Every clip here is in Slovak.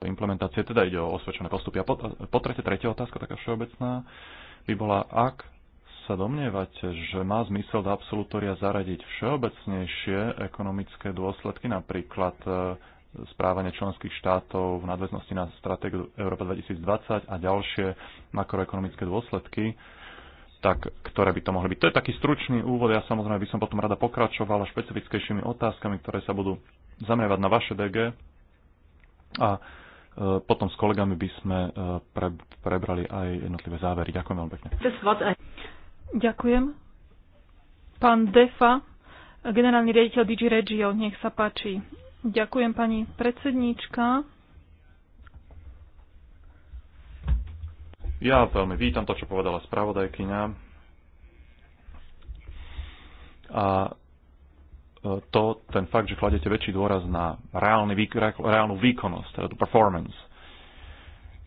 do implementácie, teda ide o osvedčené postupy. A po, po tretie, tretia otázka, taká všeobecná, by bola, ak sa domnievate, že má zmysel do absolutória zaradiť všeobecnejšie ekonomické dôsledky, napríklad e, správanie členských štátov v nadväznosti na stratégiu Európa 2020 a ďalšie makroekonomické dôsledky, tak ktoré by to mohli byť. To je taký stručný úvod, ja samozrejme by som potom rada pokračovala špecifickejšími otázkami, ktoré sa budú zamerať na vaše DG. A Eh, potom s kolegami by sme eh, pre, prebrali aj jednotlivé závery. Ďakujem veľmi pekne. Ďakujem. Pán Defa, generálny riaditeľ DG Regio, nech sa páči. Ďakujem pani predsedníčka. Ja veľmi vítam to, čo povedala spravodajkyňa. A to, ten fakt, že kladete väčší dôraz na reálny, reálnu výkonnosť, teda performance.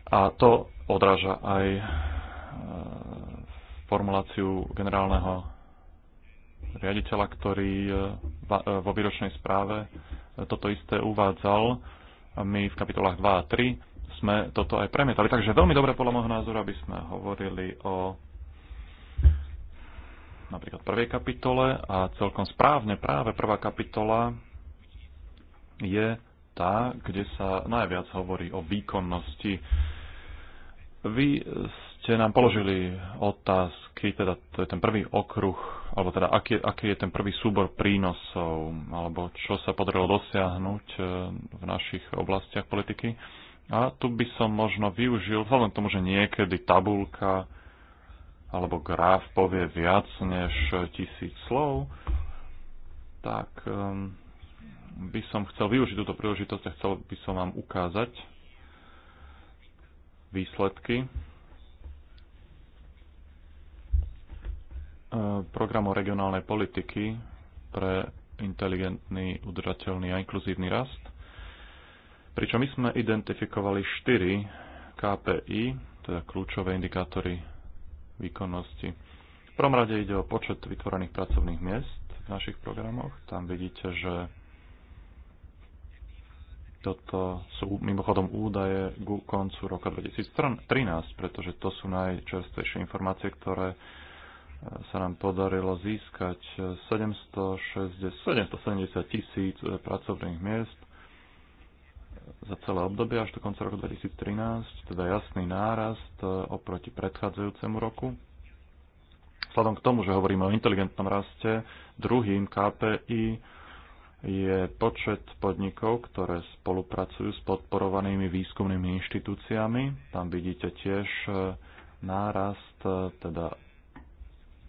A to odráža aj e, formuláciu generálneho riaditeľa, ktorý e, e, vo výročnej správe toto isté uvádzal. My v kapitolách 2 a 3 sme toto aj premietali. Takže veľmi dobre podľa môjho názoru, aby sme hovorili o napríklad prvej kapitole a celkom správne práve prvá kapitola je tá, kde sa najviac hovorí o výkonnosti. Vy ste nám položili otázky, teda to je ten prvý okruh, alebo teda aký, aký je ten prvý súbor prínosov, alebo čo sa podarilo dosiahnuť e, v našich oblastiach politiky. A tu by som možno využil, vzhľadom k tomu, že niekedy tabulka alebo graf povie viac než tisíc slov, tak ehm, by som chcel využiť túto príležitosť a chcel by som vám ukázať výsledky ehm, programu regionálnej politiky pre inteligentný, udržateľný a inkluzívny rast. Pričom my sme identifikovali 4 KPI, teda kľúčové indikátory výkonnosti. V prvom rade ide o počet vytvorených pracovných miest v našich programoch. Tam vidíte, že toto sú mimochodom údaje ku koncu roka 2013, pretože to sú najčerstvejšie informácie, ktoré e, sa nám podarilo získať 760, 770 tisíc e, pracovných miest za celé obdobie až do konca roku 2013, teda jasný nárast e, oproti predchádzajúcemu roku. Vzhľadom k tomu, že hovoríme o inteligentnom raste, druhým KPI je počet podnikov, ktoré spolupracujú s podporovanými výskumnými inštitúciami. Tam vidíte tiež e, nárast, e, teda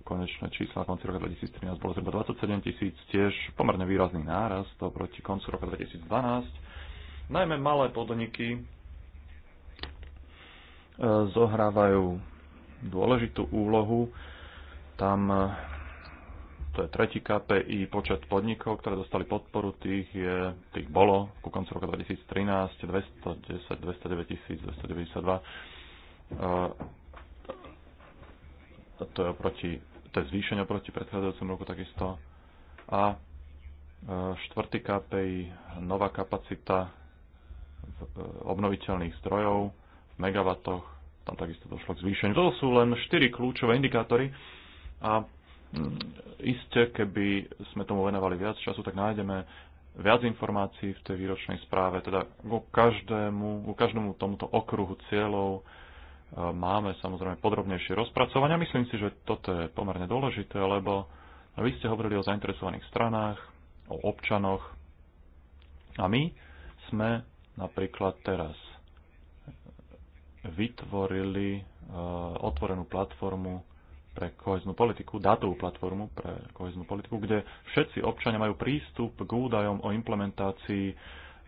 konečné čísla na konci roka 2013 bolo zhruba 27 tisíc, tiež pomerne výrazný nárast oproti koncu roka 2012 Najmä malé podniky e, zohrávajú dôležitú úlohu. Tam e, to je tretí KPI, počet podnikov, ktoré dostali podporu, tých, je, tých bolo ku koncu roka 2013 210, 209 tisíc, 292. To je, oproti, to je zvýšenie oproti predchádzajúcemu roku takisto. A e, štvrtý KPI, nová kapacita E, obnoviteľných strojov v megawattoch, tam takisto došlo k zvýšeniu. To sú len 4 kľúčové indikátory a mm, iste, keby sme tomu venovali viac času, tak nájdeme viac informácií v tej výročnej správe. Teda ku každému, ku každému tomuto okruhu cieľov e, máme samozrejme podrobnejšie rozpracovania. Myslím si, že toto je pomerne dôležité, lebo vy ste hovorili o zainteresovaných stranách, o občanoch a my sme napríklad teraz vytvorili e, otvorenú platformu pre koheznú politiku, dátovú platformu pre koheznú politiku, kde všetci občania majú prístup k údajom o implementácii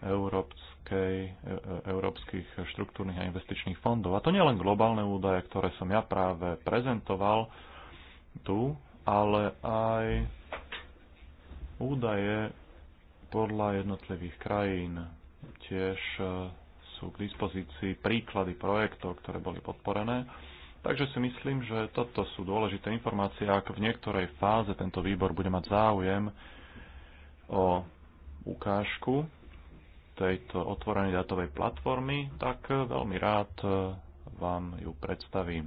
európskej, e, e, európskych štruktúrnych a investičných fondov. A to nie len globálne údaje, ktoré som ja práve prezentoval tu, ale aj údaje podľa jednotlivých krajín, Tiež e, sú k dispozícii príklady projektov, ktoré boli podporené. Takže si myslím, že toto sú dôležité informácie, ak v niektorej fáze tento výbor bude mať záujem o ukážku tejto otvorenej datovej platformy, tak e, veľmi rád e, vám ju predstavím.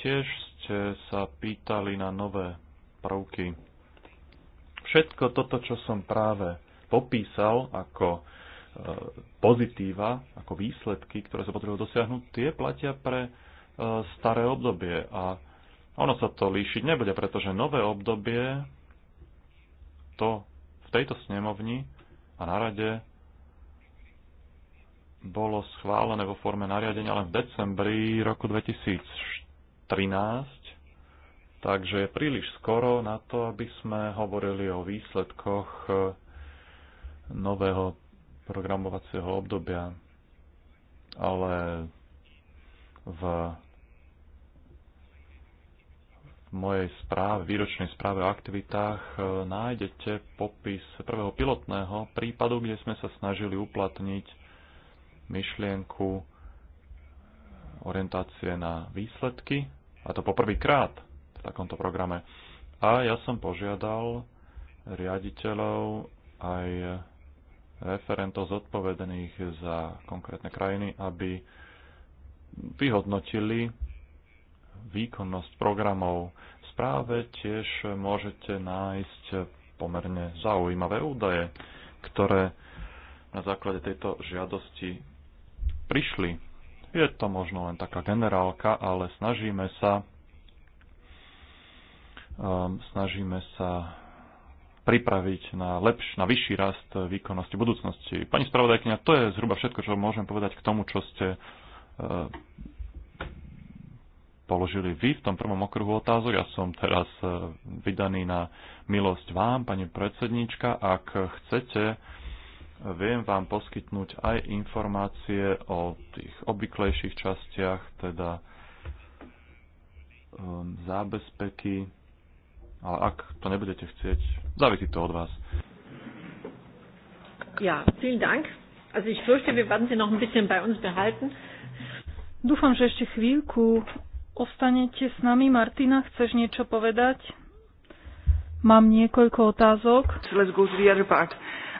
Tiež ste sa pýtali na nové prvky. Všetko toto, čo som práve popísal ako e, pozitíva, ako výsledky, ktoré sa potrebujú dosiahnuť, tie platia pre e, staré obdobie. A ono sa to líšiť nebude, pretože nové obdobie to v tejto snemovni a na rade bolo schválené vo forme nariadenia len v decembri roku 2013, takže je príliš skoro na to, aby sme hovorili o výsledkoch e, nového programovacieho obdobia, ale v, mojej správe, výročnej správe o aktivitách e, nájdete popis prvého pilotného prípadu, kde sme sa snažili uplatniť myšlienku orientácie na výsledky, a to poprvýkrát v takomto programe. A ja som požiadal riaditeľov aj referentov zodpovedných za konkrétne krajiny, aby vyhodnotili výkonnosť programov. V správe tiež môžete nájsť pomerne zaujímavé údaje, ktoré na základe tejto žiadosti prišli. Je to možno len taká generálka, ale snažíme sa um, snažíme sa pripraviť na lepš, na vyšší rast výkonnosti budúcnosti. Pani spravodajkňa, to je zhruba všetko, čo môžem povedať k tomu, čo ste e, položili vy v tom prvom okruhu otázok. Ja som teraz e, vydaný na milosť vám, pani predsedníčka. Ak chcete, viem vám poskytnúť aj informácie o tých obvyklejších častiach, teda e, zábezpeky ale ak to nebudete chcieť, závisí to od vás. Ja, vielen Dank. Also ich fürchte, wir werden Sie noch ein bisschen bei uns behalten. Dúfam, že ešte chvíľku ostanete s nami. Martina, chceš niečo povedať? Mám niekoľko otázok. Let's go to the other part.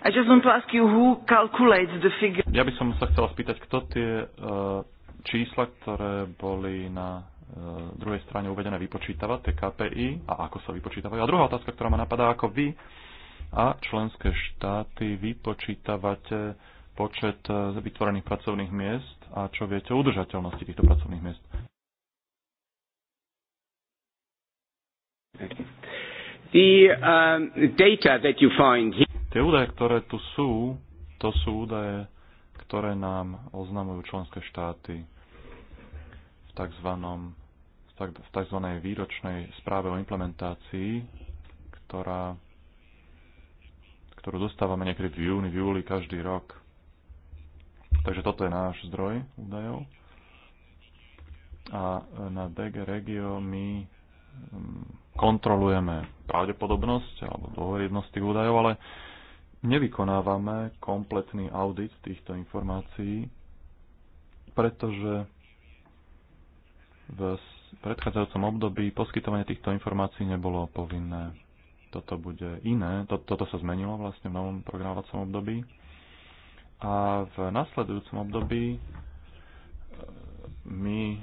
I just want to ask you who calculates the figure. Ja by som sa chcela spýtať, kto tie uh, čísla, ktoré boli na E, druhej strane uvedené vypočítavať, tie KPI a ako sa vypočítavajú. A druhá otázka, ktorá ma napadá, ako vy a členské štáty vypočítavate počet e, vytvorených pracovných miest a čo viete o udržateľnosti týchto pracovných miest. The, um, data that you find here... Tie údaje, ktoré tu sú, to sú údaje, ktoré nám oznamujú členské štáty v takzvanom v tzv. výročnej správe o implementácii, ktorá, ktorú dostávame niekedy v júni, v júli každý rok. Takže toto je náš zdroj údajov. A na DG Regio my mm, kontrolujeme pravdepodobnosť alebo dôveryhodnosť tých údajov, ale nevykonávame kompletný audit týchto informácií, pretože v predchádzajúcom období poskytovanie týchto informácií nebolo povinné. Toto bude iné, to, toto sa zmenilo vlastne v novom programovacom období. A v nasledujúcom období e, my e,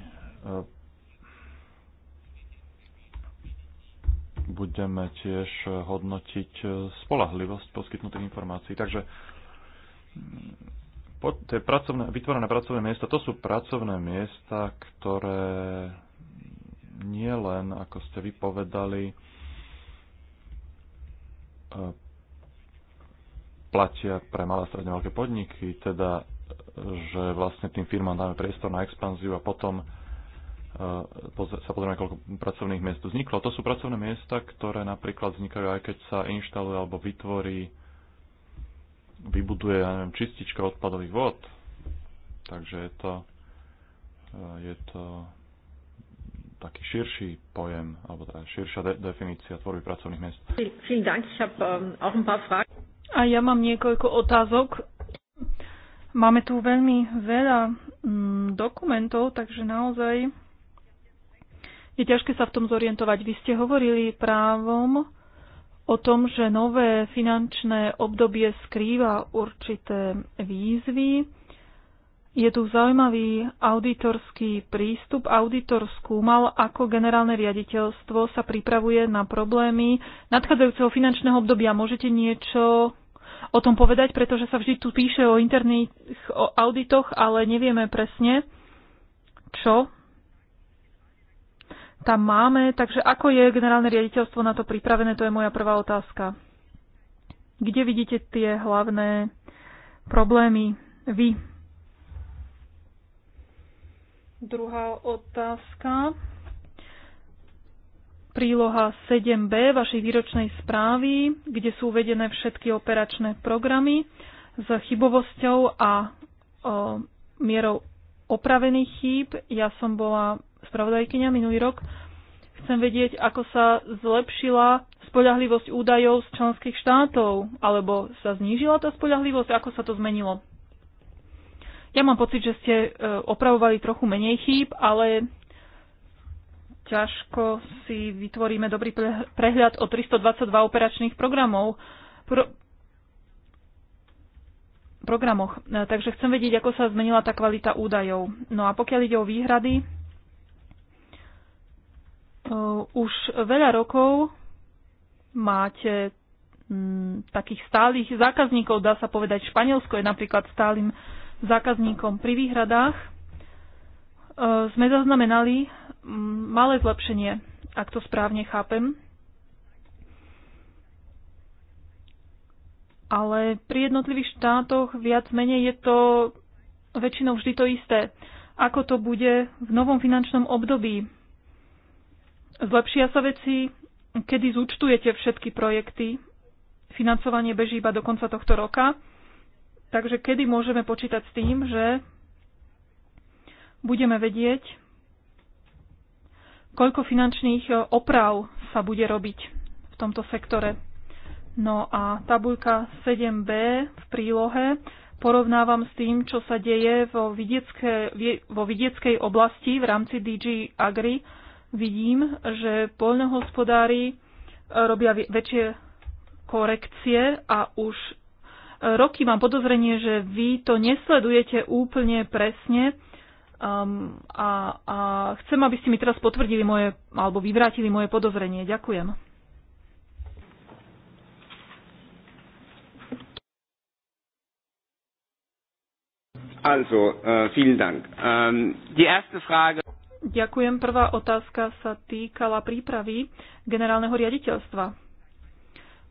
budeme tiež hodnotiť e, spolahlivosť poskytnutých informácií. Takže mm, tie pracovné, vytvorené pracovné miesta, to sú pracovné miesta, ktoré nie len, ako ste vypovedali, e, platia pre malé a stredne veľké podniky, teda e, že vlastne tým firmám dáme priestor na expanziu a potom e, sa pozrieme, koľko pracovných miest vzniklo. To sú pracovné miesta, ktoré napríklad vznikajú aj keď sa inštaluje alebo vytvorí, vybuduje, ja neviem, čistička odpadových vod. Takže je to, je to taký širší pojem, alebo teda širšia de- definícia tvorby pracovných miest. Ähm, A ja mám niekoľko otázok. Máme tu veľmi veľa mm, dokumentov, takže naozaj je ťažké sa v tom zorientovať. Vy ste hovorili právom o tom, že nové finančné obdobie skrýva určité výzvy je tu zaujímavý auditorský prístup. Auditor skúmal, ako generálne riaditeľstvo sa pripravuje na problémy nadchádzajúceho finančného obdobia. Môžete niečo o tom povedať, pretože sa vždy tu píše o interných o auditoch, ale nevieme presne, čo tam máme. Takže ako je generálne riaditeľstvo na to pripravené, to je moja prvá otázka. Kde vidíte tie hlavné problémy vy Druhá otázka. Príloha 7b vašej výročnej správy, kde sú uvedené všetky operačné programy s chybovosťou a o, mierou opravených chýb. Ja som bola spravodajkynia minulý rok. Chcem vedieť, ako sa zlepšila spoľahlivosť údajov z členských štátov, alebo sa znížila tá spoľahlivosť, ako sa to zmenilo. Ja mám pocit, že ste e, opravovali trochu menej chýb, ale ťažko si vytvoríme dobrý prehľad o 322 operačných programov. Pro, programoch. E, takže chcem vedieť, ako sa zmenila tá kvalita údajov. No a pokiaľ ide o výhrady, e, už veľa rokov máte takých stálych zákazníkov, dá sa povedať. Španielsko je napríklad stálym zákazníkom. Pri výhradách e, sme zaznamenali malé zlepšenie, ak to správne chápem. Ale pri jednotlivých štátoch viac menej je to väčšinou vždy to isté. Ako to bude v novom finančnom období? Zlepšia sa veci, kedy zúčtujete všetky projekty. Financovanie beží iba do konca tohto roka Takže kedy môžeme počítať s tým, že budeme vedieť, koľko finančných e, oprav sa bude robiť v tomto sektore. No a tabuľka 7b v prílohe porovnávam s tým, čo sa deje vo, vidiecké, vo vidieckej oblasti v rámci DG Agri. Vidím, že poľnohospodári e, robia väčšie korekcie a už roky. Mám podozrenie, že vy to nesledujete úplne presne. Um, a, a chcem, aby ste mi teraz potvrdili moje, alebo vyvrátili moje podozrenie. Ďakujem. Also, uh, vielen Dank. Um, die erste Frage. Ďakujem. Prvá otázka sa týkala prípravy generálneho riaditeľstva.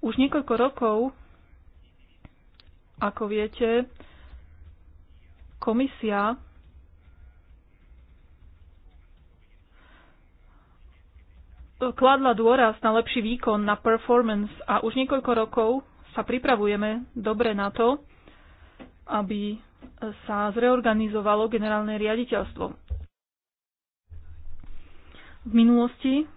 Už niekoľko rokov ako viete, komisia kladla dôraz na lepší výkon, na performance a už niekoľko rokov sa pripravujeme dobre na to, aby sa zreorganizovalo generálne riaditeľstvo. V minulosti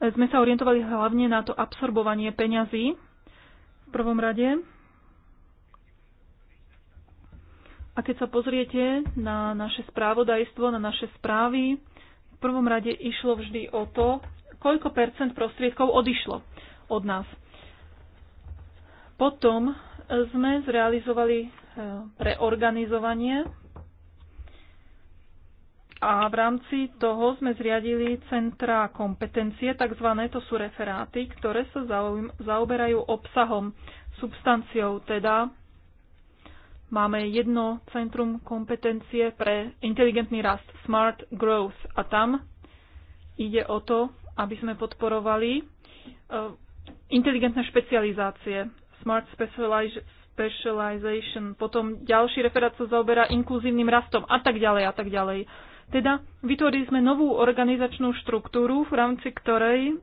sme sa orientovali hlavne na to absorbovanie peňazí prvom rade. A keď sa pozriete na naše správodajstvo, na naše správy, v prvom rade išlo vždy o to, koľko percent prostriedkov odišlo od nás. Potom sme zrealizovali e, preorganizovanie a v rámci toho sme zriadili centra kompetencie, tzv. to sú referáty, ktoré sa zaoberajú obsahom, substanciou, teda máme jedno centrum kompetencie pre inteligentný rast, Smart Growth. A tam ide o to, aby sme podporovali e, inteligentné špecializácie, Smart Specialization. Potom ďalší referát sa zaoberá inkluzívnym rastom a tak ďalej a tak ďalej. Teda vytvorili sme novú organizačnú štruktúru, v rámci ktorej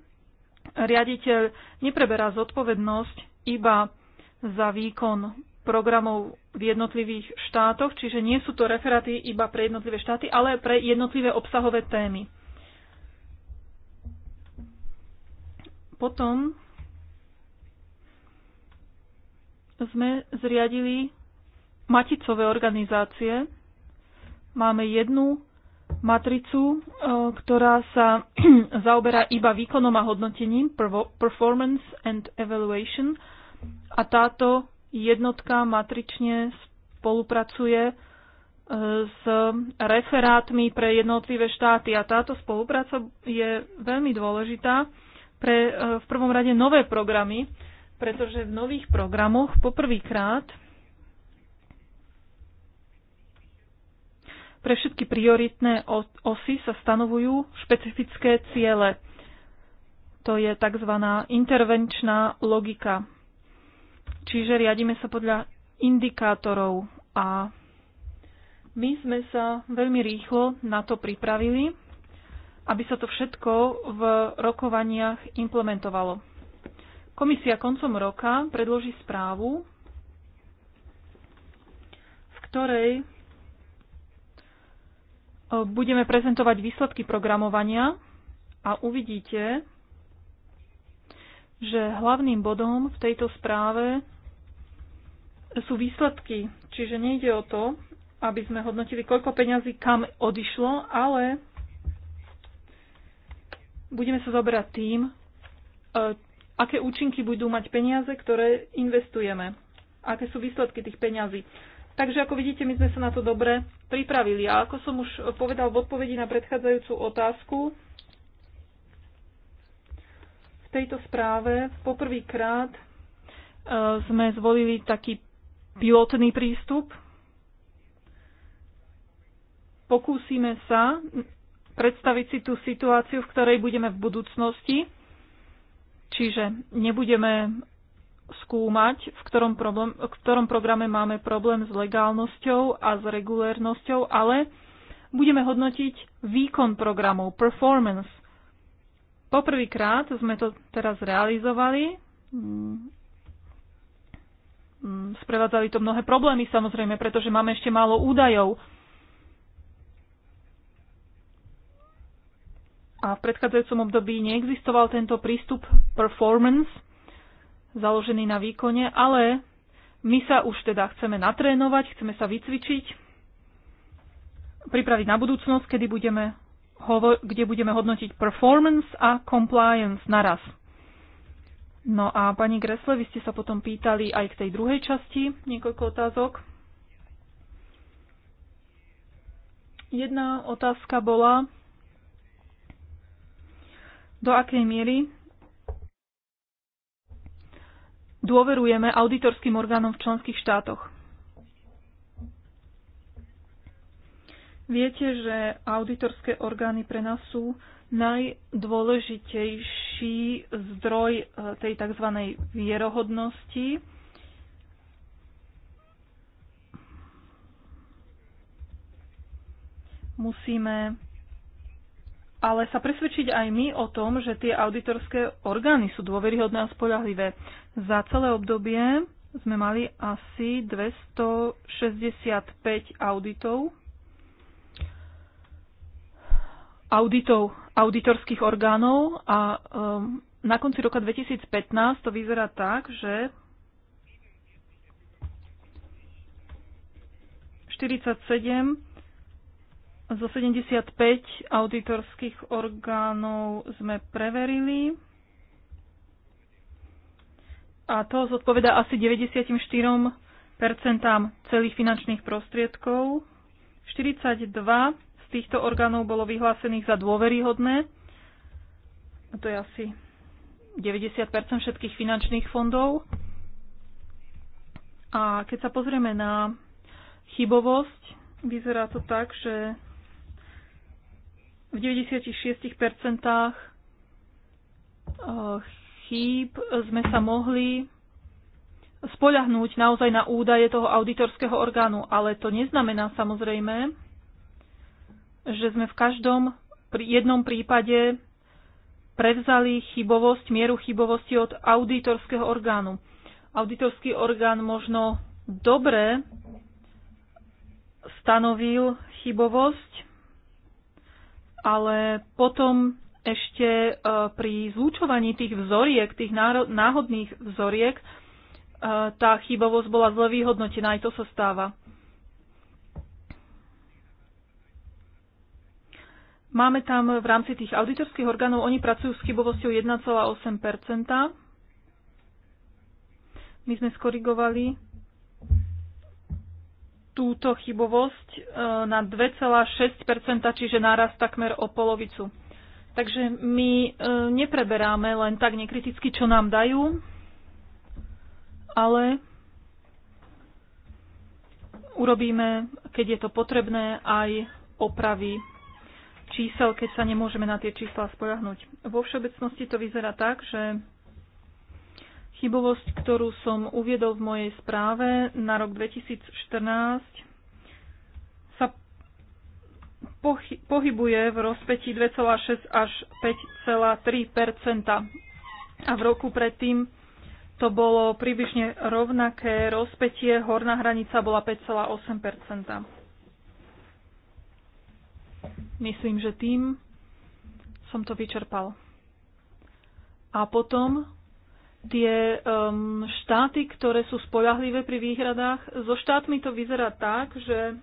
riaditeľ nepreberá zodpovednosť iba za výkon programov v jednotlivých štátoch, čiže nie sú to referáty iba pre jednotlivé štáty, ale pre jednotlivé obsahové témy. Potom sme zriadili maticové organizácie. Máme jednu matricu, e, ktorá sa zaoberá iba výkonom a hodnotením, performance and evaluation. A táto jednotka matrične spolupracuje e, s referátmi pre jednotlivé štáty. A táto spolupráca je veľmi dôležitá pre e, v prvom rade nové programy, pretože v nových programoch poprvýkrát Pre všetky prioritné osy sa stanovujú špecifické ciele. To je tzv. intervenčná logika. Čiže riadíme sa podľa indikátorov a my sme sa veľmi rýchlo na to pripravili, aby sa to všetko v rokovaniach implementovalo. Komisia koncom roka predloží správu, v ktorej budeme prezentovať výsledky programovania a uvidíte, že hlavným bodom v tejto správe sú výsledky. Čiže nejde o to, aby sme hodnotili, koľko peňazí kam odišlo, ale budeme sa zoberať tým, e, aké účinky budú mať peniaze, ktoré investujeme. Aké sú výsledky tých peňazí. Takže ako vidíte, my sme sa na to dobre pripravili. A ako som už povedal v odpovedi na predchádzajúcu otázku, v tejto správe poprvýkrát e, sme zvolili taký pilotný prístup. Pokúsime sa predstaviť si tú situáciu, v ktorej budeme v budúcnosti. Čiže nebudeme skúmať, v ktorom, problém, v ktorom programe máme problém s legálnosťou a s regulérnosťou, ale budeme hodnotiť výkon programov, performance. Poprvýkrát sme to teraz realizovali. Mm, sprevádzali to mnohé problémy samozrejme, pretože máme ešte málo údajov. A v predchádzajúcom období neexistoval tento prístup performance, založený na výkone, ale my sa už teda chceme natrénovať, chceme sa vycvičiť, pripraviť na budúcnosť, kedy budeme kde budeme hodnotiť performance a compliance naraz. No a pani Gresle, vy ste sa potom pýtali aj k tej druhej časti niekoľko otázok. Jedna otázka bola, do akej miery dôverujeme auditorským orgánom v členských štátoch. Viete, že auditorské orgány pre nás sú najdôležitejší zdroj e, tej tzv. vierohodnosti. Musíme ale sa presvedčiť aj my o tom, že tie auditorské orgány sú dôveryhodné a spolahlivé. Za celé obdobie sme mali asi 265 auditov, auditov auditorských orgánov a um, na konci roka 2015 to vyzerá tak, že 47 zo 75 auditorských orgánov sme preverili a to zodpoveda asi 94 celých finančných prostriedkov. 42 z týchto orgánov bolo vyhlásených za dôveryhodné. A to je asi 90 všetkých finančných fondov. A keď sa pozrieme na chybovosť, vyzerá to tak, že v 96% eh, chýb sme sa mohli spoľahnúť naozaj na údaje toho auditorského orgánu, ale to neznamená samozrejme, že sme v každom pri jednom prípade prevzali chybovosť, mieru chybovosti od auditorského orgánu. Auditorský orgán možno dobre stanovil chybovosť, ale potom ešte e, pri zlučovaní tých vzoriek, tých náhodných vzoriek, e, tá chybovosť bola zle vyhodnotená, aj to sa stáva. Máme tam v rámci tých auditorských orgánov, oni pracujú s chybovosťou 1,8%. My sme skorigovali túto chybovosť e, na 2,6 čiže nárast takmer o polovicu. Takže my e, nepreberáme len tak nekriticky, čo nám dajú, ale urobíme, keď je to potrebné, aj opravy čísel, keď sa nemôžeme na tie čísla spojahnuť. Vo všeobecnosti to vyzerá tak, že Chybovosť, ktorú som uviedol v mojej správe na rok 2014, sa pohybuje v rozpetí 2,6 až 5,3 a v roku predtým to bolo približne rovnaké rozpetie, horná hranica bola 5,8 Myslím, že tým som to vyčerpal. A potom tie um, štáty, ktoré sú spoľahlivé pri výhradách, so štátmi to vyzerá tak, že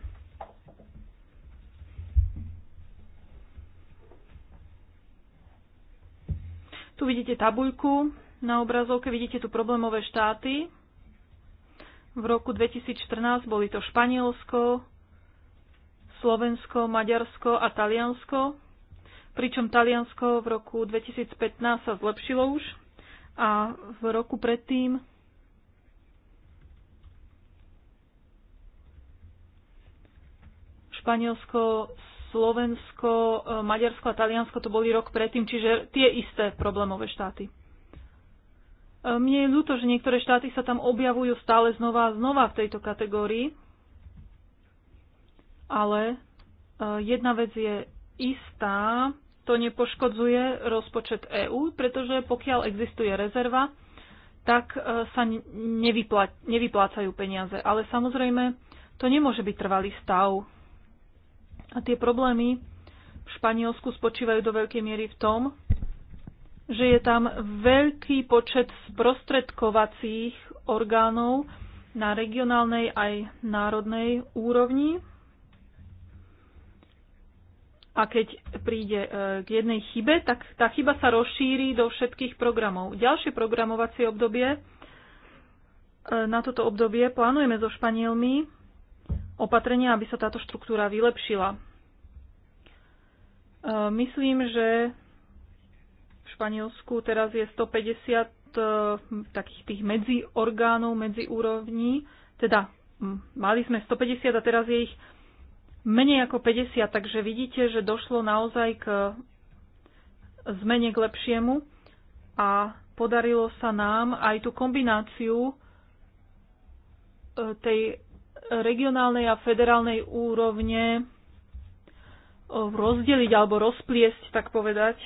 tu vidíte tabuľku na obrazovke, vidíte tu problémové štáty. V roku 2014 boli to Španielsko, Slovensko, Maďarsko a Taliansko, pričom Taliansko v roku 2015 sa zlepšilo už a v roku predtým Španielsko, Slovensko, e, Maďarsko a Taliansko to boli rok predtým, čiže tie isté problémové štáty. E, mne je ľúto, že niektoré štáty sa tam objavujú stále znova a znova v tejto kategórii, ale e, jedna vec je istá, to nepoškodzuje rozpočet EÚ, pretože pokiaľ existuje rezerva, tak e, sa nevyplácajú peniaze. Ale samozrejme, to nemôže byť trvalý stav. A tie problémy v Španielsku spočívajú do veľkej miery v tom, že je tam veľký počet sprostredkovacích orgánov na regionálnej aj národnej úrovni, a keď príde e, k jednej chybe, tak tá chyba sa rozšíri do všetkých programov. Ďalšie programovacie obdobie, e, na toto obdobie plánujeme so Španielmi opatrenia, aby sa táto štruktúra vylepšila. E, myslím, že v Španielsku teraz je 150 takých tých medziorgánov, medziúrovní, teda mali sme 150 a teraz je ich menej ako 50, takže vidíte, že došlo naozaj k zmene k lepšiemu a podarilo sa nám aj tú kombináciu e, tej regionálnej a federálnej úrovne e, rozdeliť alebo rozpliesť, tak povedať.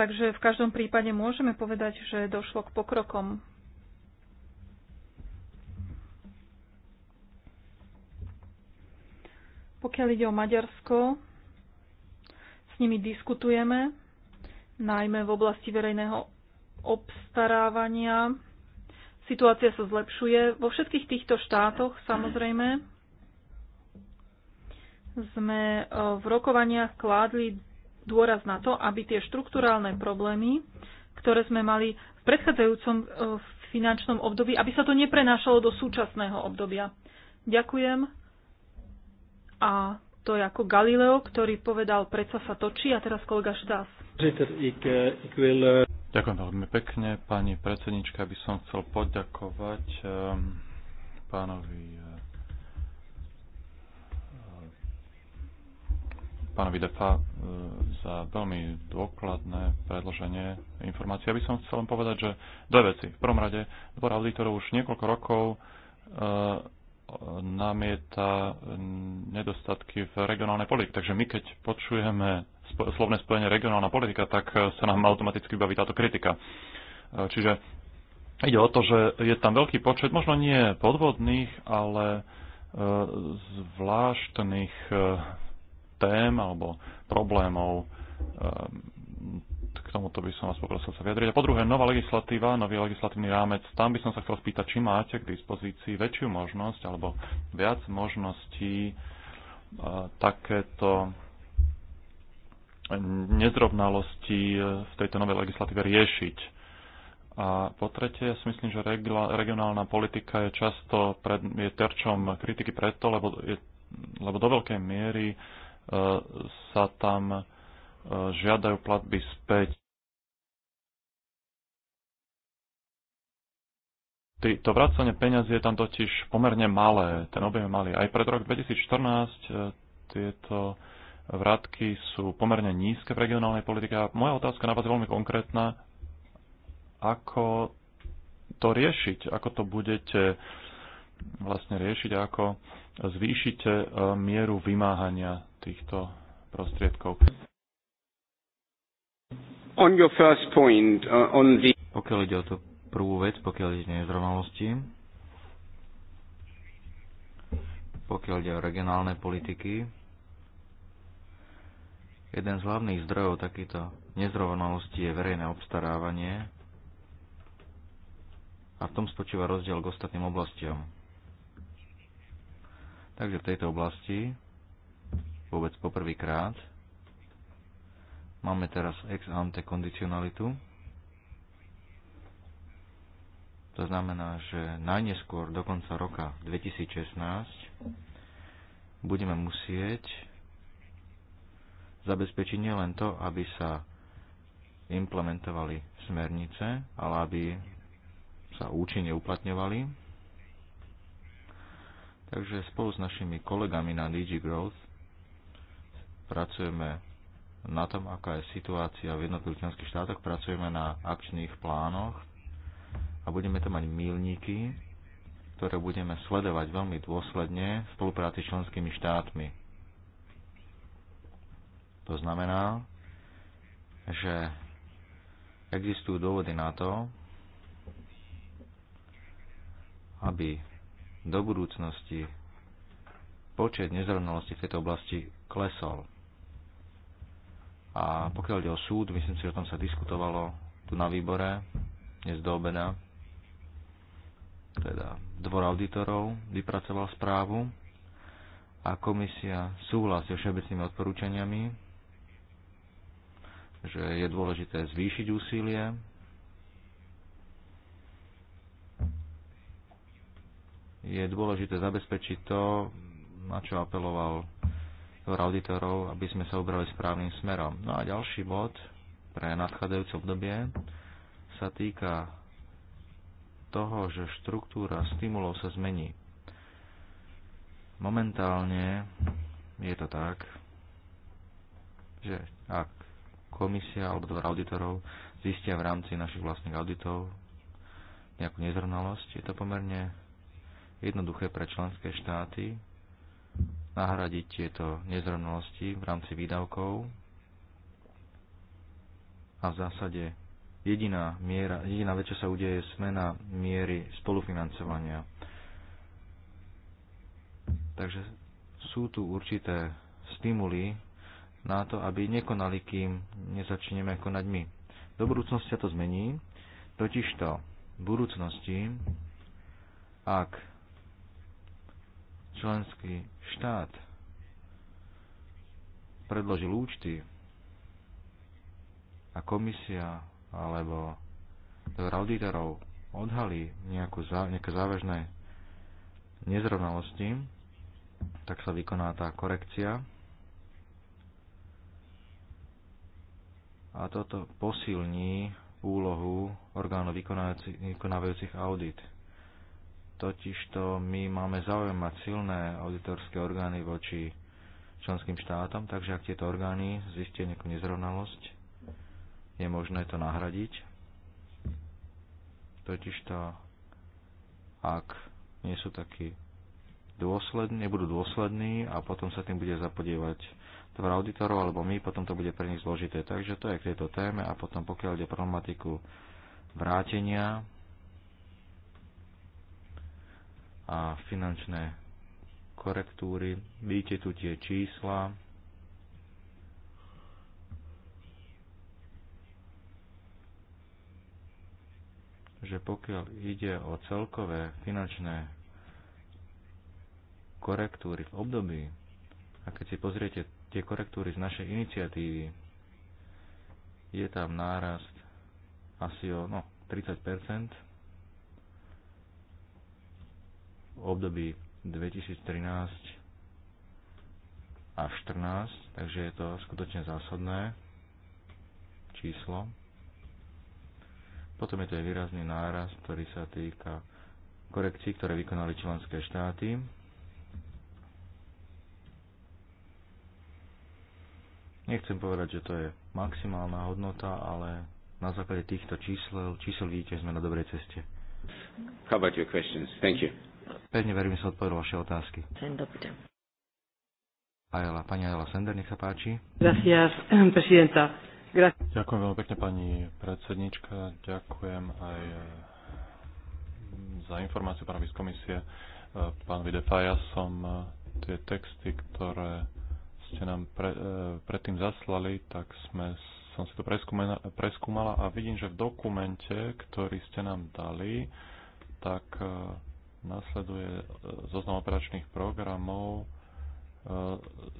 Takže v každom prípade môžeme povedať, že došlo k pokrokom Pokiaľ ide o Maďarsko, s nimi diskutujeme, najmä v oblasti verejného obstarávania. Situácia sa zlepšuje. Vo všetkých týchto štátoch samozrejme sme e, v rokovaniach kládli dôraz na to, aby tie štruktúrálne problémy, ktoré sme mali v predchádzajúcom e, finančnom období, aby sa to neprenášalo do súčasného obdobia. Ďakujem. A to je ako Galileo, ktorý povedal, predsa sa točí a teraz kolega Štás. Eh, eh, Ďakujem veľmi pekne, pani predsednička, by som chcel poďakovať ehm, pánovi eh, pánovi Defa za veľmi dôkladné predloženie informácií. Ja by som chcel len povedať, že dve veci. V prvom rade, dvor auditorov už niekoľko rokov namieta nedostatky v regionálnej politike. Takže my, keď počujeme slovné spojenie regionálna politika, tak sa nám automaticky baví táto kritika. Čiže ide o to, že je tam veľký počet, možno nie podvodných, ale e, zvláštnych e, tém alebo problémov e, k tomuto by som vás poprosil sa vyjadriť. A po druhé, nová legislatíva, nový legislatívny rámec. Tam by som sa chcel spýtať, či máte k dispozícii väčšiu možnosť alebo viac možností e, takéto nezrovnalosti e, v tejto novej legislatíve riešiť. A po tretie, ja si myslím, že regionálna politika je často pred, je terčom kritiky preto, lebo, je, lebo do veľkej miery e, sa tam e, žiadajú platby späť. to vracanie peňazí je tam totiž pomerne malé, ten objem je malý. Aj pred rok 2014 e, tieto vratky sú pomerne nízke v regionálnej politike a moja otázka na vás je veľmi konkrétna. Ako to riešiť? Ako to budete vlastne riešiť ako zvýšite e, mieru vymáhania týchto prostriedkov? On your first point, uh, on the... Pokiaľ ide o to prvú vec, pokiaľ ide nezrovnalosti, pokiaľ ide o regionálne politiky. Jeden z hlavných zdrojov takýchto nezrovnalostí je verejné obstarávanie a v tom spočíva rozdiel k ostatným oblastiam. Takže v tejto oblasti vôbec poprvýkrát máme teraz ex ante kondicionalitu, to znamená, že najneskôr do konca roka 2016 budeme musieť zabezpečiť nielen to, aby sa implementovali smernice, ale aby sa účinne uplatňovali. Takže spolu s našimi kolegami na DG Growth pracujeme na tom, aká je situácia v jednotlivých členských štátoch, pracujeme na akčných plánoch a budeme to mať milníky, ktoré budeme sledovať veľmi dôsledne v spolupráci s členskými štátmi. To znamená, že existujú dôvody na to, aby do budúcnosti počet nezrovnalostí v tejto oblasti klesol. A pokiaľ ide o súd, myslím si, že o tom sa diskutovalo tu na výbore dnes do obeda teda dvor auditorov, vypracoval správu a komisia súhlasí so všeobecnými odporúčaniami, že je dôležité zvýšiť úsilie je dôležité zabezpečiť to, na čo apeloval auditorov, aby sme sa ubrali správnym smerom. No a ďalší bod pre nadchádzajúce obdobie sa týka toho, že štruktúra stimulov sa zmení. Momentálne je to tak, že ak komisia alebo dvor auditorov zistia v rámci našich vlastných auditov nejakú nezrovnalosť, je to pomerne jednoduché pre členské štáty nahradiť tieto nezrovnalosti v rámci výdavkov a v zásade jediná, miera, jediná vec, čo sa udeje, je smena miery spolufinancovania. Takže sú tu určité stimuly na to, aby nekonali, kým nezačneme konať my. Do budúcnosti sa to zmení, totižto v budúcnosti, ak členský štát predložil účty a komisia alebo dvor auditorov odhalí nejakú, nejaké závažné nezrovnalosti, tak sa vykoná tá korekcia. A toto posilní úlohu orgánov vykonávajúcich audit. Totižto my máme zaujímať silné auditorské orgány voči členským štátom, takže ak tieto orgány zistia nejakú nezrovnalosť, je možné to nahradiť. Totižto, ak nie sú takí dôslední, nebudú dôslední a potom sa tým bude zapodievať tvor auditorov alebo my, potom to bude pre nich zložité. Takže to je k tejto téme a potom pokiaľ ide problematiku vrátenia a finančné korektúry, vidíte tu tie čísla, že pokiaľ ide o celkové finančné korektúry v období, a keď si pozriete tie korektúry z našej iniciatívy, je tam nárast asi o no, 30 v období 2013 a 14, takže je to skutočne zásadné číslo. Potom je to aj výrazný náraz, ktorý sa týka korekcií, ktoré vykonali členské štáty. Nechcem povedať, že to je maximálna hodnota, ale na základe týchto čísel, čísel vidíte, sme na dobrej ceste. How about your questions? Thank you. Pevne verím, že sa odpovedal vaše otázky. Ajela, pani Ajela Sender, nech sa páči. Gracias, presidenta. Ďakujem veľmi pekne pani predsednička, ďakujem aj eh, za informáciu pánovi z komisie. Eh, pán Videfa, ja som eh, tie texty, ktoré ste nám pre, predtým zaslali, tak sme, som si to preskúmala a vidím, že v dokumente, ktorý ste nám dali, tak nasleduje zoznam operačných programov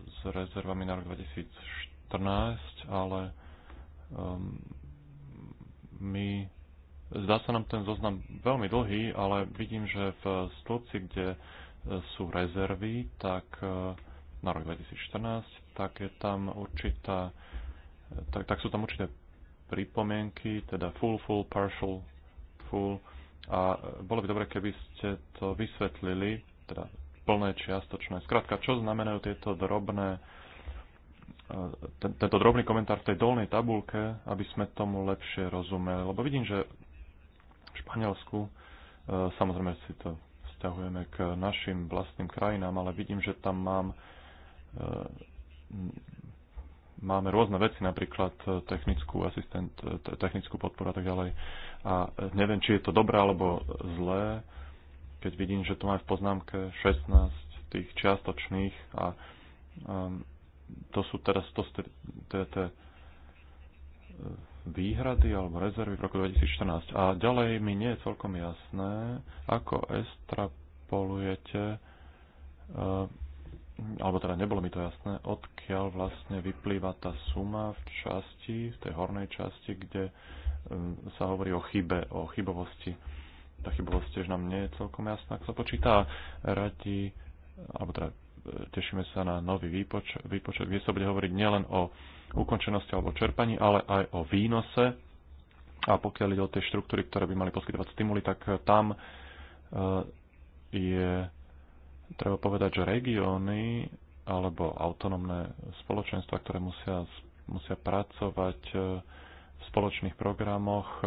s rezervami na rok 2014, ale Ehm, my, zdá sa nám ten zoznam veľmi dlhý, ale vidím, že v stĺpci, kde e, sú rezervy, tak e, na rok 2014, tak je tam určitá, e, tak, tak sú tam určité pripomienky, teda full, full, partial, full a bolo by dobre, keby ste to vysvetlili, teda plné, čiastočné. Skrátka, čo znamenajú tieto drobné ten, tento drobný komentár v tej dolnej tabulke, aby sme tomu lepšie rozumeli. Lebo vidím, že v Španielsku, e, samozrejme si to vzťahujeme k našim vlastným krajinám, ale vidím, že tam mám, e, máme rôzne veci, napríklad e, technickú, asistent, technickú podporu a tak ďalej. A neviem, či je to dobré alebo zlé, keď vidím, že tu máme v poznámke 16 tých čiastočných a um, to sú teraz to, teda tie e, výhrady alebo rezervy v roku 2014. A ďalej mi nie je celkom jasné, ako extrapolujete, e, alebo teda nebolo mi to jasné, odkiaľ vlastne vyplýva tá suma v časti, v tej hornej časti, kde e, sa hovorí o chybe, o chybovosti. Tá chybovosť tiež nám nie je celkom jasná, ak sa počíta. Radi, alebo teda tešíme sa na nový výpoč, výpočet, kde sa bude hovoriť nielen o ukončenosti alebo čerpaní, ale aj o výnose. A pokiaľ ide o tie štruktúry, ktoré by mali poskytovať stimuly, tak tam e, je treba povedať, že regióny alebo autonómne spoločenstva, ktoré musia, musia pracovať e, v spoločných programoch, e,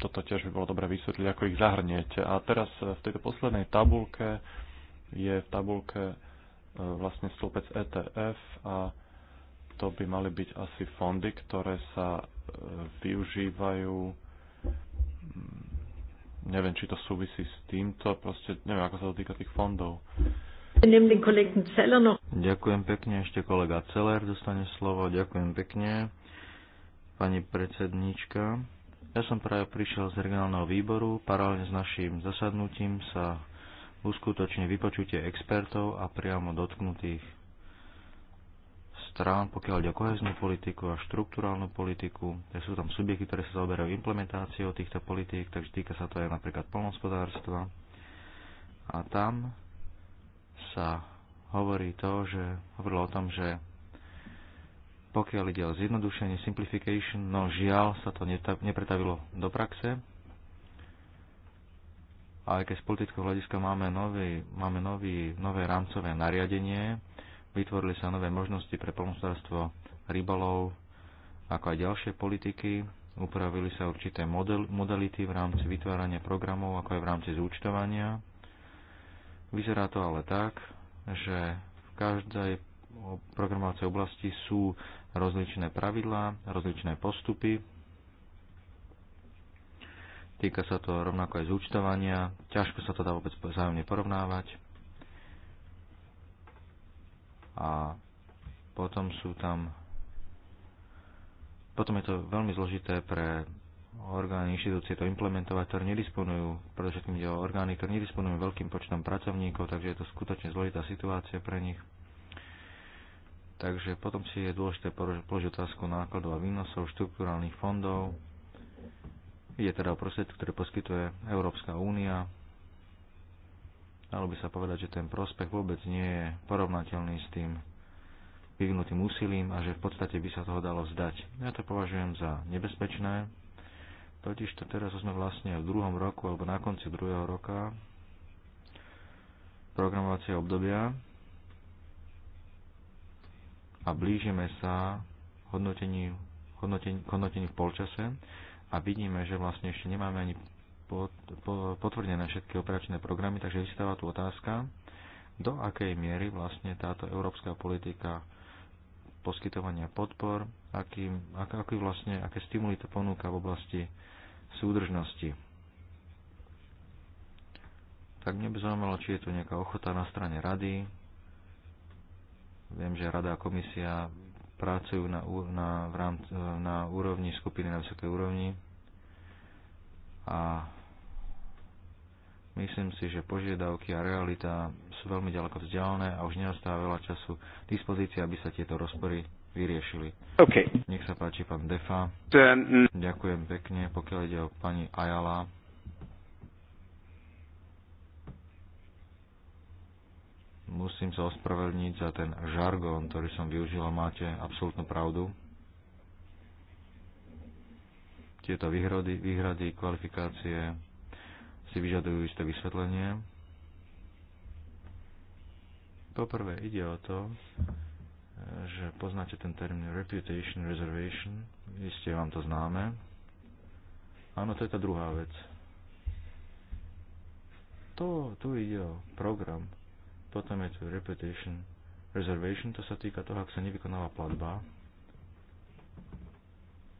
toto tiež by bolo dobre vysvetliť, ako ich zahrniete. A teraz v tejto poslednej tabulke je v tabulke E, vlastne stĺpec ETF a to by mali byť asi fondy, ktoré sa e, využívajú mm, neviem, či to súvisí s týmto, proste neviem, ako sa to týka tých fondov. Ďakujem pekne, ešte kolega Celer dostane slovo, ďakujem pekne, pani predsedníčka. Ja som práve prišiel z regionálneho výboru, paralelne s našim zasadnutím sa Uskutočne vypočutie expertov a priamo dotknutých strán, pokiaľ ide o koheznú politiku a štruktúrálnu politiku. Te sú tam subjekty, ktoré sa zaoberajú implementáciou týchto politík, takže týka sa to aj napríklad polnospodárstva. A tam sa hovorí to, že hovorilo o tom, že pokiaľ ide o zjednodušenie, simplification, no žiaľ sa to nepretavilo do praxe a aj keď z politického hľadiska máme, nový, máme nový, nové rámcové nariadenie, vytvorili sa nové možnosti pre polnospodárstvo rybalov, ako aj ďalšie politiky, upravili sa určité model, modality v rámci vytvárania programov, ako aj v rámci zúčtovania. Vyzerá to ale tak, že v každej programovacej oblasti sú rozličné pravidlá, rozličné postupy, Týka sa to rovnako aj zúčtovania. Ťažko sa to dá vôbec vzájomne porovnávať. A potom sú tam potom je to veľmi zložité pre orgány, inštitúcie to implementovať, ktoré nedisponujú, predovšetkým ide o orgány, ktoré nedisponujú veľkým počtom pracovníkov, takže je to skutočne zložitá situácia pre nich. Takže potom si je dôležité položiť otázku nákladov a výnosov štruktúrálnych fondov, Ide teda o prostriedok, ktorý poskytuje Európska únia. Dalo by sa povedať, že ten prospech vôbec nie je porovnateľný s tým vyvinutým úsilím a že v podstate by sa toho dalo vzdať. Ja to považujem za nebezpečné, totiž to teraz sme vlastne v druhom roku alebo na konci druhého roka programovacie obdobia a blížime sa hodnotení, hodnotení, hodnotení v polčase a vidíme, že vlastne ešte nemáme ani potvrdené všetky operačné programy, takže vystáva tu otázka, do akej miery vlastne táto európska politika poskytovania podpor, aký, ak, aký vlastne, aké stimuly to ponúka v oblasti súdržnosti. Tak mne by zaujímalo, či je tu nejaká ochota na strane rady. Viem, že rada a komisia pracujú na, na, v rámci, e, na úrovni skupiny, na vysokej úrovni. A myslím si, že požiadavky a realita sú veľmi ďaleko vzdialené a už neostáva veľa času dispozície, aby sa tieto rozpory vyriešili. Okay. Nech sa páči, pán Defa. Ten... Ďakujem pekne, pokiaľ ide o pani Ayala. Musím sa ospravedlniť za ten žargón, ktorý som využil a máte absolútnu pravdu. Tieto výhrady, výhrady kvalifikácie si vyžadujú isté vysvetlenie. Poprvé ide o to, že poznáte ten termín reputation reservation, iste vám to známe. Áno, to je tá druhá vec. To, tu ide o program, potom je tu reputation reservation, to sa týka toho, ak sa nevykonáva platba.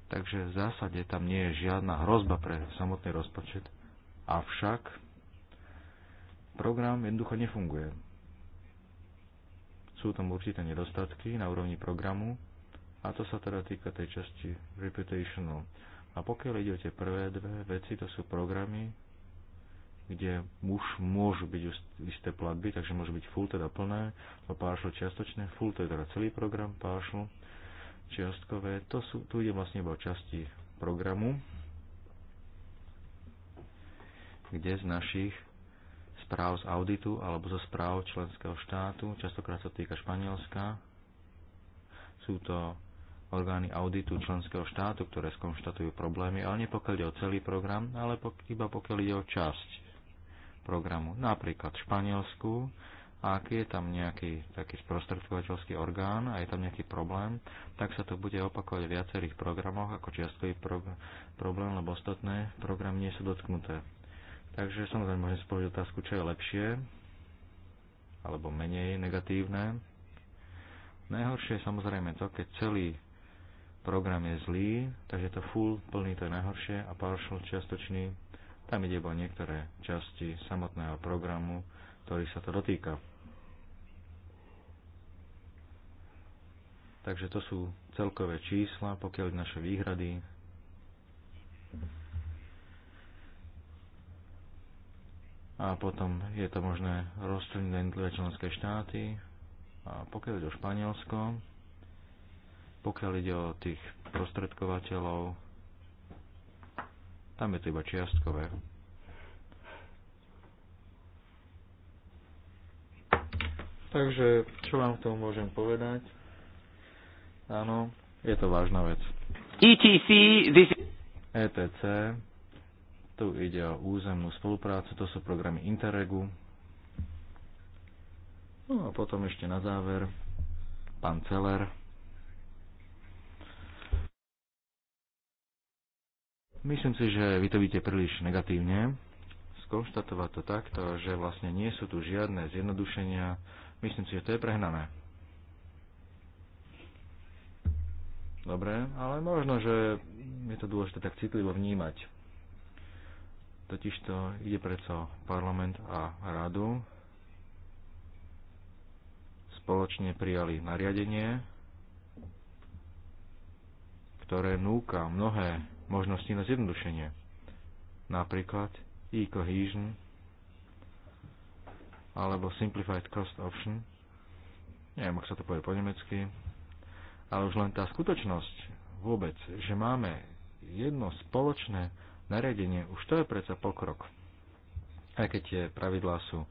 Takže v zásade tam nie je žiadna hrozba pre samotný rozpočet, avšak program jednoducho nefunguje. Sú tam určité nedostatky na úrovni programu a to sa teda týka tej časti reputational. A pokiaľ ide o tie prvé dve veci, to sú programy, kde už môžu byť isté platby, takže môže byť full, teda plné, a no, partial čiastočné. Full to je teda celý program, partial čiastkové. To sú, tu ide vlastne iba o časti programu, kde z našich správ z auditu alebo zo správ členského štátu, častokrát sa týka Španielska, sú to orgány auditu členského štátu, ktoré skonštatujú problémy, ale nepokiaľ ide o celý program, ale pok- iba pokiaľ ide o časť programu, napríklad v Španielsku, a ak je tam nejaký taký sprostredkovateľský orgán a je tam nejaký problém, tak sa to bude opakovať v viacerých programoch ako čiastkový pro- problém, lebo ostatné programy nie sú dotknuté. Takže samozrejme môžem spoložiť otázku, čo je lepšie alebo menej negatívne. Najhoršie je samozrejme to, keď celý program je zlý, takže to full plný to je najhoršie a partial čiastočný tam ide iba niektoré časti samotného programu, ktorý sa to dotýka. Takže to sú celkové čísla, pokiaľ naše výhrady. A potom je to možné rozstrniť na jednotlivé členské štáty. A pokiaľ ide o Španielsko, pokiaľ ide o tých prostredkovateľov, tam je to iba čiastkové. Takže, čo vám k tomu môžem povedať? Áno, je to vážna vec. ETC, this... ETC, tu ide o územnú spoluprácu, to sú programy Interregu. No a potom ešte na záver, pán Celer. Myslím si, že vy to vidíte príliš negatívne. Skonštatovať to takto, že vlastne nie sú tu žiadne zjednodušenia, myslím si, že to je prehnané. Dobre, ale možno, že je to dôležité tak citlivo vnímať. Totižto ide preto parlament a radu. Spoločne prijali nariadenie, ktoré núka mnohé možnosti na zjednodušenie. Napríklad e-cohesion alebo simplified cost option. Neviem, ak sa to povie po nemecky. Ale už len tá skutočnosť vôbec, že máme jedno spoločné nariadenie, už to je predsa pokrok. Aj keď tie pravidlá sú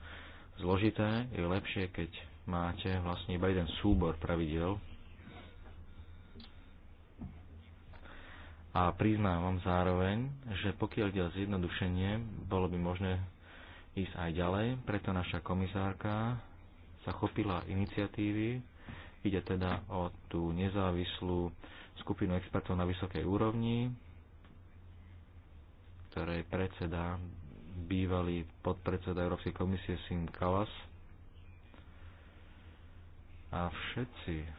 zložité, je lepšie, keď máte vlastne iba jeden súbor pravidel A priznávam zároveň, že pokiaľ ide o zjednodušenie, bolo by možné ísť aj ďalej, preto naša komisárka sa chopila iniciatívy, ide teda o tú nezávislú skupinu expertov na vysokej úrovni, ktorej predseda bývalý podpredseda Európskej komisie Sim Kalas. A všetci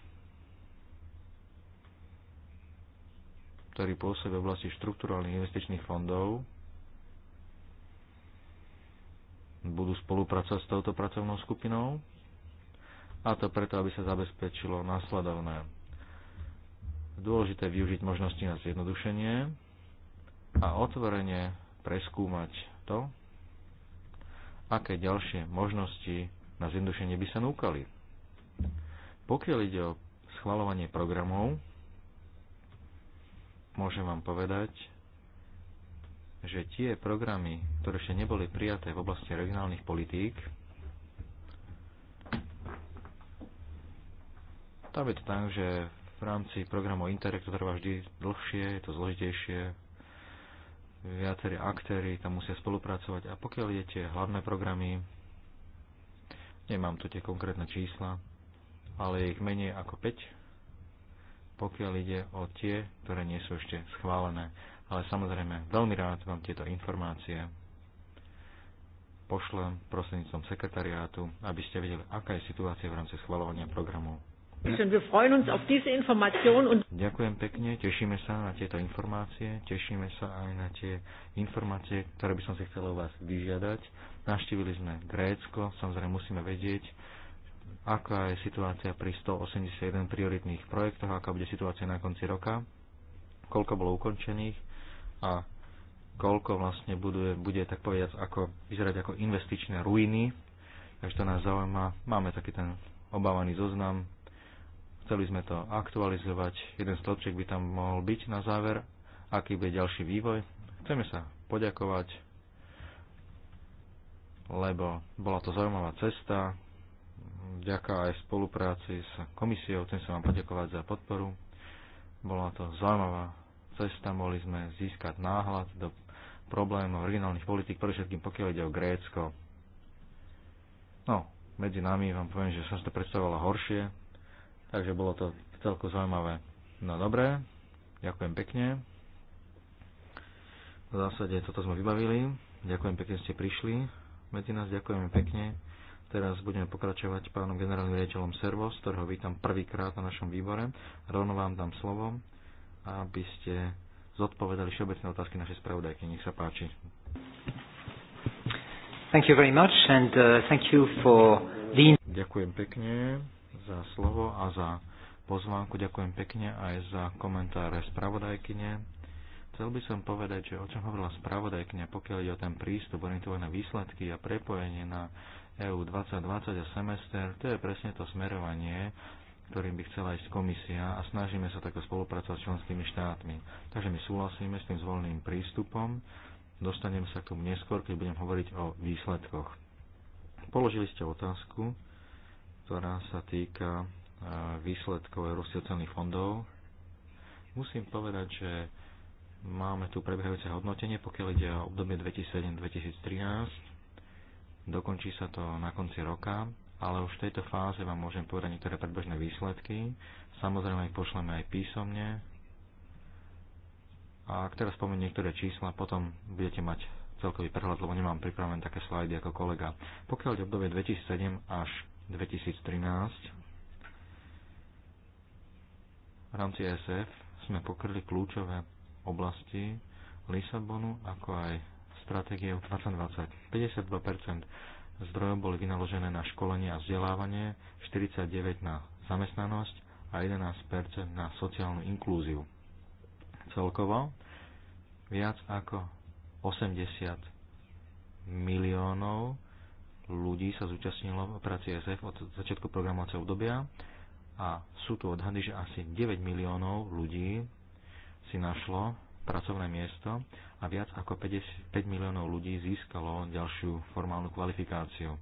ktorý pôsobí v oblasti štrukturálnych investičných fondov, budú spolupracovať s touto pracovnou skupinou a to preto, aby sa zabezpečilo následovné. Dôležité využiť možnosti na zjednodušenie a otvorene preskúmať to, aké ďalšie možnosti na zjednodušenie by sa núkali. Pokiaľ ide o schvalovanie programov, môžem vám povedať, že tie programy, ktoré ešte neboli prijaté v oblasti regionálnych politík, tam je to tak, že v rámci programu Interreg to trvá vždy dlhšie, je to zložitejšie, viacerí aktéry tam musia spolupracovať a pokiaľ je tie hlavné programy, nemám tu tie konkrétne čísla, ale ich menej ako 5 pokiaľ ide o tie, ktoré nie sú ešte schválené. Ale samozrejme, veľmi rád vám tieto informácie pošlem prostredníctvom sekretariátu, aby ste vedeli, aká je situácia v rámci schvalovania programu. Ďakujem pekne, tešíme sa na tieto informácie, tešíme sa aj na tie informácie, ktoré by som si chcel u vás vyžiadať. Naštívili sme Grécko, samozrejme musíme vedieť, aká je situácia pri 181 prioritných projektoch, aká bude situácia na konci roka, koľko bolo ukončených a koľko vlastne bude, bude tak povedať, ako, vyzerať ako investičné ruiny. Takže to nás zaujíma. Máme taký ten obávaný zoznam. Chceli sme to aktualizovať. Jeden stĺpček by tam mohol byť na záver. Aký bude ďalší vývoj. Chceme sa poďakovať, lebo bola to zaujímavá cesta vďaka aj spolupráci s komisiou. Chcem sa vám poďakovať za podporu. Bola to zaujímavá cesta, mohli sme získať náhľad do problémov regionálnych politik, pre všetkým pokiaľ ide o Grécko. No, medzi nami vám poviem, že som si to predstavovala horšie, takže bolo to celko zaujímavé. No dobré, ďakujem pekne. V zásade toto sme vybavili. Ďakujem pekne, že ste prišli medzi nás, ďakujeme pekne Teraz budeme pokračovať pánom generálnym riaditeľom Servos, ktorého vítam prvýkrát na našom výbore. Rovno vám dám slovo, aby ste zodpovedali všeobecné otázky našej spravodajky. Nech sa páči. Thank you very much and, uh, thank you for the... Ďakujem pekne za slovo a za pozvánku. Ďakujem pekne aj za komentáre spravodajkyne. Chcel by som povedať, že o čom hovorila spravodajkňa, pokiaľ ide o ten prístup orientovaný na výsledky a prepojenie na EU 2020 a semester, to je presne to smerovanie, ktorým by chcela ísť komisia a snažíme sa takto spolupracovať s členskými štátmi. Takže my súhlasíme s tým zvoleným prístupom, dostanem sa k tomu neskôr, keď budem hovoriť o výsledkoch. Položili ste otázku, ktorá sa týka e, výsledkov Európskych fondov. Musím povedať, že máme tu prebiehajúce hodnotenie, pokiaľ ide o obdobie 2007-2013 Dokončí sa to na konci roka, ale už v tejto fáze vám môžem povedať niektoré predbežné výsledky. Samozrejme ich pošleme aj písomne. A ak teraz spomeniem niektoré čísla, potom budete mať celkový prehľad, lebo nemám pripravené také slajdy ako kolega. Pokiaľ je obdobie 2007 až 2013, v rámci SF sme pokryli kľúčové oblasti Lisabonu, ako aj v 2020. 52 zdrojov boli vynaložené na školenie a vzdelávanie, 49 na zamestnanosť a 11 na sociálnu inklúziu. Celkovo viac ako 80 miliónov ľudí sa zúčastnilo v operácii SF od začiatku programovacieho obdobia a sú tu odhady, že asi 9 miliónov ľudí si našlo pracovné miesto a viac ako 55 miliónov ľudí získalo ďalšiu formálnu kvalifikáciu.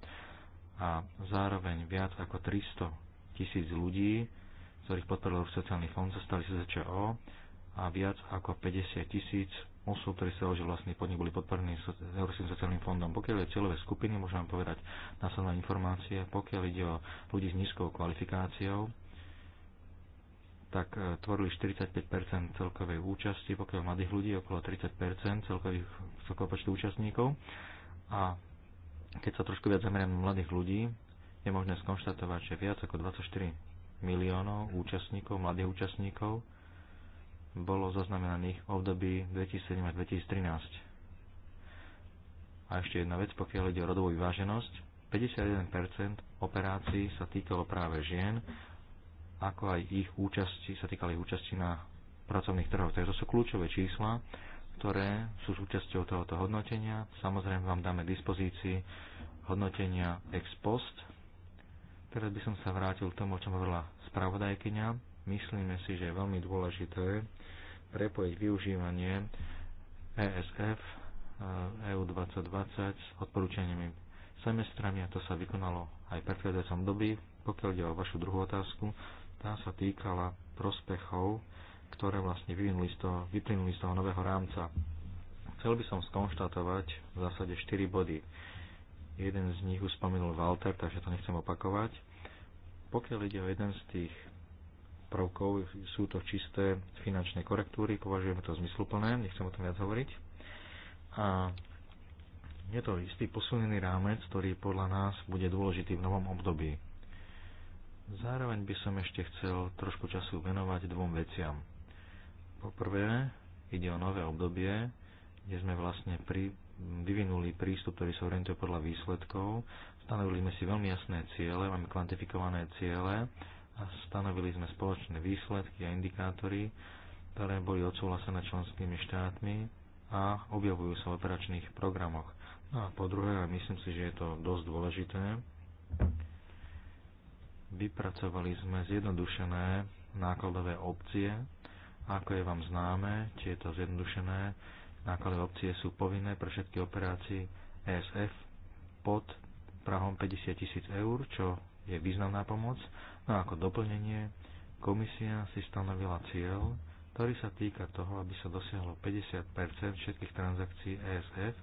A zároveň viac ako 300 tisíc ľudí, ktorých podporil sociálny fond, sa stali SZČO a viac ako 50 tisíc osôb, ktorí sa že vlastný podnik boli podporení Európskym sociálnym fondom. Pokiaľ je cieľové skupiny, môžem vám povedať následné informácie. Pokiaľ ide o ľudí s nízkou kvalifikáciou, tak e, tvorili 45 celkovej účasti, pokiaľ mladých ľudí okolo 30 celkových, celkového počtu účastníkov. A keď sa trošku viac zameriam na mladých ľudí, je možné skonštatovať, že viac ako 24 miliónov účastníkov, mladých účastníkov, bolo zaznamenaných v období 2007 až 2013. A ešte jedna vec, pokiaľ ide o rodovú vyváženosť, 51% operácií sa týkalo práve žien ako aj ich účasti, sa týkali účasti na pracovných trhoch. Takže to sú kľúčové čísla, ktoré sú súčasťou tohoto hodnotenia. Samozrejme vám dáme dispozícii hodnotenia ex post. Teraz by som sa vrátil k tomu, o čom hovorila spravodajkyňa. Myslíme si, že je veľmi dôležité prepojiť využívanie ESF EU 2020 s odporúčaniami semestrami a to sa vykonalo aj v predchádzajúcom doby. Pokiaľ ide o vašu druhú otázku, tá sa týkala prospechov, ktoré vlastne vyvinuli z toho, vyplynuli z toho nového rámca. Chcel by som skonštatovať v zásade 4 body. Jeden z nich už spomenul Walter, takže to nechcem opakovať. Pokiaľ ide o jeden z tých prvkov, sú to čisté finančné korektúry, považujeme to zmysluplné, nechcem o tom viac hovoriť. A je to istý posunený rámec, ktorý podľa nás bude dôležitý v novom období. Zároveň by som ešte chcel trošku času venovať dvom veciam. Poprvé, ide o nové obdobie, kde sme vlastne pri, vyvinuli prístup, ktorý sa orientuje podľa výsledkov. Stanovili sme si veľmi jasné ciele, máme kvantifikované ciele a stanovili sme spoločné výsledky a indikátory, ktoré boli odsúhlasené členskými štátmi a objavujú sa v operačných programoch. No a po druhé, myslím si, že je to dosť dôležité, Vypracovali sme zjednodušené nákladové opcie. Ako je vám známe, tieto zjednodušené nákladové opcie sú povinné pre všetky operácie ESF pod prahom 50 tisíc eur, čo je významná pomoc. No a ako doplnenie, komisia si stanovila cieľ, ktorý sa týka toho, aby sa dosiahlo 50 všetkých transakcií ESF,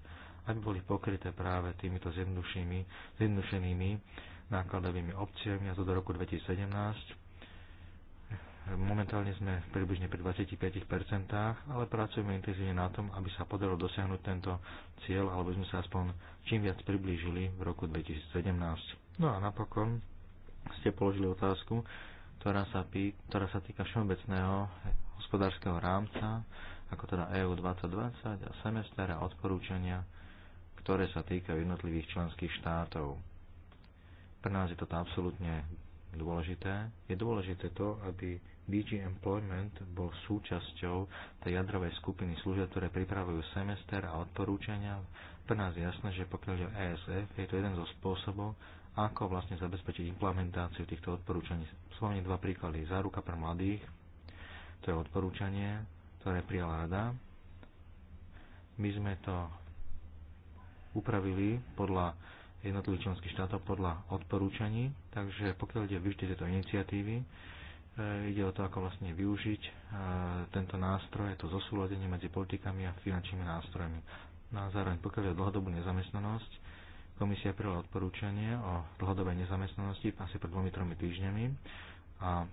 aby boli pokryté práve týmito zjednodušenými nákladovými obciami a to do roku 2017. Momentálne sme približne pri 25%, ale pracujeme intenzívne na tom, aby sa podarilo dosiahnuť tento cieľ, alebo sme sa aspoň čím viac priblížili v roku 2017. No a napokon ste položili otázku, ktorá sa, pí, ktorá sa týka všeobecného hospodárskeho rámca, ako teda EU 2020 a semester a odporúčania, ktoré sa týkajú jednotlivých členských štátov. Pre nás je toto absolútne dôležité. Je dôležité to, aby DG Employment bol súčasťou tej jadrovej skupiny služieb, ktoré pripravujú semester a odporúčania. Pre nás je jasné, že pokiaľ je ESF, je to jeden zo spôsobov, ako vlastne zabezpečiť implementáciu týchto odporúčaní. Spomeniem dva príklady. Záruka pre mladých, to je odporúčanie, ktoré prijala rada. My sme to upravili podľa jednotlivých členských štátov podľa odporúčaní. Takže pokiaľ ide využitie tejto iniciatívy, e, ide o to, ako vlastne využiť e, tento nástroj, to zosúladenie medzi politikami a finančnými nástrojmi. No a zároveň, pokiaľ je dlhodobú nezamestnanosť, komisia prijala odporúčanie o dlhodobej nezamestnanosti asi pred dvomi, tromi týždňami a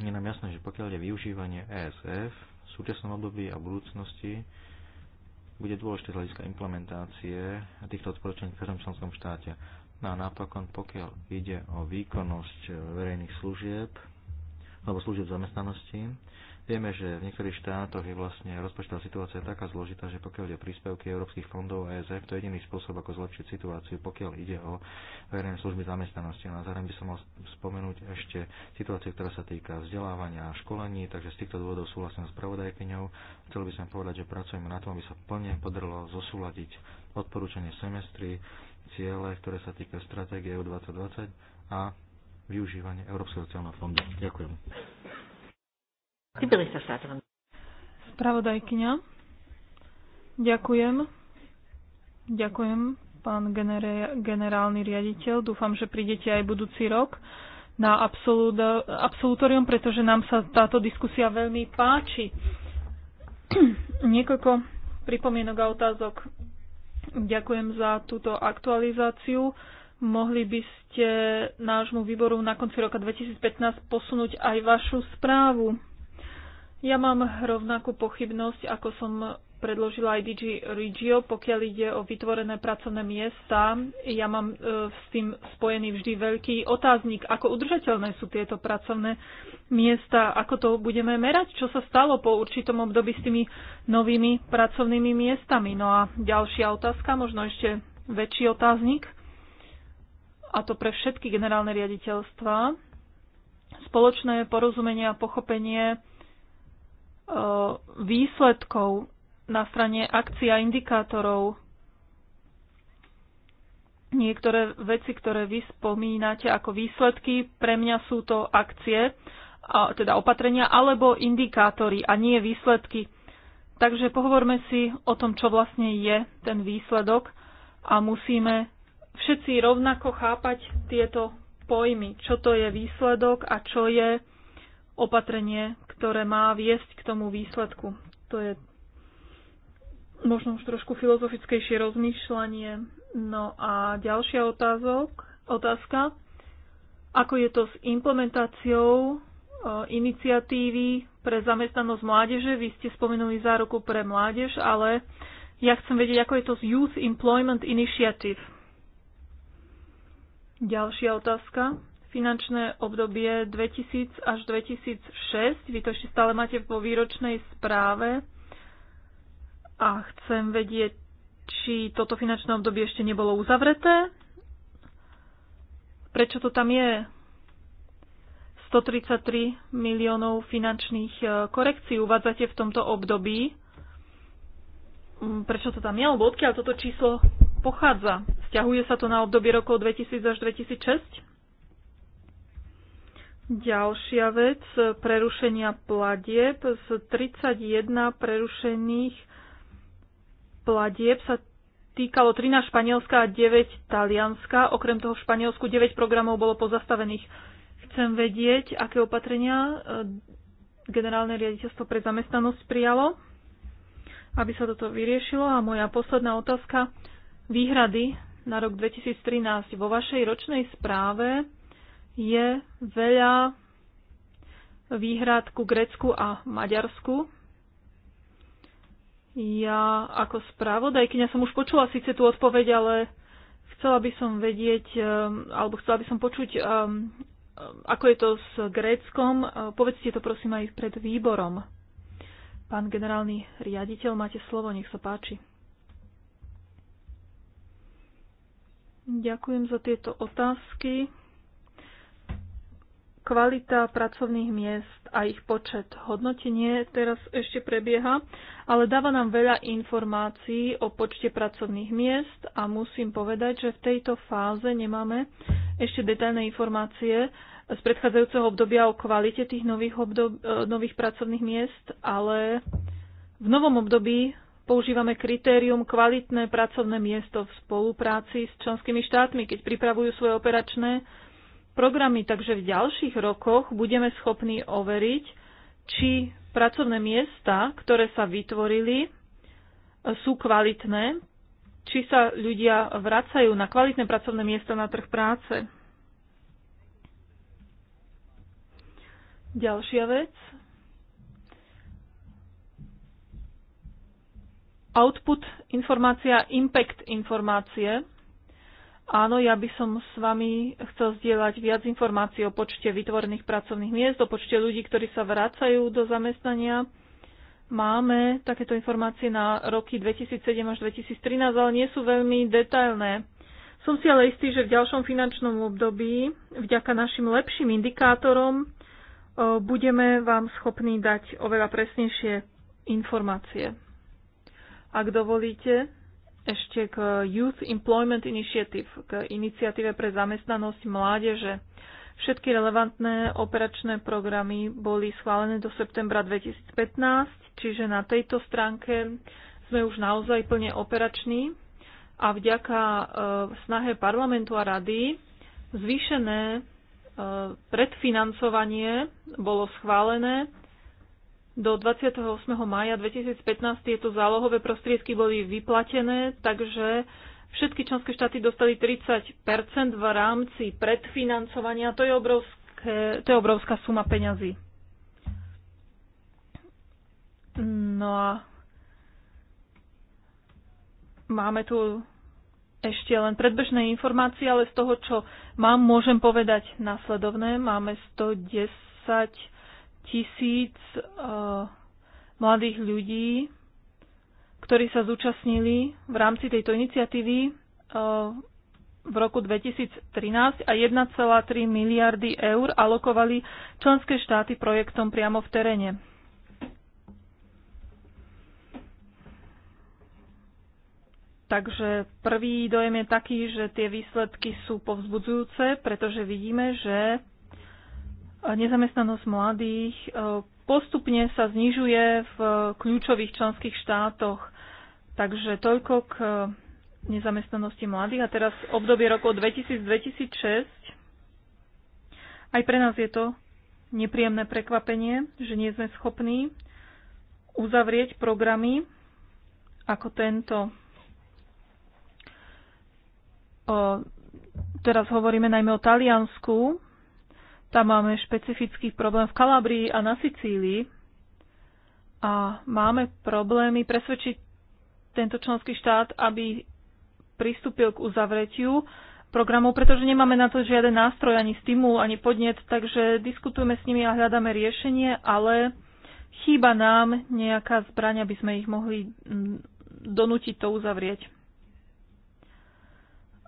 je nám jasné, že pokiaľ je využívanie ESF v súčasnom období a budúcnosti, bude dôležité z hľadiska implementácie týchto odporúčaní v každom členskom štáte. No a napokon, pokiaľ ide o výkonnosť verejných služieb alebo služieb zamestnanosti, Vieme, že v niektorých štátoch je vlastne rozpočtová situácia taká zložitá, že pokiaľ ide o príspevky európskych fondov a ESF, to je jediný spôsob, ako zlepšiť situáciu, pokiaľ ide o verejné služby zamestnanosti. A na zároveň by som mal spomenúť ešte situáciu, ktorá sa týka vzdelávania a školení, takže z týchto dôvodov súhlasím s pravodajkyňou. Chcel by som povedať, že pracujeme na tom, aby sa plne podarilo zosúľadiť odporúčanie semestry, ciele, ktoré sa týka stratégie EU 2020 a využívanie Európskeho sociálneho fondu. Ďakujem. Die Spravodajkyňa. Ďakujem. Ďakujem, pán genere, generálny riaditeľ. Dúfam, že prídete aj budúci rok na absolút, absolutorium, pretože nám sa táto diskusia veľmi páči. Niekoľko pripomienok a otázok. Ďakujem za túto aktualizáciu mohli by ste nášmu výboru na konci roka 2015 posunúť aj vašu správu. Ja mám rovnakú pochybnosť, ako som predložila aj DG Regio, pokiaľ ide o vytvorené pracovné miesta. Ja mám e, s tým spojený vždy veľký otáznik, ako udržateľné sú tieto pracovné miesta, ako to budeme merať, čo sa stalo po určitom období s tými novými pracovnými miestami. No a ďalšia otázka, možno ešte väčší otáznik, a to pre všetky generálne riaditeľstva. Spoločné porozumenie a pochopenie E, výsledkov na strane akcií a indikátorov. Niektoré veci, ktoré vy spomínate ako výsledky, pre mňa sú to akcie, teda opatrenia, alebo indikátory a nie výsledky. Takže pohovorme si o tom, čo vlastne je ten výsledok a musíme všetci rovnako chápať tieto pojmy, čo to je výsledok a čo je opatrenie ktoré má viesť k tomu výsledku. To je možno už trošku filozofickejšie rozmýšľanie. No a ďalšia otázok, otázka, ako je to s implementáciou e, iniciatívy pre zamestnanosť mládeže. Vy ste spomenuli záruku pre mládež, ale ja chcem vedieť, ako je to z Youth Employment Initiative. Ďalšia otázka finančné obdobie 2000 až 2006. Vy to ešte stále máte po výročnej správe a chcem vedieť, či toto finančné obdobie ešte nebolo uzavreté. Prečo to tam je? 133 miliónov finančných e, korekcií uvádzate v tomto období. Mm, prečo to tam je? Alebo odkiaľ toto číslo pochádza? Vzťahuje sa to na obdobie rokov 2000 až 2006? Ďalšia vec, prerušenia platieb. Z 31 prerušených platieb sa týkalo 13 Španielska a 9 Talianska. Okrem toho v Španielsku 9 programov bolo pozastavených. Chcem vedieť, aké opatrenia e, generálne riaditeľstvo pre zamestnanosť prijalo, aby sa toto vyriešilo. A moja posledná otázka. Výhrady na rok 2013 vo vašej ročnej správe je veľa výhrad ku Grécku a Maďarsku. Ja ako spravodajkyňa som už počula síce tú odpoveď, ale chcela by som vedieť, um, alebo chcela by som počuť, um, ako je to s Gréckom. Uh, povedzte to prosím aj pred výborom. Pán generálny riaditeľ, máte slovo, nech sa páči. Ďakujem za tieto otázky kvalita pracovných miest a ich počet. Hodnotenie teraz ešte prebieha, ale dáva nám veľa informácií o počte pracovných miest a musím povedať, že v tejto fáze nemáme ešte detailné informácie z predchádzajúceho obdobia o kvalite tých nových, obdob- e, nových pracovných miest, ale v novom období používame kritérium kvalitné pracovné miesto v spolupráci s členskými štátmi, keď pripravujú svoje operačné programy, takže v ďalších rokoch budeme schopní overiť, či pracovné miesta, ktoré sa vytvorili, sú kvalitné, či sa ľudia vracajú na kvalitné pracovné miesta na trh práce. Ďalšia vec. Output informácia, impact informácie. Áno, ja by som s vami chcel zdieľať viac informácií o počte vytvorených pracovných miest, o počte ľudí, ktorí sa vracajú do zamestnania. Máme takéto informácie na roky 2007 až 2013, ale nie sú veľmi detailné. Som si ale istý, že v ďalšom finančnom období, vďaka našim lepším indikátorom, budeme vám schopní dať oveľa presnejšie informácie. Ak dovolíte, ešte k Youth Employment Initiative, k iniciatíve pre zamestnanosť mládeže. Všetky relevantné operačné programy boli schválené do septembra 2015, čiže na tejto stránke sme už naozaj plne operační a vďaka e, snahe parlamentu a rady zvýšené e, predfinancovanie bolo schválené do 28. maja 2015 tieto zálohové prostriedky boli vyplatené, takže všetky členské štáty dostali 30 v rámci predfinancovania. To je, obrovské, to je obrovská suma peňazí. No a máme tu ešte len predbežné informácie, ale z toho, čo mám, môžem povedať následovné. Máme 110 tisíc uh, mladých ľudí, ktorí sa zúčastnili v rámci tejto iniciatívy uh, v roku 2013 a 1,3 miliardy eur alokovali členské štáty projektom priamo v teréne. Takže prvý dojem je taký, že tie výsledky sú povzbudzujúce, pretože vidíme, že Nezamestnanosť mladých e, postupne sa znižuje v kľúčových členských štátoch. Takže toľko k e, nezamestnanosti mladých. A teraz obdobie rokov 2000-2006. Aj pre nás je to nepríjemné prekvapenie, že nie sme schopní uzavrieť programy ako tento. O, teraz hovoríme najmä o Taliansku, tam máme špecifický problém v Kalabrii a na Sicílii a máme problémy presvedčiť tento členský štát, aby pristúpil k uzavretiu programu, pretože nemáme na to žiaden nástroj, ani stimul, ani podnet, takže diskutujeme s nimi a hľadáme riešenie, ale chýba nám nejaká zbraň, aby sme ich mohli mm, donútiť to uzavrieť.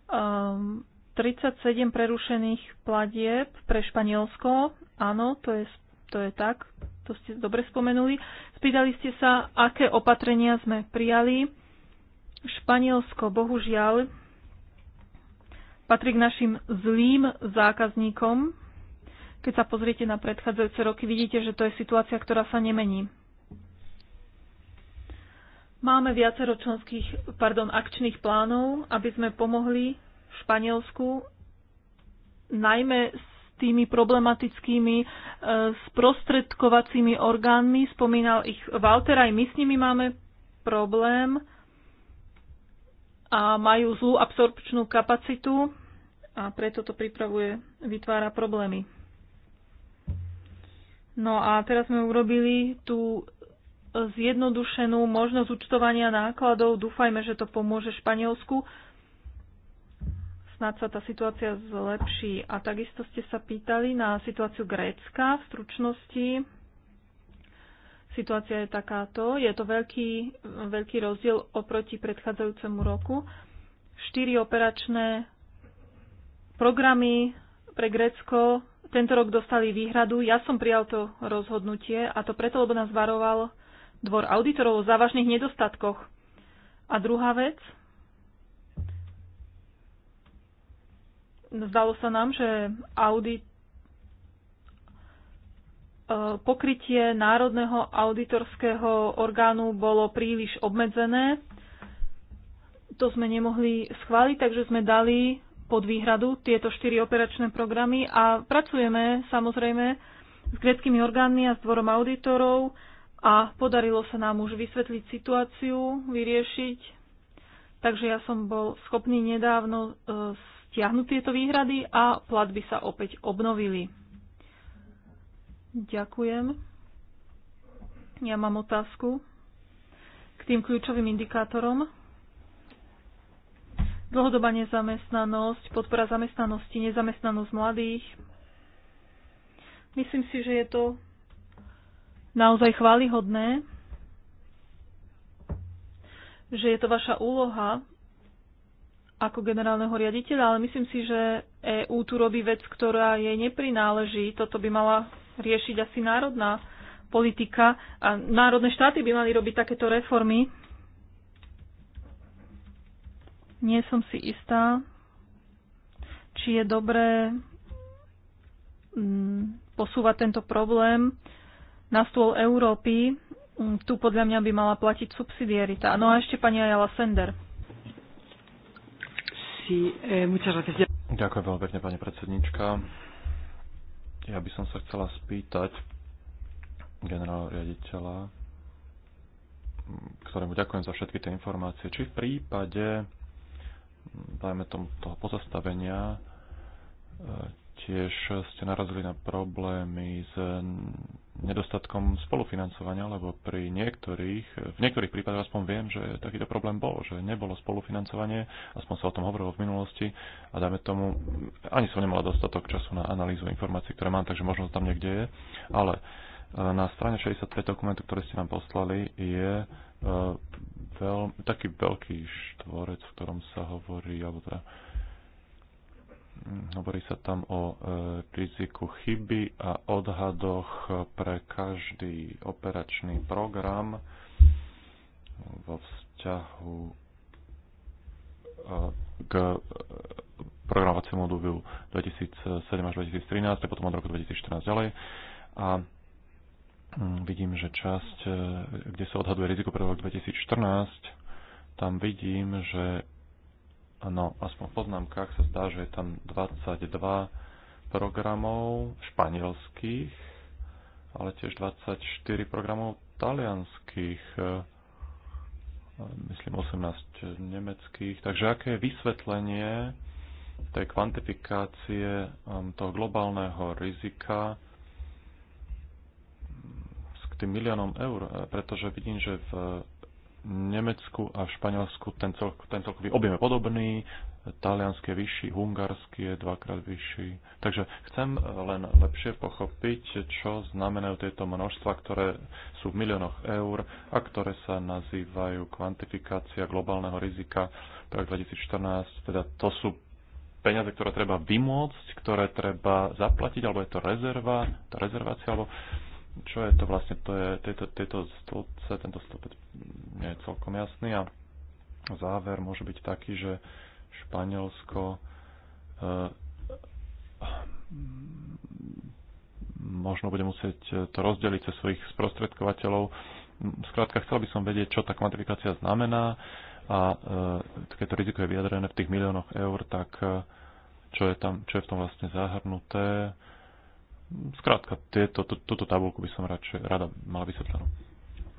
Um, 37 prerušených platieb pre Španielsko. Áno, to je, to je tak. To ste dobre spomenuli. Spýtali ste sa, aké opatrenia sme prijali. Španielsko, bohužiaľ, patrí k našim zlým zákazníkom. Keď sa pozriete na predchádzajúce roky, vidíte, že to je situácia, ktorá sa nemení. Máme viacero členských, pardon, akčných plánov, aby sme pomohli v Španielsku, najmä s tými problematickými e, sprostredkovacími orgánmi. Spomínal ich Walter, aj my s nimi máme problém a majú zlú absorpčnú kapacitu a preto to pripravuje, vytvára problémy. No a teraz sme urobili tú zjednodušenú možnosť účtovania nákladov. Dúfajme, že to pomôže Španielsku snad sa tá situácia zlepší. A takisto ste sa pýtali na situáciu Grécka v stručnosti. Situácia je takáto. Je to veľký, veľký rozdiel oproti predchádzajúcemu roku. Štyri operačné programy pre Grécko tento rok dostali výhradu. Ja som prijal to rozhodnutie a to preto, lebo nás varoval dvor auditorov o závažných nedostatkoch. A druhá vec, Zdalo sa nám, že audit e, pokrytie Národného auditorského orgánu bolo príliš obmedzené. To sme nemohli schváliť, takže sme dali pod výhradu tieto štyri operačné programy a pracujeme samozrejme s greckými orgánmi a s dvorom auditorov a podarilo sa nám už vysvetliť situáciu, vyriešiť. Takže ja som bol schopný nedávno e, s stiahnuť tieto výhrady a platby sa opäť obnovili. Ďakujem. Ja mám otázku k tým kľúčovým indikátorom. Dlhodobá nezamestnanosť, podpora zamestnanosti, nezamestnanosť mladých. Myslím si, že je to naozaj chválihodné, že je to vaša úloha ako generálneho riaditeľa, ale myslím si, že EÚ tu robí vec, ktorá jej neprináleží. Toto by mala riešiť asi národná politika a národné štáty by mali robiť takéto reformy. Nie som si istá, či je dobré mm, posúvať tento problém na stôl Európy. Mm, tu podľa mňa by mala platiť subsidiarita. No a ešte pani Ajala Sender. Eh, ďakujem veľmi pekne, pani predsednička. Ja by som sa chcela spýtať generála riaditeľa, ktorému ďakujem za všetky tie informácie, či v prípade, hm, dajme tomu, toho pozastavenia, eh, tiež ste narazili na problémy s nedostatkom spolufinancovania, lebo pri niektorých, v niektorých prípadoch aspoň viem, že takýto problém bol, že nebolo spolufinancovanie, aspoň sa o tom hovorilo v minulosti a dáme tomu, ani som nemala dostatok času na analýzu informácií, ktoré mám, takže možno tam niekde je, ale e, na strane 65 dokumentu, ktoré ste nám poslali, je e, veľ, taký veľký štvorec, v ktorom sa hovorí, alebo teda Hovorí sa tam o e, riziku chyby a odhadoch pre každý operačný program vo vzťahu e, k e, programovaciemu dubiu 2007 až 2013, potom od roku 2014 ďalej. A mm, vidím, že časť, kde sa odhaduje riziko pre rok 2014, tam vidím, že no aspoň v poznámkach sa zdá, že je tam 22 programov španielských, ale tiež 24 programov talianských, e, myslím 18 nemeckých. Takže aké je vysvetlenie tej kvantifikácie e, toho globálneho rizika s tým miliónom eur? E, pretože vidím, že v Nemecku a v Španielsku ten, cel, ten celkový objem je podobný, talianský je vyšší, hungarský je dvakrát vyšší. Takže chcem eh, len lepšie pochopiť, čo znamenajú tieto množstva, ktoré sú v miliónoch eur a ktoré sa nazývajú kvantifikácia globálneho rizika pre 2014. Teda to sú peniaze, ktoré treba vymôcť, ktoré treba zaplatiť, alebo je to rezerva, tá rezervácia, alebo čo je to vlastne, to je, tieto, tieto stĺpce, tento stĺpec nie je celkom jasný a záver môže byť taký, že Španielsko e, možno bude musieť to rozdeliť cez svojich sprostredkovateľov. Skrátka, chcel by som vedieť, čo tá kvantifikácia znamená a e, keď to riziko je vyjadrené v tých miliónoch eur, tak e, čo, je tam, čo je v tom vlastne zahrnuté Skrátka, tieto, to, túto tabulku by som radšej, rada mala vysvetlenú.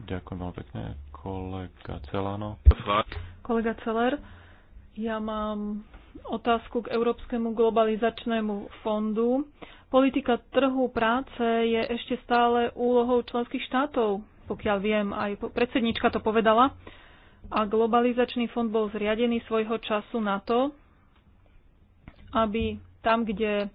Ďakujem veľmi pekne. Kolega Celano. Kolega Celer, ja mám otázku k Európskemu globalizačnému fondu. Politika trhu práce je ešte stále úlohou členských štátov, pokiaľ viem, aj predsednička to povedala. A globalizačný fond bol zriadený svojho času na to, aby tam, kde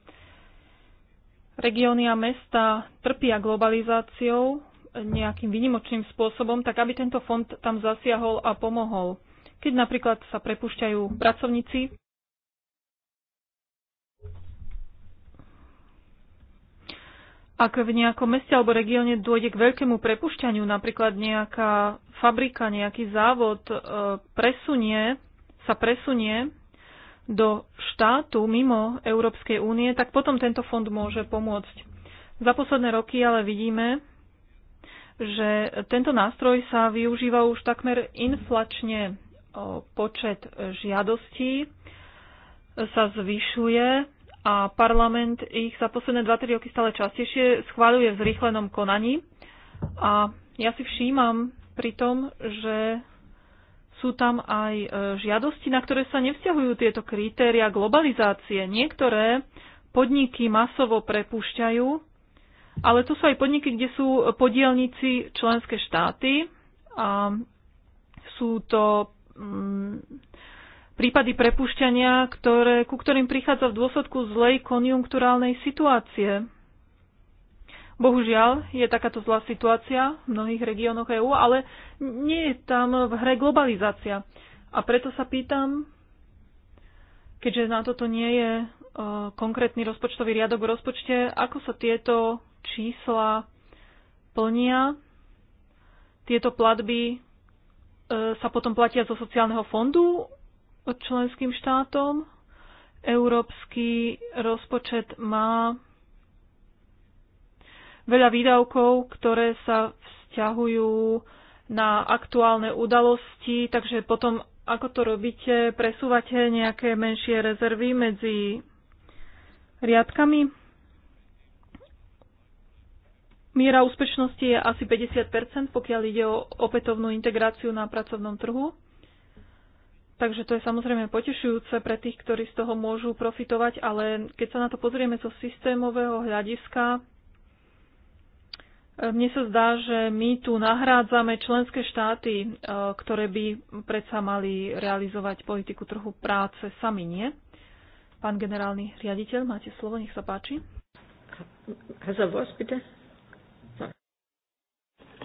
regióny a mesta trpia globalizáciou nejakým výnimočným spôsobom, tak aby tento fond tam zasiahol a pomohol. Keď napríklad sa prepušťajú pracovníci, ak v nejakom meste alebo regióne dôjde k veľkému prepušťaniu, napríklad nejaká fabrika, nejaký závod e, presunie, sa presunie do štátu mimo Európskej únie, tak potom tento fond môže pomôcť. Za posledné roky ale vidíme, že tento nástroj sa využíva už takmer inflačne. Počet žiadostí sa zvyšuje a parlament ich za posledné 2-3 roky stále častejšie schváľuje v zrýchlenom konaní. A ja si všímam pri tom, že sú tam aj e, žiadosti, na ktoré sa nevzťahujú tieto kritéria globalizácie. Niektoré podniky masovo prepúšťajú, ale to sú aj podniky, kde sú podielníci členské štáty a sú to mm, prípady prepušťania, ktoré, ku ktorým prichádza v dôsledku zlej konjunkturálnej situácie. Bohužiaľ, je takáto zlá situácia v mnohých regiónoch EÚ, ale nie je tam v hre globalizácia. A preto sa pýtam, keďže na toto nie je e, konkrétny rozpočtový riadok v rozpočte, ako sa tieto čísla plnia, tieto platby e, sa potom platia zo sociálneho fondu členským štátom. Európsky rozpočet má veľa výdavkov, ktoré sa vzťahujú na aktuálne udalosti, takže potom ako to robíte, presúvate nejaké menšie rezervy medzi riadkami? Miera úspešnosti je asi 50%, pokiaľ ide o opätovnú integráciu na pracovnom trhu. Takže to je samozrejme potešujúce pre tých, ktorí z toho môžu profitovať, ale keď sa na to pozrieme zo systémového hľadiska, mne sa zdá, že my tu nahrádzame členské štáty, e, ktoré by predsa mali realizovať politiku trhu práce sami, nie? Pán generálny riaditeľ, máte slovo, nech sa páči.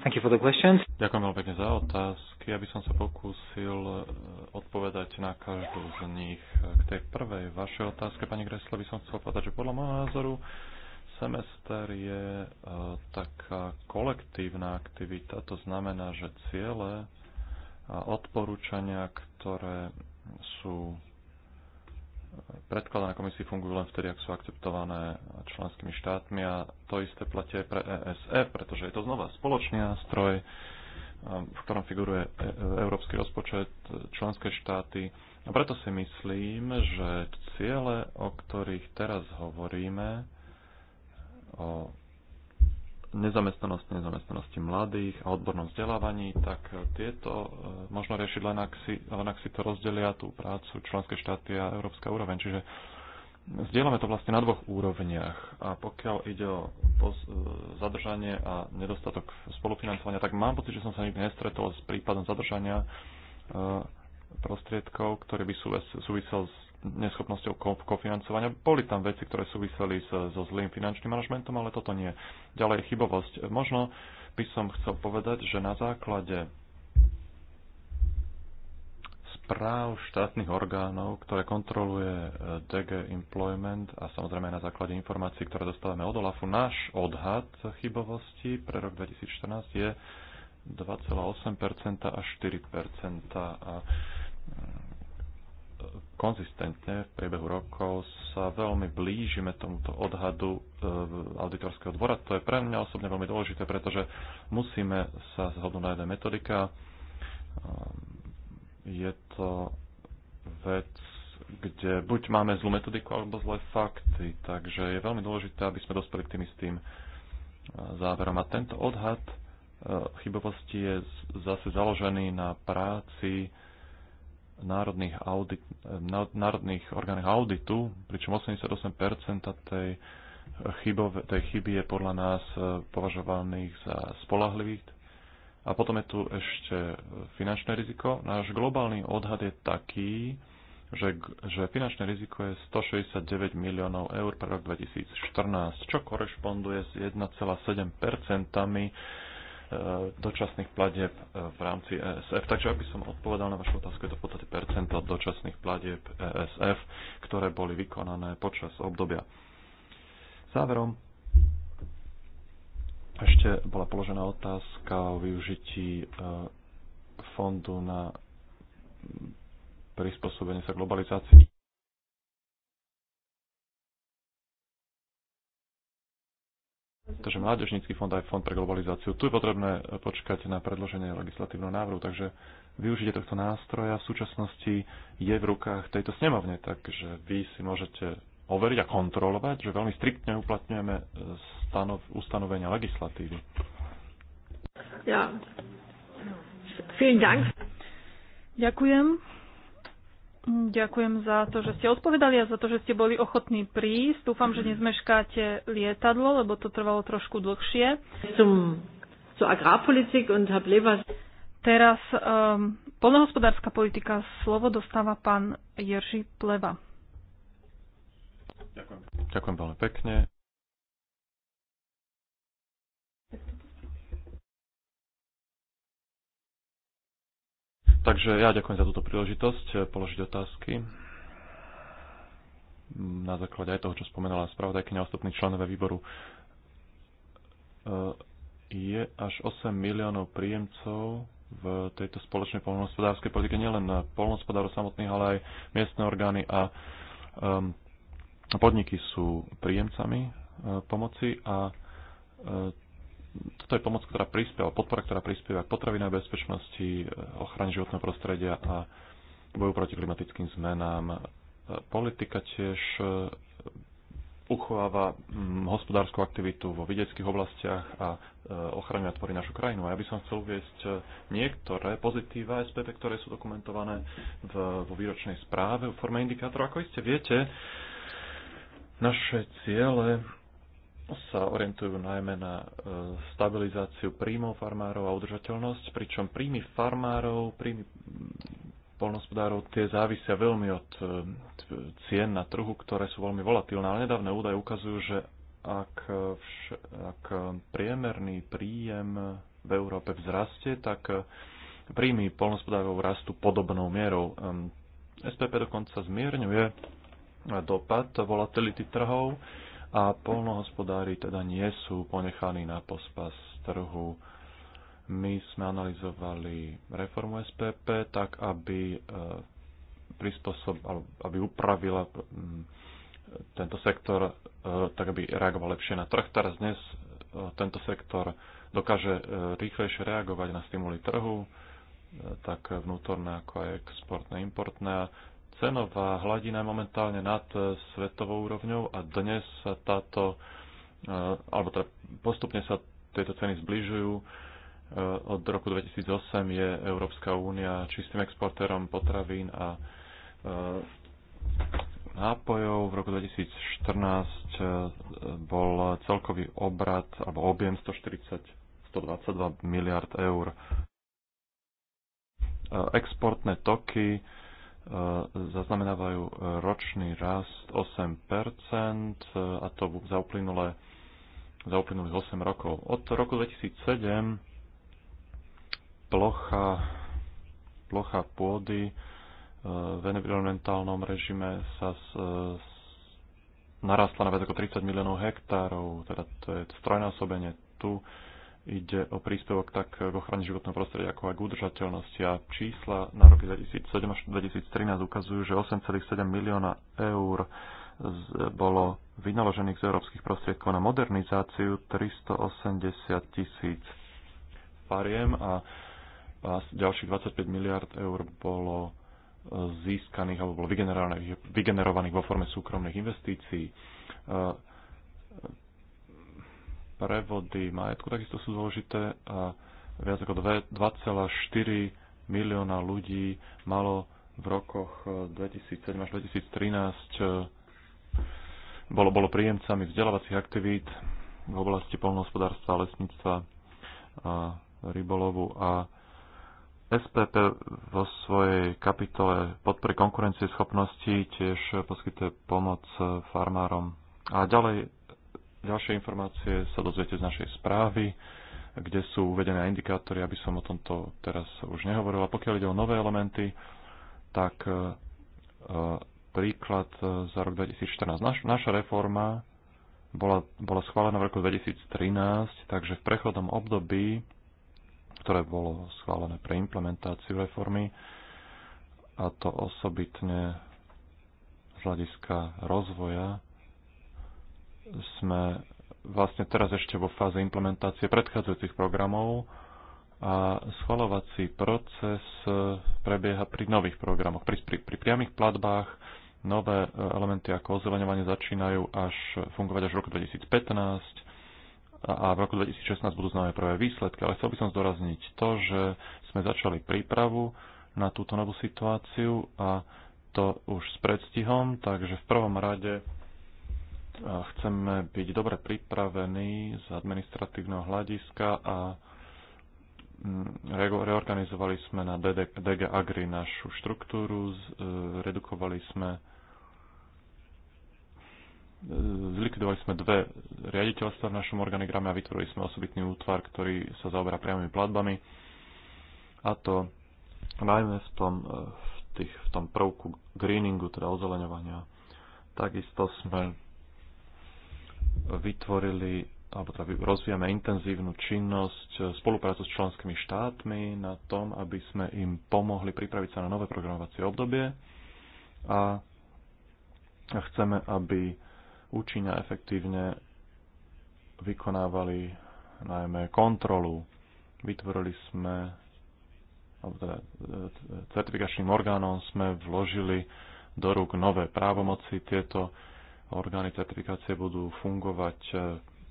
Ďakujem veľmi pekne za otázky. Ja by som sa pokúsil e, odpovedať na každú z nich. K tej prvej vašej otázke, pani Gresle, by som chcel povedať, že podľa môjho názoru Semester je e, taká kolektívna aktivita, to znamená, že ciele a odporúčania, ktoré sú e, predkladané komisii fungujú len vtedy, ak sú akceptované členskými štátmi a to isté platí aj pre ESF, pretože je to znova spoločný nástroj, e, v ktorom figuruje európsky rozpočet, členské štáty. A preto si myslím, že ciele, o ktorých teraz hovoríme, o nezamestnanosti, nezamestnanosti mladých a odbornom vzdelávaní, tak tieto e, možno riešiť len ak, si, len ak si to rozdelia tú prácu členské štáty a európska úroveň. Čiže zdieľame to vlastne na dvoch úrovniach. A pokiaľ ide o e, zadržanie a nedostatok spolufinancovania, tak mám pocit, že som sa nikdy nestretol s prípadom zadržania e, prostriedkov, ktorý by súvisel s neschopnosťou kofinancovania. Boli tam veci, ktoré súviseli so zlým finančným manažmentom, ale toto nie. Ďalej chybovosť. Možno by som chcel povedať, že na základe správ štátnych orgánov, ktoré kontroluje e, DG Employment a samozrejme na základe informácií, ktoré dostávame od OLAFu, náš odhad chybovosti pre rok 2014 je 2,8% až 4%. A konzistentne v priebehu rokov sa veľmi blížime tomuto odhadu e, auditorského dvora. To je pre mňa osobne veľmi dôležité, pretože musíme sa zhodnúť na jednej metodika. E, je to vec, kde buď máme zlú metodiku alebo zlé fakty, takže je veľmi dôležité, aby sme dospeli k tým istým e, záverom. A tento odhad chybovosti je zase založený na práci národných, audit, národných orgánoch auditu, pričom 88% tej, chybov, tej chyby je podľa nás e, považovaných za spolahlivých. A potom je tu ešte finančné riziko. Náš globálny odhad je taký, že, že finančné riziko je 169 miliónov eur pre rok 2014, čo korešponduje s 1,7 Eh, dočasných platieb eh, v rámci ESF. Takže aby som odpovedal na vašu otázku, je to v podstate percento dočasných platieb ESF, ktoré boli vykonané počas obdobia. Záverom ešte bola položená otázka o využití eh, fondu na prispôsobenie sa globalizácii. Takže Mládežnícky fond aj Fond pre globalizáciu. Tu je potrebné eh, počkať na predloženie legislatívneho návrhu, takže využitie tohto nástroja v súčasnosti je v rukách tejto snemovne, takže vy si môžete overiť a kontrolovať, že veľmi striktne uplatňujeme eh, stanov, ustanovenia legislatívy. Ja. Vielen Dank. Ďakujem. Ďakujem za to, že ste odpovedali a za to, že ste boli ochotní prísť. Dúfam, že nezmeškáte lietadlo, lebo to trvalo trošku dlhšie. Teraz um, ehm, polnohospodárska politika. Slovo dostáva pán Jerži Pleva. Ďakujem. Ďakujem veľmi pekne. Takže ja ďakujem za túto príležitosť eh, položiť otázky. Mm, na základe aj toho, čo spomenala spravodajkynia ostatní členové výboru, eh, je až 8 miliónov príjemcov v tejto spoločnej polnohospodárskej politike, nielen polnohospodárov samotných, ale aj miestne orgány a um, podniky sú príjemcami uh, pomoci a uh, toto je pomoc, ktorá prispieva, podpora, ktorá prispieva k potravinovej bezpečnosti, eh, ochrane životného prostredia a boju proti klimatickým zmenám. Eh, politika tiež eh, uchováva mm, hospodárskú aktivitu vo vidieckých oblastiach a ochraňuje tvorí našu krajinu. A ja by som chcel uviesť niektoré pozitíva SPP, ktoré sú dokumentované v, vo výročnej správe v forme indikátorov. Ako iste viete, naše ciele sa orientujú najmä na e, stabilizáciu príjmov farmárov a udržateľnosť, pričom príjmy farmárov, príjmy mm, polnospodárov, tie závisia veľmi od e, cien na trhu, ktoré sú veľmi volatilné, ale nedávne údaje ukazujú, že ak, e, vš- ak priemerný príjem v Európe vzrastie, tak príjmy polnospodárov rastú podobnou mierou. SPP dokonca zmierňuje dopad volatility trhov, a polnohospodári teda nie sú ponechaní na pospas trhu. My sme analyzovali reformu SPP tak, aby e, aby upravila tento sektor e, tak, aby reagoval lepšie na trh. Teraz dnes e, tento sektor dokáže rýchlejšie reagovať na stimuly trhu, tak vnútorné ako aj exportné, importné cenová hladina je momentálne nad e, svetovou úrovňou a dnes sa táto, e, alebo teda postupne sa tieto ceny zbližujú. E, od roku 2008 je Európska únia čistým exportérom potravín a nápojov. V roku 2014 bol celkový obrad alebo objem 140 122 miliard eur. Exportné toky zaznamenávajú e, ročný rast 8% e, a to za, uplynulé, za uplynulých 8 rokov. Od roku 2007 plocha, plocha pôdy e, v environmentálnom režime sa s, s, narastla na viac ako 30 miliónov hektárov, teda to je strojnásobenie tu ide o príspevok tak k ochrane životného prostredia, ako aj k udržateľnosti. A čísla na roky 2007 až 2013 ukazujú, že 8,7 milióna eur bolo vynaložených z európskych prostriedkov na modernizáciu 380 tisíc fariem a, a ďalších 25 miliard eur bolo e, získaných alebo bolo vygenerovaných, vygenerovaných vo forme súkromných investícií e, prevody majetku takisto sú dôležité a viac ako 2,4 milióna ľudí malo v rokoch 2007 eh, až 2013 eh, bolo, bolo príjemcami vzdelávacích aktivít v oblasti polnohospodárstva, lesníctva a rybolovu a SPP vo svojej kapitole podpory schopnosti tiež poskytuje pomoc eh, farmárom. A ďalej Ďalšie informácie sa dozviete z našej správy, kde sú uvedené indikátory, aby som o tomto teraz už nehovoril. A pokiaľ ide o nové elementy, tak e, príklad e, za rok 2014. Naš, naša reforma bola, bola schválená v roku 2013, takže v prechodnom období, ktoré bolo schválené pre implementáciu reformy, a to osobitne z hľadiska rozvoja sme vlastne teraz ešte vo fáze implementácie predchádzajúcich programov a schvalovací proces eh, prebieha pri nových programoch. Pri, pri, pri priamých platbách nové eh, elementy ako ozeleňovanie začínajú až fungovať až v roku 2015 a v roku 2016 budú známe prvé výsledky, ale chcel by som zdorazniť to, že sme začali prípravu na túto novú situáciu a to už s predstihom, takže v prvom rade chceme byť dobre pripravení z administratívneho hľadiska a mm, reorganizovali sme na DG Agri našu štruktúru, e, redukovali sme e, zlikvidovali sme dve riaditeľstva v našom organigrame a vytvorili sme osobitný útvar, ktorý sa zaoberá priamými platbami a to najmä v tom, e, v, tých, v tom prvku greeningu, teda ozeleňovania. Takisto sme vytvorili alebo teda rozvíjame intenzívnu činnosť, e, spoluprácu s členskými štátmi na tom, aby sme im pomohli pripraviť sa na nové programovacie obdobie a chceme, aby účinne a efektívne vykonávali najmä kontrolu. Vytvorili sme, alebo teda e, certifikačným orgánom sme vložili do rúk nové právomoci. Tieto orgány certifikácie budú fungovať e,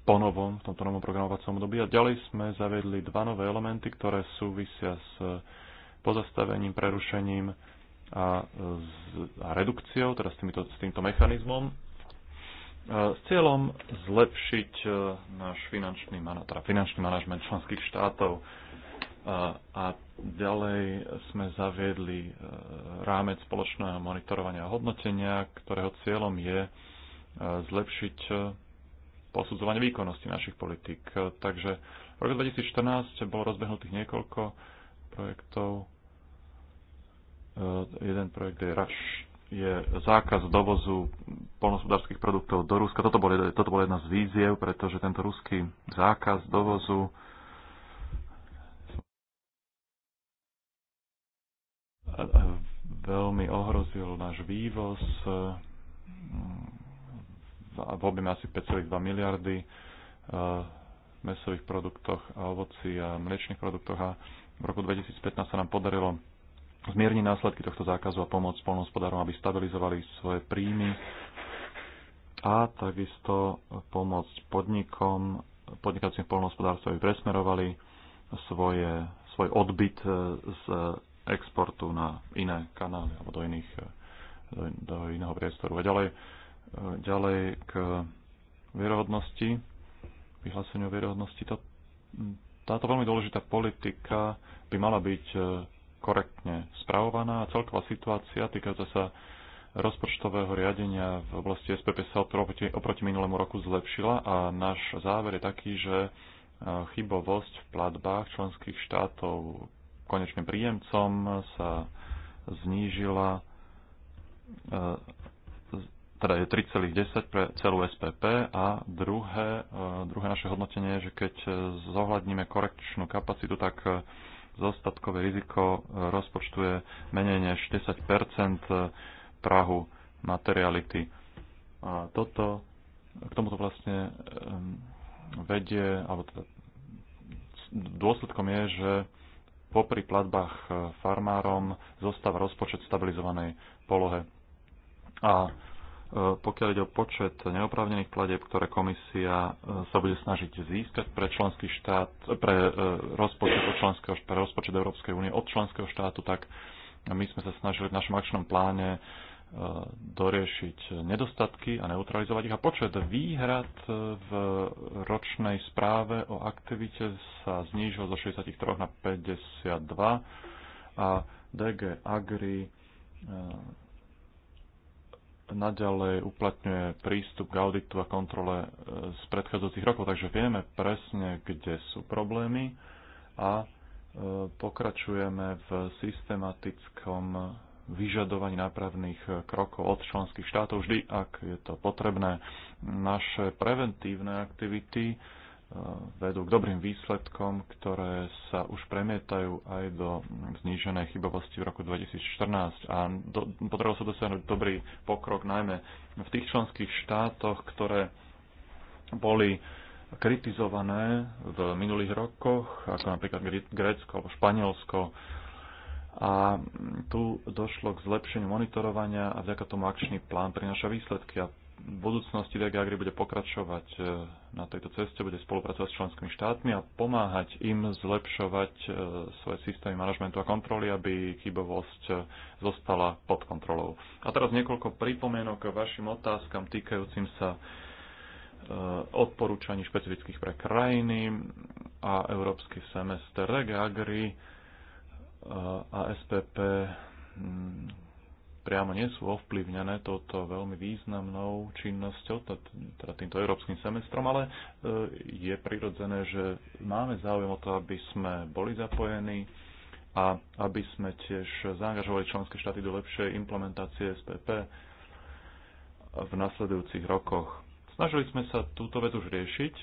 ponovom v tomto novom programovacom období. A ďalej sme zavedli dva nové elementy, ktoré súvisia s e, pozastavením, prerušením a, s, a redukciou, teda s, týmito, s týmto mechanizmom, e, s cieľom zlepšiť náš finančný, teda finančný manažment členských štátov. A, a ďalej sme zaviedli rámec spoločného monitorovania a hodnotenia, ktorého cieľom je zlepšiť eh, posudzovanie výkonnosti našich politik. Takže v roku 2014 bolo rozbehnutých niekoľko projektov. Eh, jeden projekt je RAŠ, je zákaz dovozu polnospodárských produktov do Ruska. Toto bol, toto bol jedna z víziev, pretože tento ruský zákaz dovozu veľmi ohrozil náš vývoz eh, v objeme asi 5,2 miliardy e, mesových produktoch a ovoci a mliečných produktoch a v roku 2015 sa nám podarilo zmierniť následky tohto zákazu a pomôcť spolnohospodárom, aby stabilizovali svoje príjmy a takisto pomôcť podnikom, podnikacím spolnohospodárstvom, aby presmerovali svoje, svoj odbyt e, z exportu na iné kanály alebo do, iných, e, do, do iného priestoru. A ďalej Ďalej k vierohodnosti, vyhláseniu vierohodnosti. Tá, táto veľmi dôležitá politika by mala byť e, korektne spravovaná a celková situácia týkajúca sa rozpočtového riadenia v oblasti SPP sa oproti, oproti minulému roku zlepšila a náš záver je taký, že e, chybovosť v platbách členských štátov konečným príjemcom sa znížila e, teda je 3,10 pre celú SPP a druhé, e, druhé naše hodnotenie je, že keď e, zohľadníme korekčnú kapacitu, tak e, zostatkové riziko rozpočtu je menej než 10 prahu materiality. A toto, k tomuto vlastne vedie, alebo teda dôsledkom je, že popri platbách farmárom zostáva rozpočet v stabilizovanej polohe. A E, pokiaľ ide o počet neoprávnených pladeb, ktoré komisia e, sa bude snažiť získať pre členský štát, pre e, rozpočet, od členského, pre rozpočet Európskej únie od členského štátu, tak my sme sa snažili v našom akčnom pláne doriešiť nedostatky a neutralizovať ich. A počet výhrad v ročnej správe o aktivite sa znížil zo 63 na 52 a DG Agri naďalej uplatňuje prístup k auditu a kontrole e, z predchádzajúcich rokov, takže vieme presne, kde sú problémy a e, pokračujeme v systematickom vyžadovaní nápravných e, krokov od členských štátov vždy, ak je to potrebné. Naše preventívne aktivity Eh, vedú k dobrým výsledkom, ktoré sa už premietajú aj do zníženej chybovosti v roku 2014 a do, podarilo sa dosiahnuť dobrý pokrok najmä v tých členských štátoch, ktoré boli kritizované v minulých rokoch, ako napríklad Grécko alebo Španielsko. A tu došlo k zlepšeniu monitorovania a vďaka tomu akčný plán prináša výsledky. A v budúcnosti DG Agri bude pokračovať e, na tejto ceste, bude spolupracovať s členskými štátmi a pomáhať im zlepšovať e, svoje systémy manažmentu a kontroly, aby chybovosť e, zostala pod kontrolou. A teraz niekoľko pripomienok k vašim otázkam týkajúcim sa odporúčaní špecifických pre krajiny a európsky semester DG Agri a SPP priamo nie sú ovplyvnené touto veľmi významnou činnosťou, teda týmto európskym semestrom, ale e, je prirodzené, že máme záujem o to, aby sme boli zapojení a aby sme tiež zaangažovali členské štáty do lepšej implementácie SPP v nasledujúcich rokoch. Snažili sme sa túto vec už riešiť,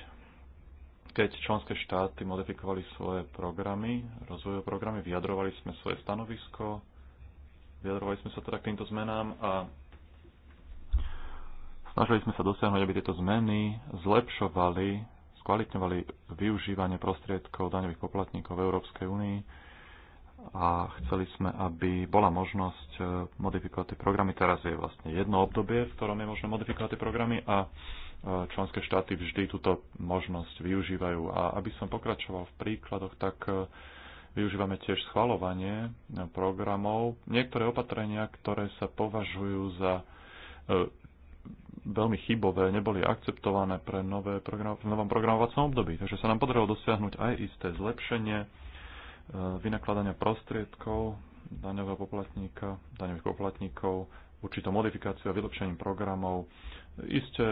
keď členské štáty modifikovali svoje programy, rozvojové programy, vyjadrovali sme svoje stanovisko, Vyjadrovali sme sa teda k týmto zmenám a snažili sme sa dosiahnuť, aby tieto zmeny zlepšovali, skvalitňovali využívanie prostriedkov daňových poplatníkov v Európskej únii a chceli sme, aby bola možnosť eh, modifikovať tie programy. Teraz je vlastne jedno obdobie, v ktorom je možné modifikovať tie programy a eh, členské štáty vždy túto možnosť využívajú. A aby som pokračoval v príkladoch, tak eh, Využívame tiež schvalovanie programov. Niektoré opatrenia, ktoré sa považujú za e, veľmi chybové, neboli akceptované pre nové program, v novom programovacom období. Takže sa nám podarilo dosiahnuť aj isté zlepšenie e, vynakladania prostriedkov daňového poplatníka, daňových poplatníkov, určitou modifikáciu a vylepšením programov, isté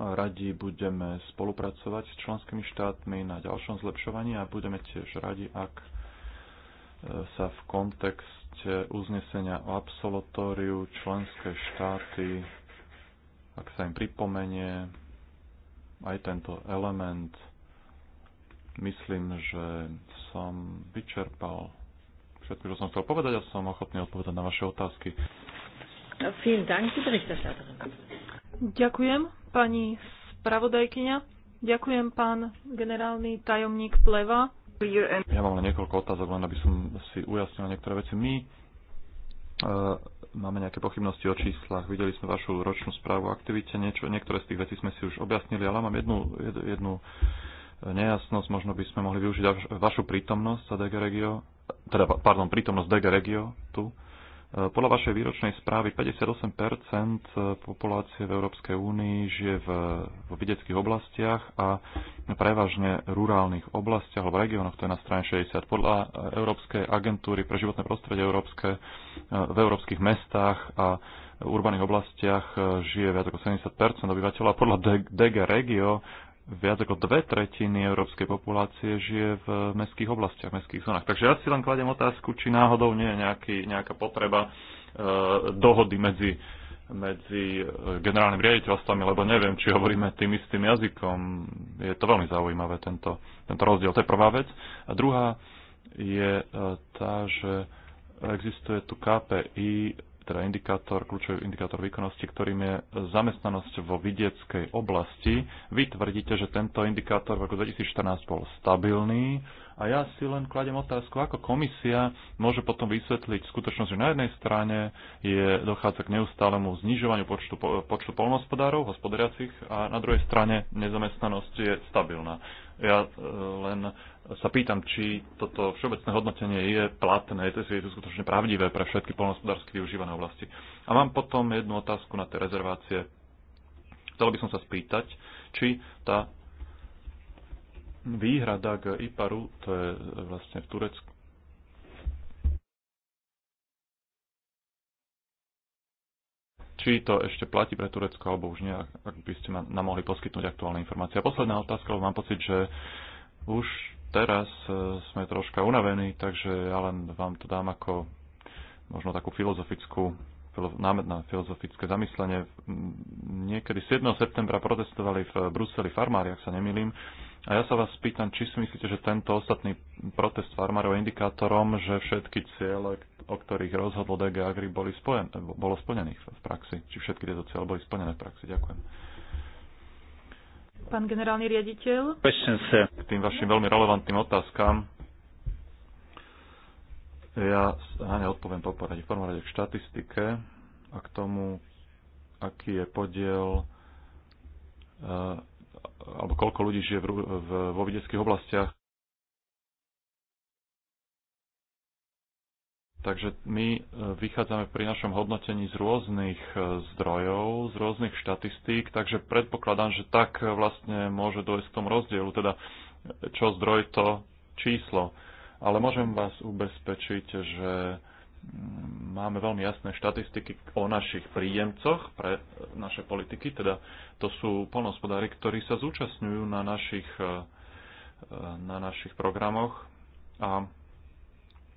Radi budeme spolupracovať s členskými štátmi na ďalšom zlepšovaní a budeme tiež radi, ak e, sa v kontexte uznesenia o absolutóriu členské štáty, ak sa im pripomenie aj tento element, myslím, že som vyčerpal všetko, čo som chcel povedať a som ochotný odpovedať na vaše otázky. Vielen Dank, Ďakujem pani spravodajkyňa. Ďakujem, pán generálny tajomník Pleva. Ja mám len niekoľko otázok, len aby som si ujasnil niektoré veci. My e, máme nejaké pochybnosti o číslach, videli sme vašu ročnú správu o aktivite, niečo, niektoré z tých vecí sme si už objasnili, ale mám jednu, jed, jednu e, nejasnosť, možno by sme mohli využiť vašu prítomnosť za DG Regio, teda, pardon, prítomnosť DG Regio tu. E, podľa vašej výročnej správy 58 populácie v Európskej únii žije v, v videckých oblastiach a prevažne rurálnych oblastiach alebo regiónoch, to je na strane 60. Podľa Európskej agentúry pre životné prostredie Európske, v európskych mestách a urbaných oblastiach žije viac ako 70 obyvateľov a podľa DG Regio viac ako dve tretiny európskej populácie žije v mestských oblastiach, v mestských zónach. Takže ja si len kladem otázku, či náhodou nie je nejaký, nejaká potreba e, dohody medzi, medzi e, generálnym riaditeľstvami, lebo neviem, či hovoríme tým istým jazykom. Je to veľmi zaujímavé, tento, tento rozdiel. To je prvá vec. A druhá je e, tá, že existuje tu KPI teda indikátor, kľúčový indikátor výkonnosti, ktorým je zamestnanosť vo vidieckej oblasti. Vy tvrdíte, že tento indikátor v roku 2014 bol stabilný, a ja si len kladem otázku, ako komisia môže potom vysvetliť skutočnosť, že na jednej strane je, dochádza k neustálemu znižovaniu počtu, počtu polnohospodárov, hospodariacich, a na druhej strane nezamestnanosť je stabilná. Ja e, len sa pýtam, či toto všeobecné hodnotenie je platné, je to, je to skutočne pravdivé pre všetky polnohospodársky využívané oblasti. A mám potom jednu otázku na tie rezervácie. Chcel by som sa spýtať, či tá výhrada k IPARu, to je e, vlastne v Turecku. Či to ešte platí pre Turecko, alebo už nie, ak by ste nám mohli poskytnúť aktuálne informácie. A posledná otázka, lebo mám pocit, že už teraz e, sme troška unavení, takže ja len vám to dám ako možno takú filozofickú námed na filozofické zamyslenie. Niekedy 7. septembra protestovali v Bruseli farmári, ak sa nemýlim, a ja sa vás pýtam, či si myslíte, že tento ostatný protest farmárov je indikátorom, že všetky ciele, o ktorých rozhodlo DG Agri, boli spojen, bolo splnených v praxi? Či všetky tieto ciele boli splnené v praxi? Ďakujem. Pán generálny riaditeľ. K tým vašim veľmi relevantným otázkam. Ja neodpoviem po poradí. V prvom rade k štatistike a k tomu, aký je podiel eh, alebo koľko ľudí žije v, v, vo videckých oblastiach. Takže my e, vychádzame pri našom hodnotení z rôznych e, zdrojov, z rôznych štatistík, takže predpokladám, že tak vlastne môže dojsť k tomu rozdielu, teda e, čo zdroj to číslo. Ale môžem vás ubezpečiť, že máme veľmi jasné štatistiky o našich príjemcoch pre naše politiky, teda to sú polnospodári, ktorí sa zúčastňujú na našich, e, na našich programoch a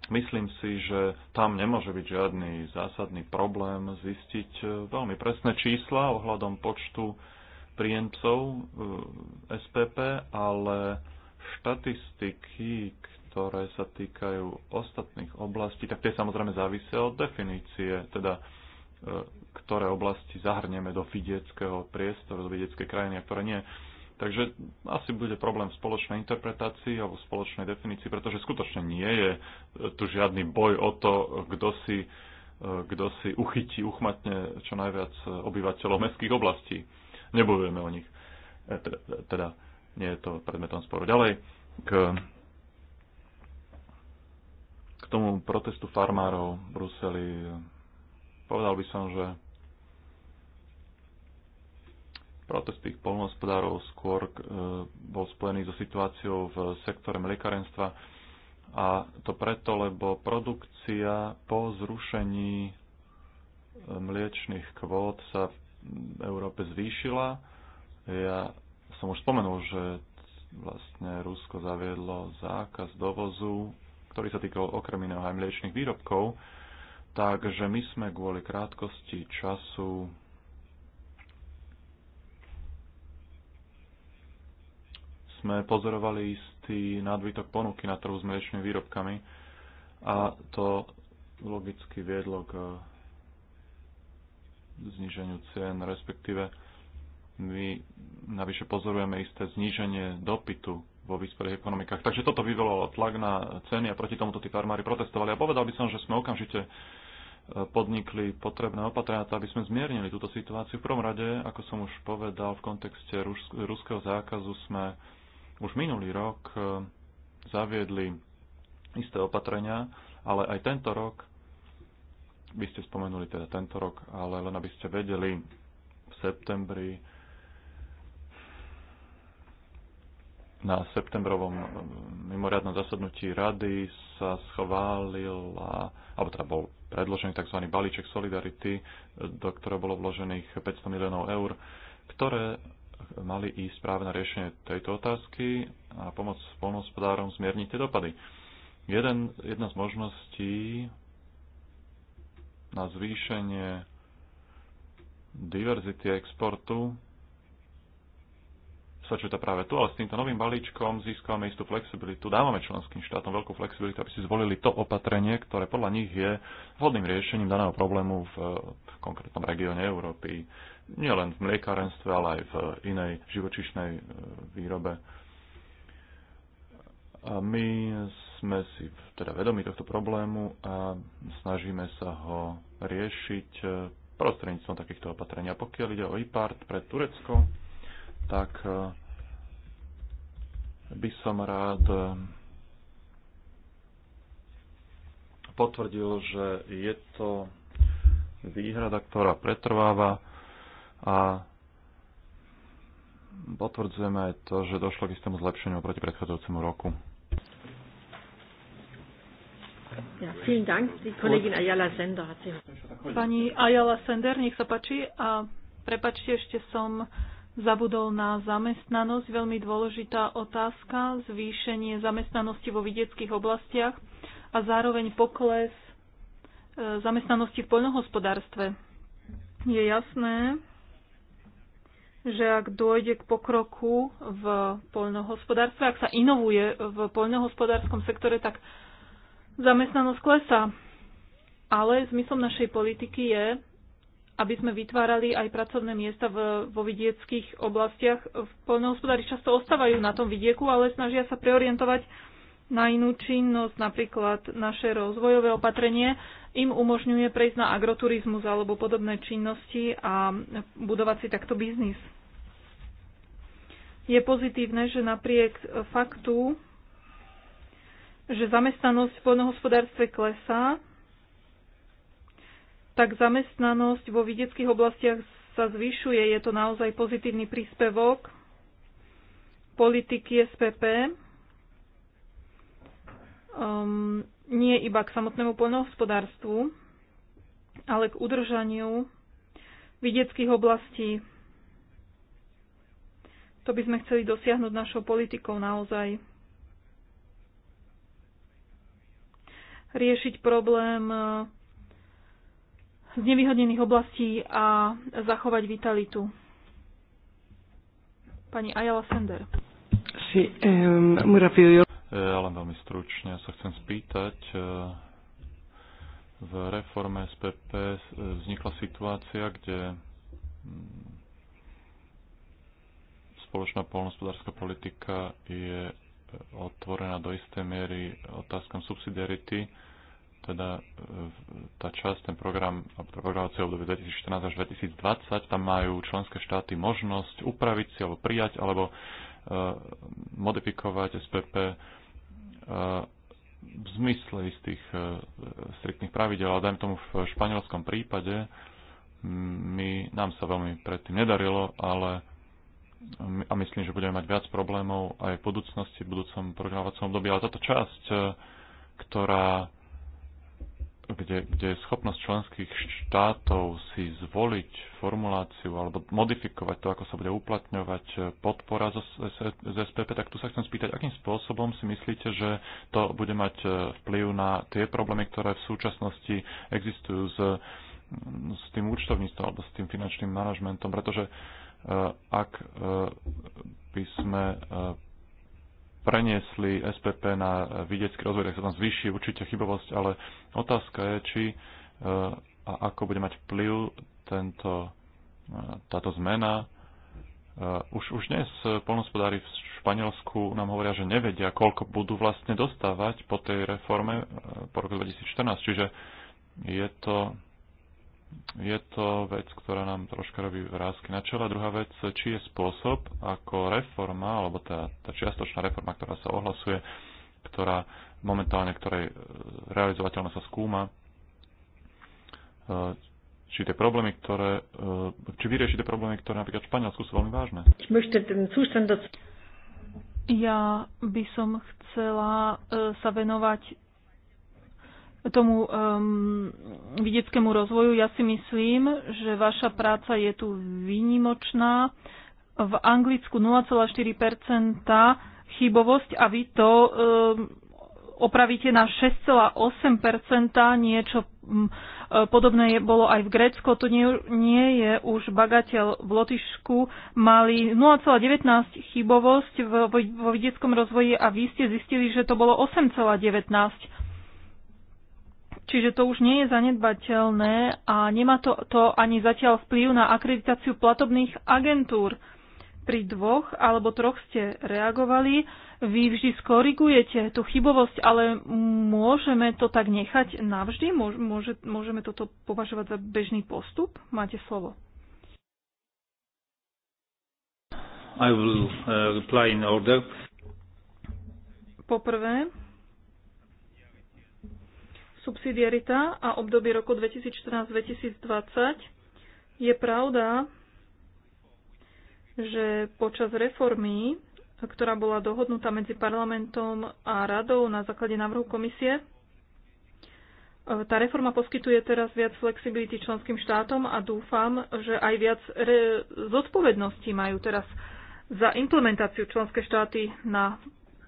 myslím si, že tam nemôže byť žiadny zásadný problém zistiť e, veľmi presné čísla ohľadom počtu príjemcov e, SPP, ale štatistiky, ktoré sa týkajú ostatných oblastí, tak tie samozrejme závisia od definície, teda e, ktoré oblasti zahrnieme do vidieckého priestoru, do vidieckej krajiny a ktoré nie. Takže asi bude problém v spoločnej interpretácii alebo v spoločnej definícii, pretože skutočne nie je e, tu žiadny boj o to, kto si, e, kto si uchytí, uchmatne čo najviac obyvateľov mestských oblastí. Nebojujeme o nich. Teda, teda nie je to predmetom sporu. Ďalej k tomu protestu farmárov v Bruseli. Povedal by som, že protest tých polnohospodárov skôr e, bol spojený so situáciou v sektore mliekarenstva a to preto, lebo produkcia po zrušení e, mliečných kvót sa v Európe zvýšila. Ja som už spomenul, že vlastne Rusko zaviedlo zákaz dovozu ktorý sa týkal okrem iného aj mliečných výrobkov. Takže my sme kvôli krátkosti času sme pozorovali istý nadbytok ponuky na trhu s mliečnými výrobkami a to logicky viedlo k zniženiu cien, respektíve my navyše pozorujeme isté zníženie dopytu vo vyspelých ekonomikách. Takže toto vyvolalo tlak na ceny a proti tomuto tí farmári protestovali. A povedal by som, že sme okamžite e, podnikli potrebné opatrenia, aby sme zmiernili túto situáciu. V prvom rade, ako som už povedal, v kontexte ruského zákazu sme už minulý rok e, zaviedli isté opatrenia, ale aj tento rok, vy ste spomenuli teda tento rok, ale len aby ste vedeli, v septembri na septembrovom eh, mimoriadnom zasadnutí rady sa schválila, alebo teda bol predložený tzv. balíček Solidarity, eh, do ktorého bolo vložených 500 miliónov eur, ktoré mali ísť práve na riešenie tejto otázky a pomoc polnohospodárom zmierniť tie dopady. Jeden, jedna z možností na zvýšenie diverzity exportu to práve tu, ale s týmto novým balíčkom získame istú flexibilitu, dávame členským štátom veľkú flexibilitu, aby si zvolili to opatrenie, ktoré podľa nich je vhodným riešením daného problému v konkrétnom regióne Európy. nielen v mliekarenstve, ale aj v inej živočišnej e, výrobe. A my sme si teda vedomi tohto problému a snažíme sa ho riešiť e, prostredníctvom takýchto opatrení. A pokiaľ ide o IPART pre Turecko, tak e, by som rád e, potvrdil, že je to výhrada, ktorá pretrváva a potvrdzujeme aj to, že došlo k istému zlepšeniu proti predchádzajúcemu roku. Pani Ayala Sender, nech sa páči. A prepačte, ešte som Zabudol na zamestnanosť, veľmi dôležitá otázka, zvýšenie zamestnanosti vo vidieckých oblastiach a zároveň pokles e, zamestnanosti v poľnohospodárstve. Je jasné, že ak dôjde k pokroku v poľnohospodárstve, ak sa inovuje v poľnohospodárskom sektore, tak zamestnanosť klesá. Ale zmyslom našej politiky je aby sme vytvárali aj pracovné miesta v, vo vidieckých oblastiach. v Poľnohospodári často ostávajú na tom vidieku, ale snažia sa preorientovať na inú činnosť, napríklad naše rozvojové opatrenie im umožňuje prejsť na agroturizmus alebo podobné činnosti a budovať si takto biznis. Je pozitívne, že napriek faktu, že zamestnanosť v poľnohospodárstve klesá, tak zamestnanosť vo vidieckých oblastiach sa zvyšuje. Je to naozaj pozitívny príspevok politiky SPP. Um, nie iba k samotnému poľnohospodárstvu, ale k udržaniu vidieckých oblastí. To by sme chceli dosiahnuť našou politikou naozaj. Riešiť problém z nevyhodnených oblastí a zachovať vitalitu. Pani Ayala Sender. Si, um, muy Ja e, len veľmi stručne sa chcem spýtať. E, v reforme SPP e, vznikla situácia, kde mm, spoločná polnospodárska politika je otvorená do istej miery otázkam subsidiarity teda e, tá časť, ten program, programovacie obdobie 2014 až 2020, tam majú členské štáty možnosť upraviť si alebo prijať alebo e, modifikovať SPP e, v zmysle istých striktných pravidel. A dajme tomu v španielskom prípade, my, nám sa veľmi predtým nedarilo, ale a myslím, že budeme mať viac problémov aj v budúcnosti, v budúcom programovacom období, ale táto časť, ktorá kde, kde je schopnosť členských štátov si zvoliť formuláciu alebo modifikovať to, ako sa bude uplatňovať podpora z, z SPP, tak tu sa chcem spýtať, akým spôsobom si myslíte, že to bude mať e, vplyv na tie problémy, ktoré v súčasnosti existujú s, s tým účtovníctvom alebo s tým finančným manažmentom, pretože e, ak e, by sme preniesli SPP na vidiecký rozvoj, tak sa tam zvýši určite chybovosť, ale otázka je, či e, a ako bude mať vplyv tento, e, táto zmena. E, už, už dnes polnospodári v Španielsku nám hovoria, že nevedia, koľko budú vlastne dostávať po tej reforme po roku 2014. Čiže je to je to vec, ktorá nám troška robí vrázky na čele. Druhá vec, či je spôsob, ako reforma, alebo tá, tá čiastočná reforma, ktorá sa ohlasuje, ktorá momentálne, ktorej e, realizovateľnosť sa skúma, e, či tie problémy, ktoré, e, či vyrieši tie problémy, ktoré napríklad v Španielsku sú veľmi vážne. Ja by som chcela sa venovať tomu um, vidieckému rozvoju. Ja si myslím, že vaša práca je tu výnimočná. V Anglicku 0,4% chybovosť a vy to um, opravíte na 6,8%. Niečo um, uh, podobné je, bolo aj v Grécku. To nie, nie je už bagateľ. V Lotyšku mali 0,19 chybovosť vo, vo vidieckom rozvoji a vy ste zistili, že to bolo 8,19 Čiže to už nie je zanedbateľné a nemá to, to ani zatiaľ vplyv na akreditáciu platobných agentúr. Pri dvoch alebo troch ste reagovali, vy vždy skorigujete tú chybovosť, ale môžeme to tak nechať navždy? Môže, môžeme toto považovať za bežný postup? Máte slovo. I will uh, reply in order. Poprvé, subsidiarita a obdobie roku 2014-2020, je pravda, že počas reformy, ktorá bola dohodnutá medzi parlamentom a radou na základe návrhu komisie, e, tá reforma poskytuje teraz viac flexibility členským štátom a dúfam, že aj viac zodpovedností majú teraz za implementáciu členské štáty na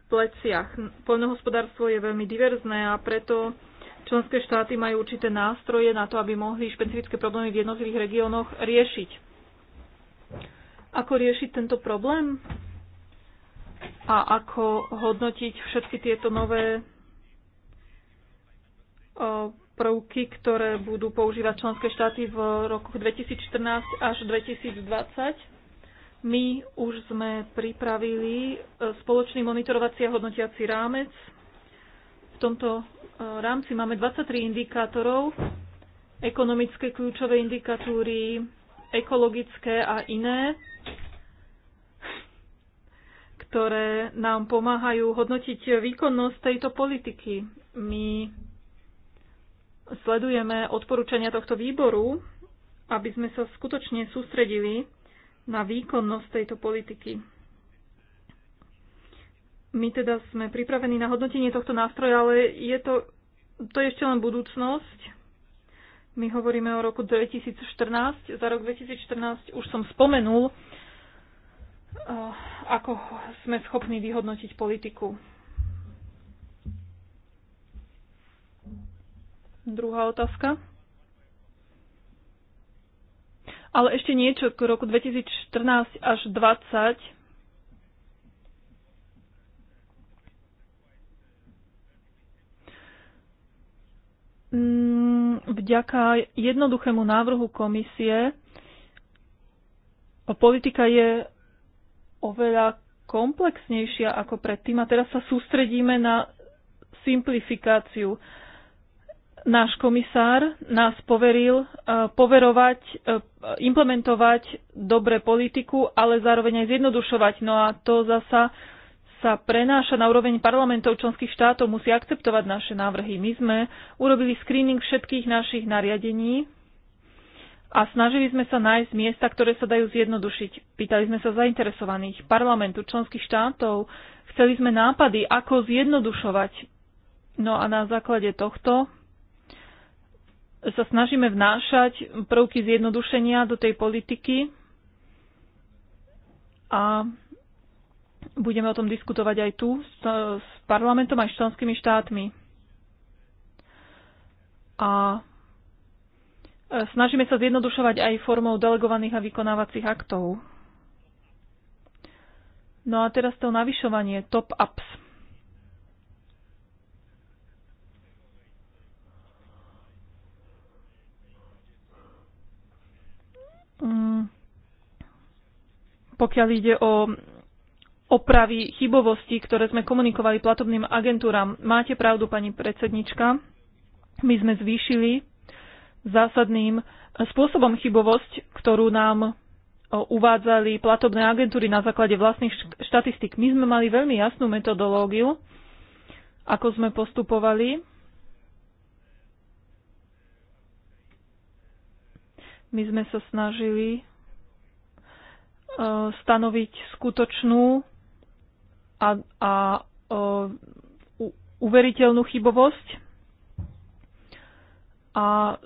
pleciach. Poľnohospodárstvo je veľmi diverzné a preto Členské štáty majú určité nástroje na to, aby mohli špecifické problémy v jednotlivých regiónoch riešiť. Ako riešiť tento problém? A ako hodnotiť všetky tieto nové prvky, ktoré budú používať členské štáty v rokoch 2014 až 2020. My už sme pripravili e, spoločný monitorovací a hodnotiaci rámec. V tomto rámci máme 23 indikátorov, ekonomické kľúčové indikatúry, ekologické a iné, ktoré nám pomáhajú hodnotiť výkonnosť tejto politiky. My sledujeme odporúčania tohto výboru, aby sme sa skutočne sústredili na výkonnosť tejto politiky. My teda sme pripravení na hodnotenie tohto nástroja, ale je to, to je ešte len budúcnosť. My hovoríme o roku 2014. Za rok 2014 už som spomenul, eh, ako sme schopní vyhodnotiť politiku. Druhá otázka. Ale ešte niečo k roku 2014 až 2020 Mm, vďaka jednoduchému návrhu komisie politika je oveľa komplexnejšia ako predtým a teraz sa sústredíme na simplifikáciu. Náš komisár nás poveril e, poverovať, e, implementovať dobre politiku, ale zároveň aj zjednodušovať. No a to zasa sa prenáša na úroveň parlamentov členských štátov, musí akceptovať naše návrhy. My sme urobili screening všetkých našich nariadení a snažili sme sa nájsť miesta, ktoré sa dajú zjednodušiť. Pýtali sme sa zainteresovaných parlamentu členských štátov, chceli sme nápady, ako zjednodušovať. No a na základe tohto sa snažíme vnášať prvky zjednodušenia do tej politiky a Budeme o tom diskutovať aj tu s, s parlamentom, aj s členskými štátmi. A e, snažíme sa zjednodušovať aj formou delegovaných a vykonávacích aktov. No a teraz to navyšovanie, top-ups. Mm pokiaľ ide o opravy chybovosti, ktoré sme komunikovali platobným agentúram. Máte pravdu, pani predsednička. My sme zvýšili zásadným spôsobom chybovosť, ktorú nám uvádzali platobné agentúry na základe vlastných štatistik. My sme mali veľmi jasnú metodológiu, ako sme postupovali. My sme sa snažili stanoviť skutočnú a, a o, u, uveriteľnú chybovosť a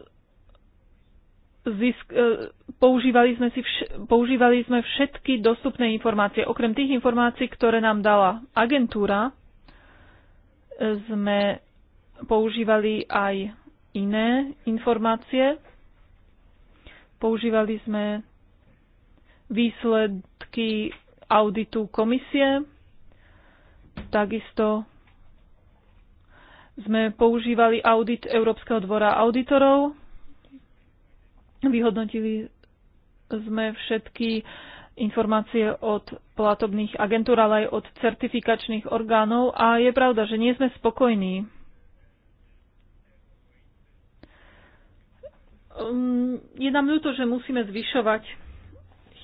zisk, e, používali, sme si vš, používali sme všetky dostupné informácie. Okrem tých informácií, ktoré nám dala agentúra, e, sme používali aj iné informácie. Používali sme výsledky auditu komisie, Takisto sme používali audit Európskeho dvora auditorov. Vyhodnotili sme všetky informácie od platobných agentúr, ale aj od certifikačných orgánov a je pravda, že nie sme spokojní. Um, je nám ľúto, že musíme zvyšovať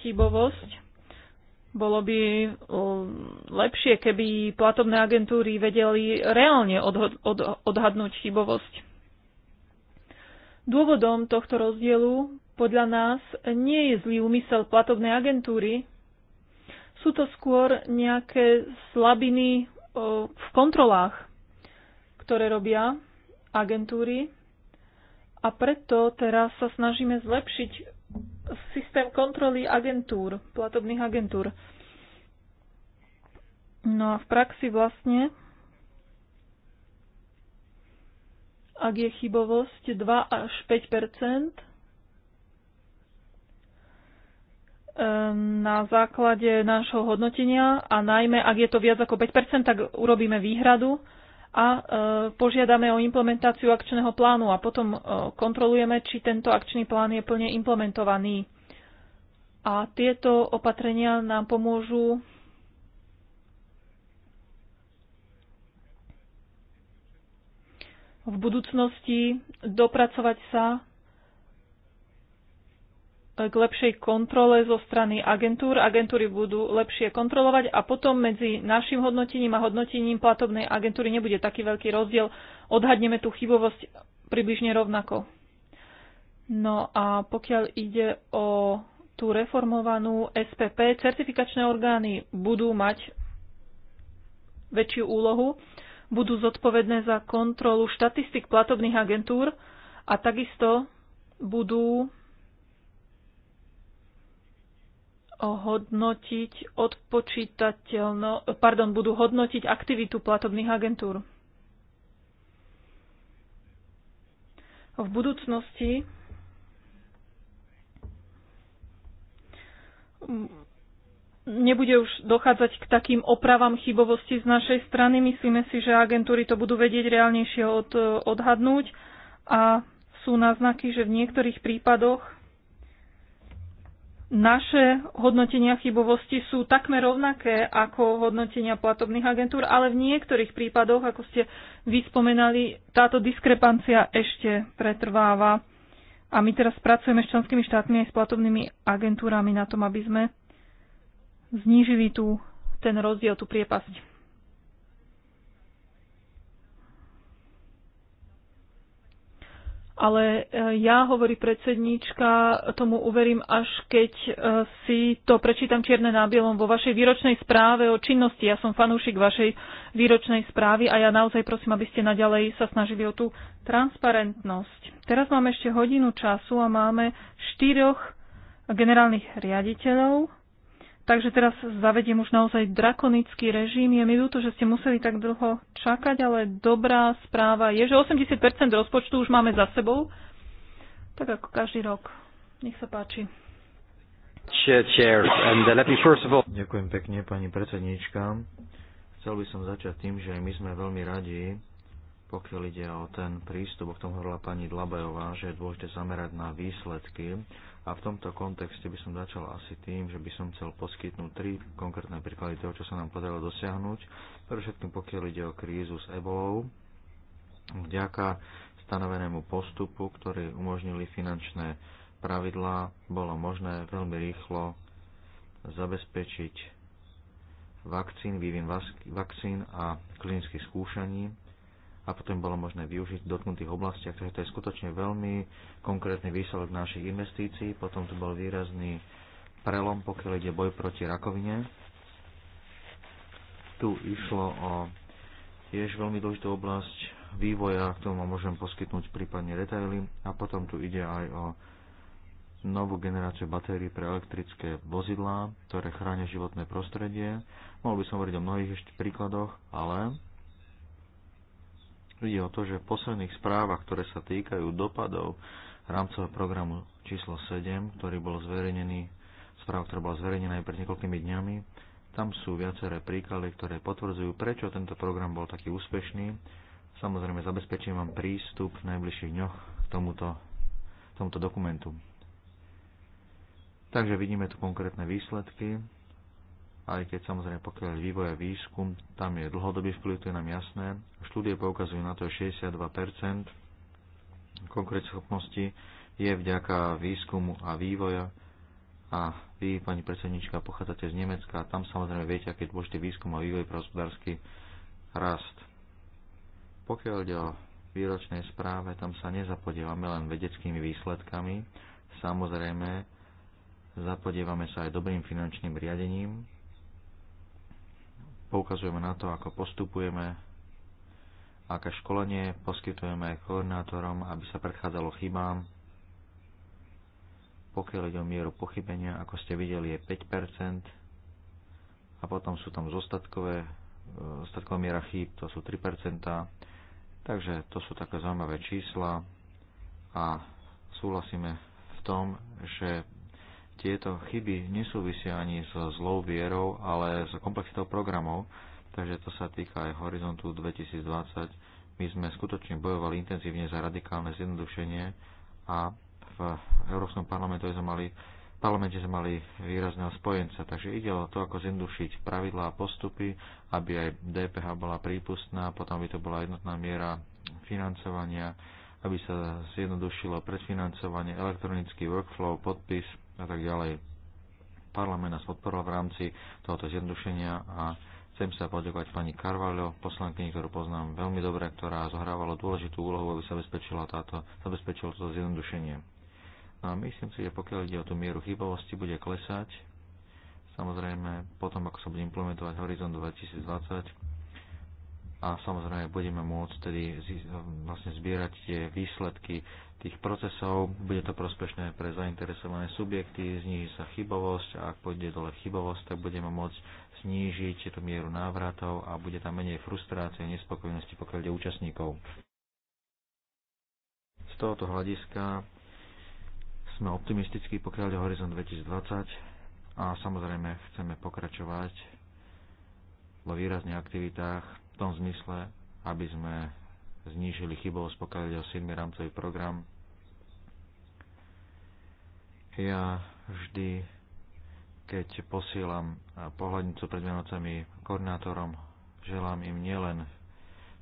chybovosť bolo by lepšie, keby platobné agentúry vedeli reálne odhod- od- odhadnúť chybovosť. Dôvodom tohto rozdielu podľa nás nie je zlý úmysel platobnej agentúry. Sú to skôr nejaké slabiny v kontrolách, ktoré robia agentúry. A preto teraz sa snažíme zlepšiť systém kontroly agentúr, platobných agentúr. No a v praxi vlastne, ak je chybovosť 2 až 5 ehm, na základe nášho hodnotenia a najmä ak je to viac ako 5%, tak urobíme výhradu a e, požiadame o implementáciu akčného plánu a potom e, kontrolujeme, či tento akčný plán je plne implementovaný. A tieto opatrenia nám pomôžu v budúcnosti dopracovať sa k lepšej kontrole zo strany agentúr. Agentúry budú lepšie kontrolovať a potom medzi našim hodnotením a hodnotením platobnej agentúry nebude taký veľký rozdiel. Odhadneme tú chybovosť približne rovnako. No a pokiaľ ide o tú reformovanú SPP, certifikačné orgány budú mať väčšiu úlohu, budú zodpovedné za kontrolu štatistik platobných agentúr a takisto budú hodnotiť odpočítateľno, pardon, budú hodnotiť aktivitu platobných agentúr. V budúcnosti nebude už dochádzať k takým opravám chybovosti z našej strany. Myslíme si, že agentúry to budú vedieť reálnejšie od, odhadnúť a sú náznaky, že v niektorých prípadoch naše hodnotenia chybovosti sú takmer rovnaké ako hodnotenia platobných agentúr, ale v niektorých prípadoch, ako ste vyspomenali, táto diskrepancia ešte pretrváva. A my teraz pracujeme s členskými štátmi aj s platobnými agentúrami na tom, aby sme znížili tú, ten rozdiel, tú priepasť. Ale e, ja, hovorí predsedníčka, tomu uverím, až keď e, si to prečítam čierne na bielom vo vašej výročnej správe o činnosti. Ja som fanúšik vašej výročnej správy a ja naozaj prosím, aby ste naďalej sa snažili o tú transparentnosť. Teraz máme ešte hodinu času a máme štyroch generálnych riaditeľov Takže teraz zavediem už naozaj drakonický režim. Je mi ľúto, že ste museli tak dlho čakať, ale dobrá správa je, že 80% rozpočtu už máme za sebou. Tak ako každý rok. Nech sa páči. Uh, Ďakujem pekne, pani predsednička. Chcel by som začať tým, že my sme veľmi radi, pokiaľ ide o ten prístup, o tom hovorila pani Dlabajová, že je dôležité zamerať na výsledky a v tomto kontexte by som začal asi tým, že by som chcel poskytnúť tri konkrétne príklady toho, čo sa nám podarilo dosiahnuť. Pre všetkým, pokiaľ ide o krízu s ebolou, vďaka stanovenému postupu, ktorý umožnili finančné pravidlá, bolo možné veľmi rýchlo zabezpečiť vakcín, vývin vakcín a klinických skúšaní a potom bolo možné využiť v dotknutých oblastiach. Takže to je skutočne veľmi konkrétny výsledok našich investícií. Potom tu bol výrazný prelom, pokiaľ ide boj proti rakovine. Tu išlo o tiež veľmi dôležitú oblasť vývoja, k tomu môžem poskytnúť prípadne detaily. A potom tu ide aj o novú generáciu batérií pre elektrické vozidlá, ktoré chránia životné prostredie. Mohol by som hovoriť o mnohých ešte príkladoch, ale Ide o to, že v posledných správach, ktoré sa týkajú dopadov rámcového programu číslo 7, ktorý bol zverejnený, správa, ktorá bola zverejnená aj pred niekoľkými dňami, tam sú viaceré príklady, ktoré potvrdzujú, prečo tento program bol taký úspešný. Samozrejme, zabezpečím vám prístup v najbližších dňoch k tomuto, tomuto dokumentu. Takže vidíme tu konkrétne výsledky aj keď samozrejme pokiaľ vývoj a výskum, tam je dlhodobý vplyv, to je nám jasné. Štúdie poukazujú na to, že 62% schopnosti je vďaka výskumu a vývoja. A vy, pani predsednička, pochádzate z Nemecka a tam samozrejme viete, aký je dôležitý výskum a vývoj pre hospodársky rast. Pokiaľ ide o výročnej správe, tam sa nezapodievame len vedeckými výsledkami, samozrejme zapodievame sa aj dobrým finančným riadením, Poukazujeme na to, ako postupujeme, aké školenie poskytujeme koordinátorom, aby sa predchádzalo chybám. Pokiaľ ide o mieru pochybenia, ako ste videli, je 5% a potom sú tam zostatkové, e, zostatková miera chýb, to sú 3%. Takže to sú také zaujímavé čísla a súhlasíme v tom, že tieto chyby nesúvisia ani so zlou vierou, ale s so komplexitou programov, takže to sa týka aj Horizontu 2020. My sme skutočne bojovali intenzívne za radikálne zjednodušenie a v Európskom parlamentu sme mali v parlamente sme mali výrazného spojenca, takže ide o to, ako zjednodušiť pravidlá a postupy, aby aj DPH bola prípustná, potom by to bola jednotná miera financovania, aby sa zjednodušilo predfinancovanie, elektronický workflow, podpis, a tak ďalej. Parlament nás podporoval v rámci tohoto zjednodušenia a chcem sa poďakovať pani Carvalho, poslankyni, ktorú poznám veľmi dobre, ktorá zohrávala dôležitú úlohu, aby sa zabezpečila táto, zabezpečilo toto zjednodušenie. a myslím si, že pokiaľ ide o tú mieru chybovosti, bude klesať. Samozrejme, potom, ako sa bude implementovať Horizon 2020, a samozrejme budeme môcť tedy vlastne zbierať tie výsledky tých procesov, bude to prospešné pre zainteresované subjekty, zníži sa chybovosť a ak pôjde dole chybovosť, tak budeme môcť znížiť tú mieru návratov a bude tam menej frustrácie a nespokojnosti pokiaľ ide účastníkov. Z tohoto hľadiska sme optimistickí pokiaľ ide Horizon 2020 a samozrejme chceme pokračovať vo výrazných aktivitách v tom zmysle, aby sme znížili chybovosť, pokiaľ ide o 7. rámcový program ja vždy, keď posielam eh, pohľadnicu pred Vianocami koordinátorom, želám im nielen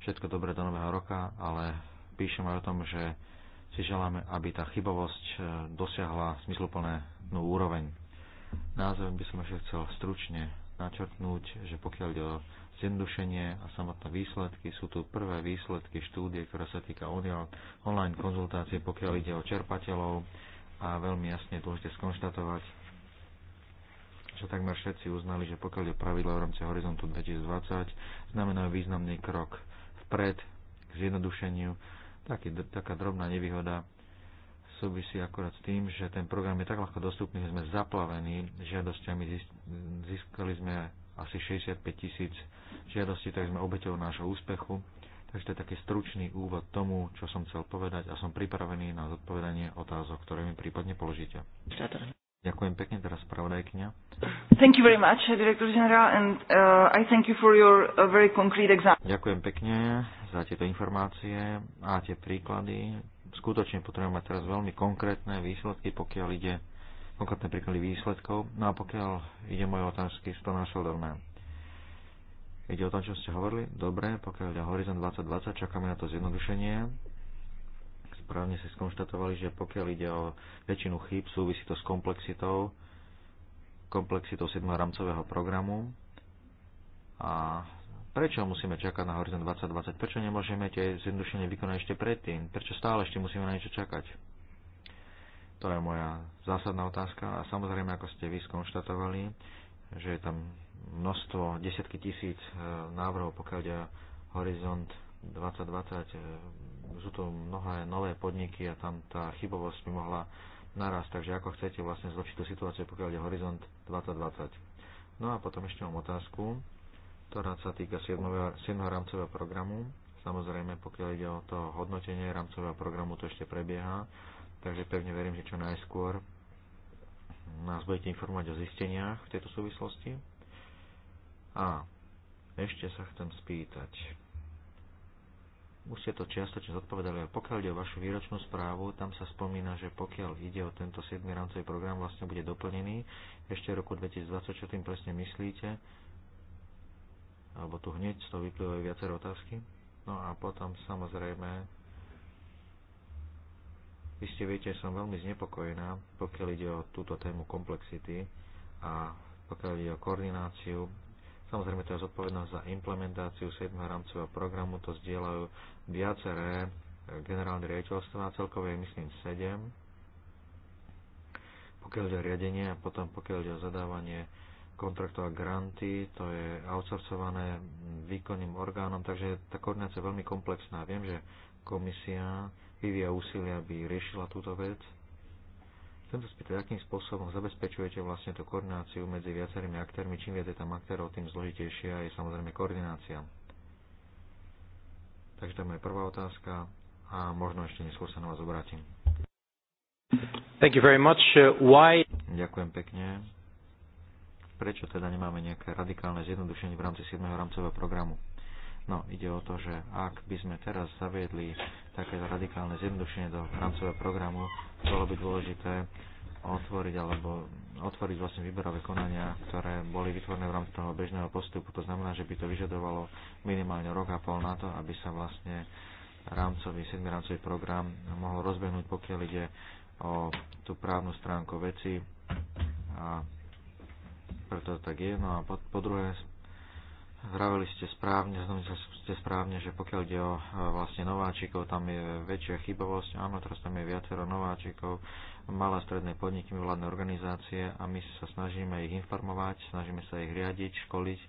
všetko dobré do nového roka, ale píšem aj o tom, že si želáme, aby tá chybovosť eh, dosiahla no, úroveň. Názov by som ešte chcel stručne načrtnúť, že pokiaľ ide o zjednodušenie a samotné výsledky. Sú tu prvé výsledky štúdie, ktoré sa týka online konzultácie, pokiaľ ide o čerpateľov a veľmi jasne dôležite skonštatovať, že takmer všetci uznali, že pokiaľ je pravidla v rámci Horizontu 2020, znamená významný krok vpred k zjednodušeniu. Taký, taká drobná nevýhoda súvisí akorát s tým, že ten program je tak ľahko dostupný, že sme zaplavení žiadosťami. Získali sme asi 65 tisíc žiadostí, tak sme obeťou nášho úspechu. Takže to je taký stručný úvod tomu, čo som chcel povedať a som pripravený na zodpovedanie otázok, ktoré mi prípadne položíte. Ďakujem pekne teraz spravodajkňa. Thank you very much, director general, and uh, I thank you for your uh, very concrete example. Ďakujem pekne za tieto informácie a tie príklady. Skutočne potrebujeme mať teraz veľmi konkrétne výsledky, pokiaľ ide konkrétne príklady výsledkov. No a pokiaľ ide moje otázky, sú to následovné Ide o to, čo ste hovorili? Dobre, pokiaľ ide Horizon 2020, čakáme na to zjednodušenie. Správne ste skonštatovali, že pokiaľ ide o väčšinu chýb, súvisí to s komplexitou, komplexitou 7. rámcového programu. A prečo musíme čakať na Horizon 2020? Prečo nemôžeme tie zjednodušenie vykonať ešte predtým? Prečo stále ešte musíme na niečo čakať? To je moja zásadná otázka. A samozrejme, ako ste vy skonštatovali, že je tam množstvo, desiatky tisíc e, návrhov, pokiaľ ide Horizont 2020. E, sú to mnohé nové podniky a tam tá chybovosť by mohla naraz, takže ako chcete vlastne zlepšiť tú situáciu, pokiaľ je horizont 2020. No a potom ešte mám otázku, ktorá sa týka 7. rámcového programu. Samozrejme, pokiaľ ide o to hodnotenie rámcového programu, to ešte prebieha, takže pevne verím, že čo najskôr nás budete informovať o zisteniach v tejto súvislosti. A ešte sa chcem spýtať. Už ste to čiastočne zodpovedali, ale pokiaľ ide o vašu výročnú správu, tam sa spomína, že pokiaľ ide o tento 7. rámcový program, vlastne bude doplnený ešte v roku 2020, čo tým presne myslíte? Alebo tu hneď z toho vyplývajú viaceré otázky? No a potom samozrejme, vy ste viete, som veľmi znepokojená, pokiaľ ide o túto tému komplexity a pokiaľ ide o koordináciu Samozrejme, to je zodpovednosť za implementáciu 7. rámcového programu, to zdieľajú viaceré e, generálne riaditeľstva, celkové je myslím 7. Pokiaľ ide o riadenie a potom pokiaľ ide o zadávanie kontraktov a granty, to je outsourcované výkonným orgánom, takže tá koordinácia je veľmi komplexná. Viem, že komisia vyvíja úsilie, aby riešila túto vec, Chcem sa spýtať, akým spôsobom zabezpečujete vlastne tú koordináciu medzi viacerými aktérmi. Čím viac je tam aktérov, tým zložitejšia je samozrejme koordinácia. Takže to je moja prvá otázka a možno ešte neskôr sa na vás obrátim. Thank you very much. Why... Ďakujem pekne. Prečo teda nemáme nejaké radikálne zjednodušenie v rámci 7. rámcového programu? No, ide o to, že ak by sme teraz zaviedli také radikálne zjednodušenie do rámcového programu, bolo by dôležité otvoriť alebo otvoriť vlastne výberové konania, ktoré boli vytvorené v rámci toho bežného postupu. To znamená, že by to vyžadovalo minimálne rok a pol na to, aby sa vlastne rámcový, sedmirámcový program mohol rozbehnúť, pokiaľ ide o tú právnu stránku veci a preto tak je. No a po, po druhé, Vraveli ste správne, znamenali ste správne, že pokiaľ ide o e, vlastne nováčikov, tam je väčšia chybovosť. Áno, teraz tam je viacero nováčikov, malé stredné podniky, vládne organizácie a my sa snažíme ich informovať, snažíme sa ich riadiť, školiť,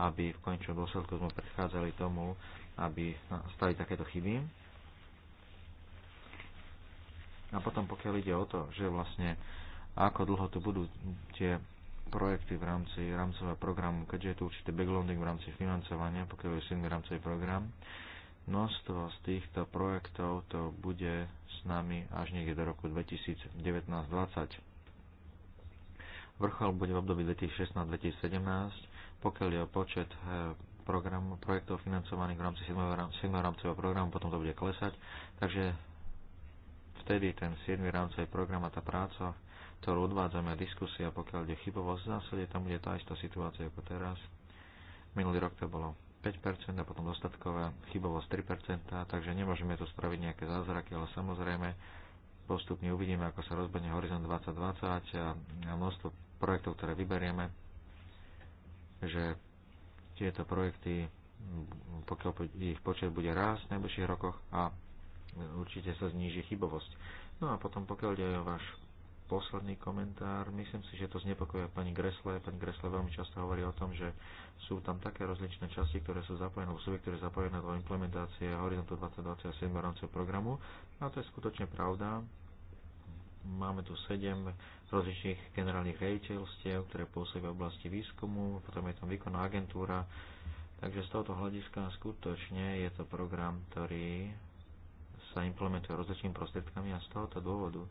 aby v končnom dôsledku sme predchádzali tomu, aby stali takéto chyby. A potom pokiaľ ide o to, že vlastne ako dlho tu budú tie projekty v rámci rámcového programu, keďže je tu určité backloading v rámci financovania, pokiaľ je silný rámcový program. Množstvo z týchto projektov to bude s nami až niekde do roku 2019-2020. Vrchol bude v období 2016-2017, pokiaľ je počet eh, program, projektov financovaných v rámci 7. rámcového programu, potom to bude klesať. Takže vtedy ten 7. rámcový program a tá práca ktorú odvádzame diskusia, pokiaľ ide chybovosť, v zásade tam bude tá istá situácia ako teraz. Minulý rok to bolo 5% a potom dostatková chybovosť 3%, takže nemôžeme tu spraviť nejaké zázraky, ale samozrejme postupne uvidíme, ako sa rozbehne Horizon 2020 a, a množstvo projektov, ktoré vyberieme, že tieto projekty, pokiaľ ich počet bude rásť v najbližších rokoch a určite sa zníži chybovosť. No a potom pokiaľ ide o váš posledný komentár. Myslím si, že to znepokojuje pani Gresle. Pani Gresle veľmi často hovorí o tom, že sú tam také rozličné časti, ktoré sú zapojené, alebo subjekty, ktoré sú zapojené do implementácie Horizontu 2027 a programu. A to je skutočne pravda. Máme tu 7 rozličných generálnych rejiteľstiev, ktoré pôsobia v oblasti výskumu, potom je tam výkonná agentúra. Takže z tohoto hľadiska skutočne je to program, ktorý sa implementuje rozličnými prostriedkami a z tohoto dôvodu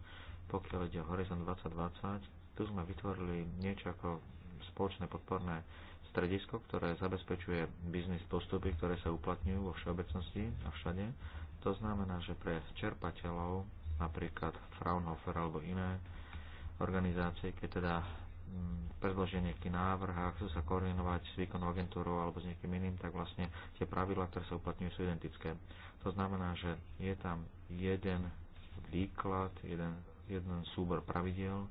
pokiaľ ide o Horizon 2020, tu sme vytvorili niečo ako spoločné podporné stredisko, ktoré zabezpečuje biznis postupy, ktoré sa uplatňujú vo všeobecnosti a všade. To znamená, že pre čerpateľov, napríklad Fraunhofer alebo iné organizácie, keď teda mm, predložia nejaký návrh a chcú sa koordinovať s výkonnou agentúrou alebo s niekým iným, tak vlastne tie pravidlá, ktoré sa uplatňujú, sú identické. To znamená, že je tam jeden výklad, jeden jeden súbor pravidel,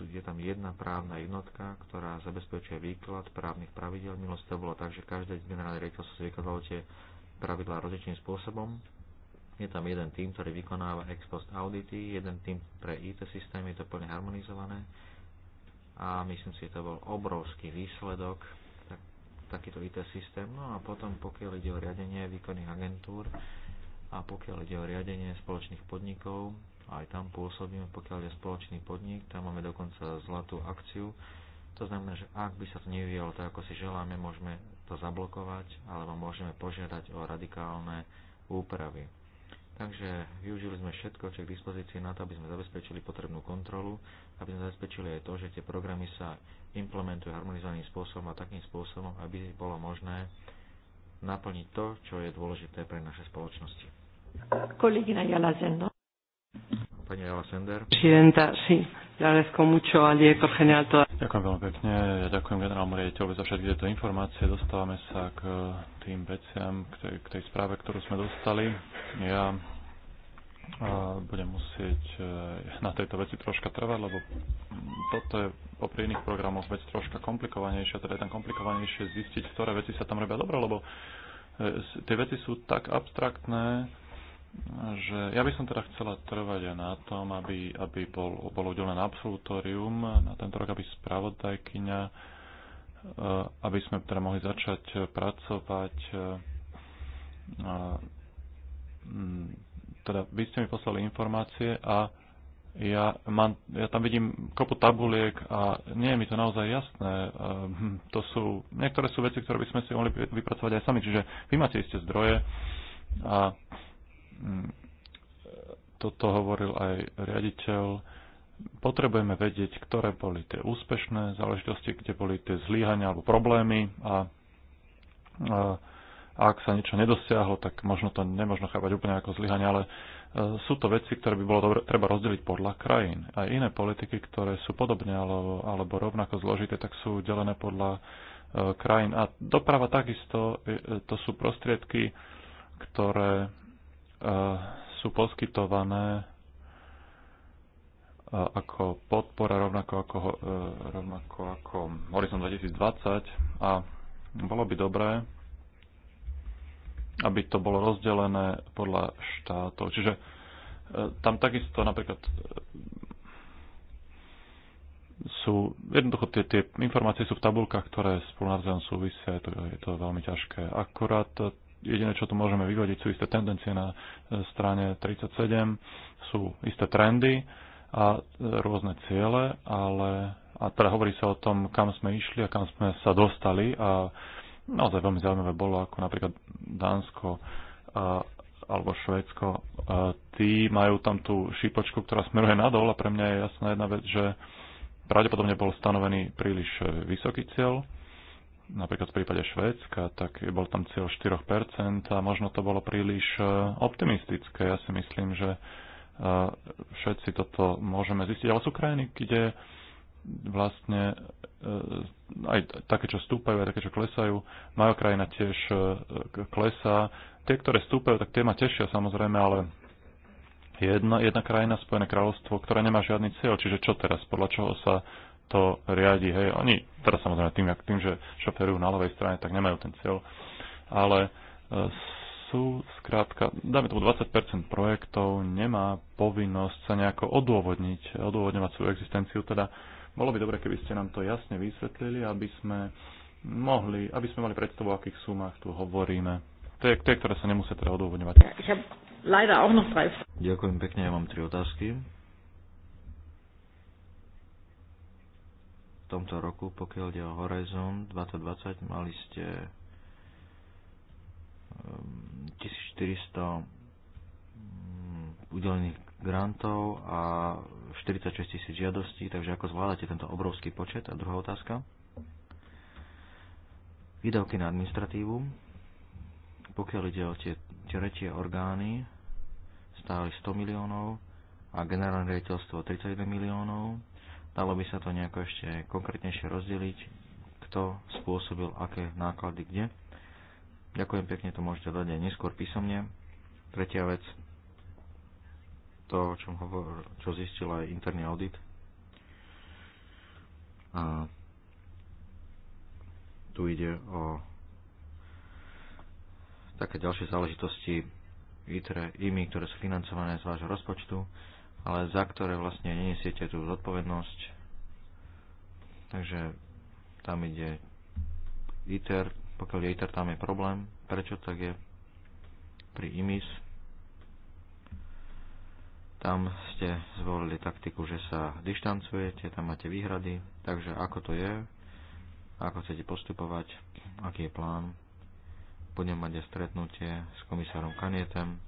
je tam jedna právna jednotka, ktorá zabezpečuje výklad právnych pravidel. Minulosti to bolo tak, že každé generálne rejtel si vykladalo tie pravidlá rozličným spôsobom. Je tam jeden tým, ktorý vykonáva ex post audity, jeden tým pre IT systém, je to plne harmonizované a myslím si, že to bol obrovský výsledok tak, takýto IT systém. No a potom, pokiaľ ide o riadenie výkonných agentúr a pokiaľ ide o riadenie spoločných podnikov, aj tam pôsobíme, pokiaľ je spoločný podnik, tam máme dokonca zlatú akciu. To znamená, že ak by sa to nevyvíjalo tak, ako si želáme, môžeme to zablokovať alebo môžeme požiadať o radikálne úpravy. Takže využili sme všetko, čo je k dispozícii na to, aby sme zabezpečili potrebnú kontrolu, aby sme zabezpečili aj to, že tie programy sa implementujú harmonizovaným spôsobom a takým spôsobom, aby bolo možné naplniť to, čo je dôležité pre naše spoločnosti. Kolegyňa Jala Zendo mucho al Sender. general toda... Ďakujem veľmi pekne. Ja ďakujem generálmu riaditeľovi za všetky tieto informácie. Dostávame sa k eh, tým veciam, k tej, k tej správe, ktorú sme dostali. Ja eh, budem musieť eh, na tejto veci troška trvať, lebo toto je po iných programoch vec troška komplikovanejšia, teda je tam komplikovanejšie zistiť, ktoré veci sa tam robia dobre, lebo tie veci sú tak abstraktné, že ja by som teda chcela trvať aj na tom, aby, aby bol, bolo udelené absolutórium na tento rok, aby spravodajkyňa, e, aby sme teda mohli začať pracovať. E, teda vy ste mi poslali informácie a ja, mám, ja tam vidím kopu tabuliek a nie je mi to naozaj jasné. E, hm, to sú, niektoré sú veci, ktoré by sme si mohli vypracovať aj sami, čiže vy máte isté zdroje a Mm, toto hovoril aj riaditeľ, potrebujeme vedieť, ktoré boli tie úspešné záležitosti, kde boli tie zlíhania alebo problémy a, a ak sa niečo nedosiahlo, tak možno to nemožno chápať úplne ako zlyhanie, ale e, sú to veci, ktoré by bolo dobre, treba rozdeliť podľa krajín. Aj iné politiky, ktoré sú podobne alebo, alebo rovnako zložité, tak sú delené podľa e, krajín. A doprava takisto, e, e to sú prostriedky, ktoré E, sú poskytované e, ako podpora, rovnako ako, e, rovnako ako Horizon 2020 a bolo by dobré, aby to bolo rozdelené podľa štátov. Čiže tam takisto napríklad sú, jednoducho tie, tie informácie sú v tabulkách, ktoré spolu navzájom súvisia, je to, je to veľmi ťažké. Akurát jediné, čo tu môžeme vyvodiť, sú isté tendencie na e, strane 37, sú isté trendy a e, rôzne ciele, ale a teda hovorí sa o tom, kam sme išli a kam sme sa dostali a naozaj veľmi zaujímavé bolo, ako napríklad Dánsko a, e, alebo Švédsko, a tí majú tam tú šípočku, ktorá smeruje nadol a pre mňa je jasná jedna vec, že pravdepodobne bol stanovený príliš vysoký cieľ napríklad v prípade Švédska, tak bol tam cieľ 4% a možno to bolo príliš e, optimistické. Ja si myslím, že e, všetci toto môžeme zistiť. Ale sú krajiny, kde vlastne e, aj také, čo stúpajú, aj také, čo klesajú. majú krajina tiež klesá. Tie, ktoré stúpajú, tak tie ma tešia samozrejme, ale jedna, jedna krajina, Spojené kráľovstvo, ktorá nemá žiadny cieľ. Čiže čo teraz? Podľa čoho sa to riadi. Hej, oni teraz samozrejme tým, tým že šoferujú na ľavej strane, tak nemajú ten cieľ, ale e, sú skrátka, dáme tomu 20% projektov, nemá povinnosť sa nejako odôvodniť, odôvodňovať svoju existenciu, teda bolo by dobre, keby ste nám to jasne vysvetlili, aby sme mohli, aby sme mali predstavu, o akých sumách tu hovoríme. Tie, tie ktoré sa nemusia teda odôvodňovať. Ďakujem pekne, ja mám tri otázky. tomto roku, pokiaľ ide o Horizon 2020, mali ste 1400 ehm, mm, udelených grantov a 46 tisíc žiadostí, takže ako zvládate tento obrovský počet? A druhá otázka. Výdavky na administratívu. Pokiaľ ide o tie tretie orgány, stáli 100 miliónov a generálne riaditeľstvo 31 miliónov Dalo by sa to nejako ešte konkrétnejšie rozdeliť, kto spôsobil aké náklady kde. Ďakujem pekne, to môžete dať aj neskôr písomne. Tretia vec, to, o čom hovor, čo zistil aj interný audit. A tu ide o také ďalšie záležitosti ITRE, IMI, ktoré sú financované z vášho rozpočtu ale za ktoré vlastne nenesiete tú zodpovednosť. Takže tam ide ITER, pokiaľ je ITER, tam je problém. Prečo tak je pri IMIS? Tam ste zvolili taktiku, že sa dištancujete, tam máte výhrady, takže ako to je, ako chcete postupovať, aký je plán. Budem mať aj stretnutie s komisárom Kanietem,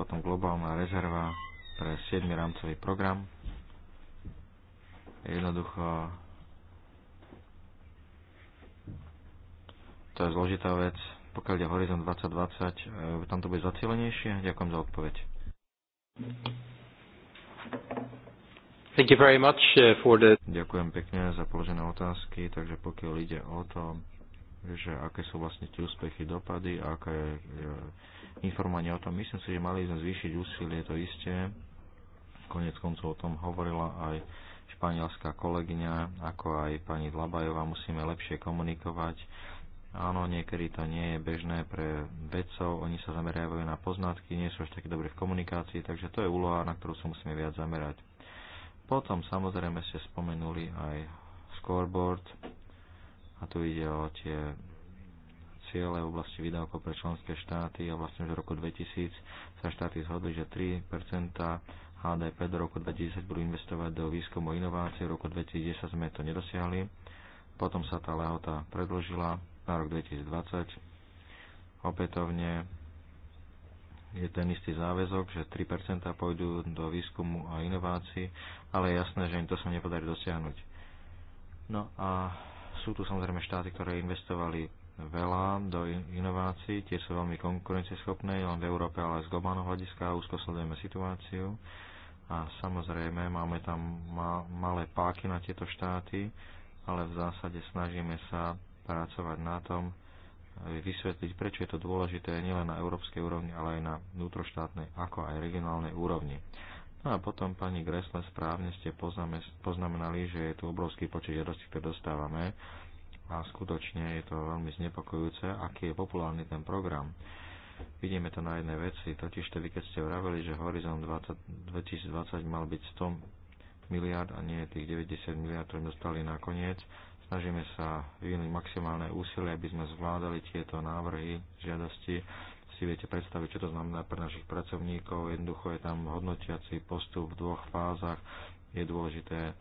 potom globálna rezerva pre 7. rámcový program. Jednoducho to je zložitá vec. Pokiaľ ide horizont 2020, tam to bude zacielenejšie? Ďakujem za odpoveď. Thank you very much uh, for the... Ďakujem pekne za položené otázky, takže pokiaľ ide o to, že aké sú vlastne tie úspechy, dopady, aké je, je informovanie o tom. Myslím si, že mali sme zvýšiť úsilie, to isté. Konec koncov o tom hovorila aj španielská kolegyňa, ako aj pani Dlabajová, musíme lepšie komunikovať. Áno, niekedy to nie je bežné pre vedcov, oni sa zameriavajú na poznatky, nie sú až také dobré v komunikácii, takže to je úloha, na ktorú sa musíme viac zamerať. Potom samozrejme ste spomenuli aj scoreboard a tu ide o tie ciele v oblasti výdavkov pre členské štáty a vlastne už v roku 2000 sa štáty zhodli, že 3 HDP do roku 2010 budú investovať do výskumu inovácie. V roku 2010 sme to nedosiahli. Potom sa tá lehota predložila na rok 2020. Opätovne je ten istý záväzok, že 3% pôjdu do výskumu a inovácií, ale je jasné, že im to sa nepodarí dosiahnuť. No a sú tu samozrejme štáty, ktoré investovali veľa do inovácií, tie sú veľmi konkurencieschopné, len v Európe, ale aj z globálneho hľadiska úzko sledujeme situáciu a samozrejme máme tam ma- malé páky na tieto štáty, ale v zásade snažíme sa pracovať na tom, eh, vysvetliť, prečo je to dôležité nielen na európskej úrovni, ale aj na vnútroštátnej, ako aj regionálnej úrovni. No a potom, pani Gresle, správne ste poznamenali, že je tu obrovský počet žiadostí, ktoré dostávame a skutočne je to veľmi znepokojúce, aký je populárny ten program. Vidíme to na jednej veci, totiž tedy keď ste vraveli, že Horizon 20, 2020 mal byť 100 miliard a nie tých 90 miliard, ktoré dostali nakoniec, snažíme sa vyvinúť maximálne úsilie, aby sme zvládali tieto návrhy, žiadosti, si viete predstaviť, čo to znamená pre našich pracovníkov. Jednoducho je tam hodnotiaci postup v dvoch fázach. Je dôležité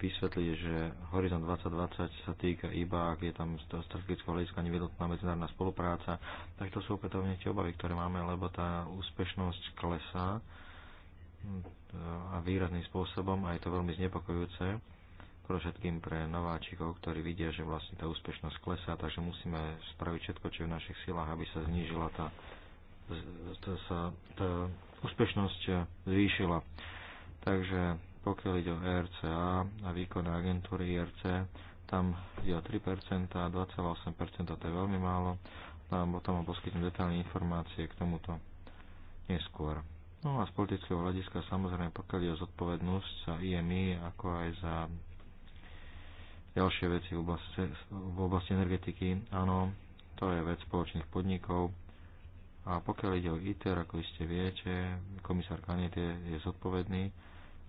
vysvetliť, že Horizon 2020 sa týka iba, ak je tam z toho strategického hľadiska nevyhnutná medzinárodná spolupráca, tak to sú opätovne tie obavy, ktoré máme, lebo tá úspešnosť klesá a výrazným spôsobom a je to veľmi znepokojúce, pre všetkým pre nováčikov, ktorí vidia, že vlastne tá úspešnosť klesá, takže musíme spraviť všetko, čo je v našich silách, aby sa znížila tá, tá, tá úspešnosť zvýšila. Takže pokiaľ ide o RCA a výkonné agentúry IRC, tam je o 3%, 2,8% to je veľmi málo. Tam no potom vám poskytnem detálne informácie k tomuto neskôr. No a z politického hľadiska samozrejme pokiaľ je o zodpovednosť za IMI, ako aj za ďalšie veci v oblasti, v oblasti energetiky, áno, to je vec spoločných podnikov. A pokiaľ ide o ITER, ako iste viete, komisár Kanete je zodpovedný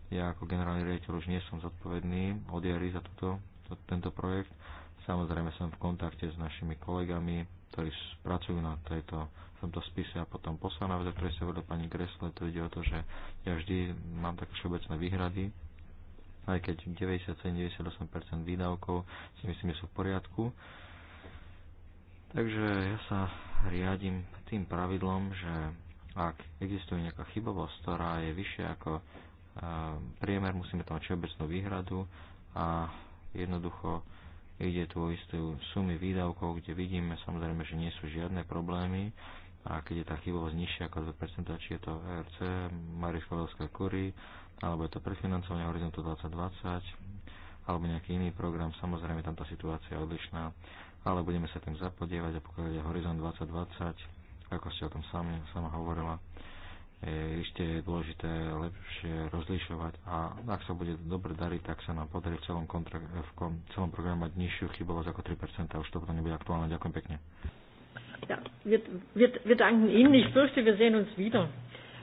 ja ako generálny riaditeľ už nie som zodpovedný od jary za túto, za tento projekt. Samozrejme som v kontakte s našimi kolegami, ktorí pracujú na tejto, v tomto spise a potom poslaná vec, ktorej sa hovorila pani Gressle, to ide o to, že ja vždy mám také všeobecné výhrady, aj keď 97-98% výdavkov si myslím, že sú v poriadku. Takže ja sa riadim tým pravidlom, že ak existuje nejaká chybovosť, ktorá je vyššia ako priemer, musíme tam mať všeobecnú výhradu a jednoducho ide tu o istú sumy výdavkov, kde vidíme samozrejme, že nie sú žiadne problémy a keď je tá chybovosť nižšia ako 2%, či je to ERC, Mariškovelská kury, alebo je to prefinancovanie Horizontu 2020, alebo nejaký iný program, samozrejme tam tá situácia je odlišná, ale budeme sa tým zapodievať a pokiaľ je Horizont 2020, ako ste o tom sami, sama hovorila, ešte je dôležité lepšie rozlišovať a ak sa bude dobre dariť, tak sa nám podarí v celom, kontra- v kom- celom programe mať nižšiu chybovosť ako 3% a už to potom nebude aktuálne. Ďakujem pekne. Ja, wir, wir, wir danken Ihnen. Ich fürchte, wir sehen uns wieder.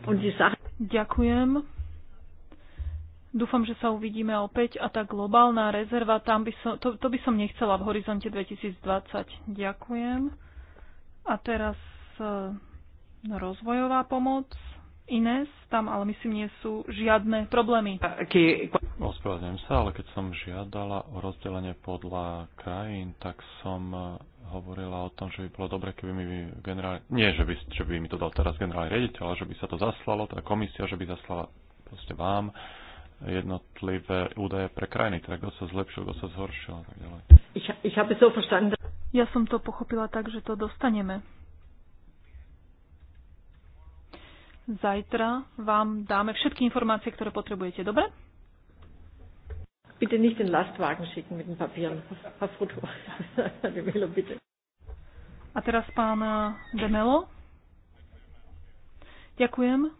Und die Sache... Ďakujem. Dúfam, že sa uvidíme opäť a tá globálna rezerva, tam by som, to, to by som nechcela v horizonte 2020. Ďakujem. A teraz eh, rozvojová pomoc. Ines, tam ale myslím nie sú žiadne problémy. Ospravedlňujem sa, ale keď som žiadala o rozdelenie podľa krajín, tak som e, hovorila o tom, že by bolo dobre, keby mi generál... Nie, že by, že by mi to dal teraz generálny riaditeľ, ale že by sa to zaslalo, tá teda komisia, že by zaslala proste vám jednotlivé údaje pre krajiny, teda kto sa zlepšil, kto sa zhoršil a tak ďalej. Ja som to pochopila tak, že to dostaneme Zajtra vám dáme všetky informácie, ktoré potrebujete. Dobre? Bitte nicht den Lastwagen schicken mit den Papieren, Foto. Demelo, bitte. A teraz pán eh, Demelo. Ďakujem.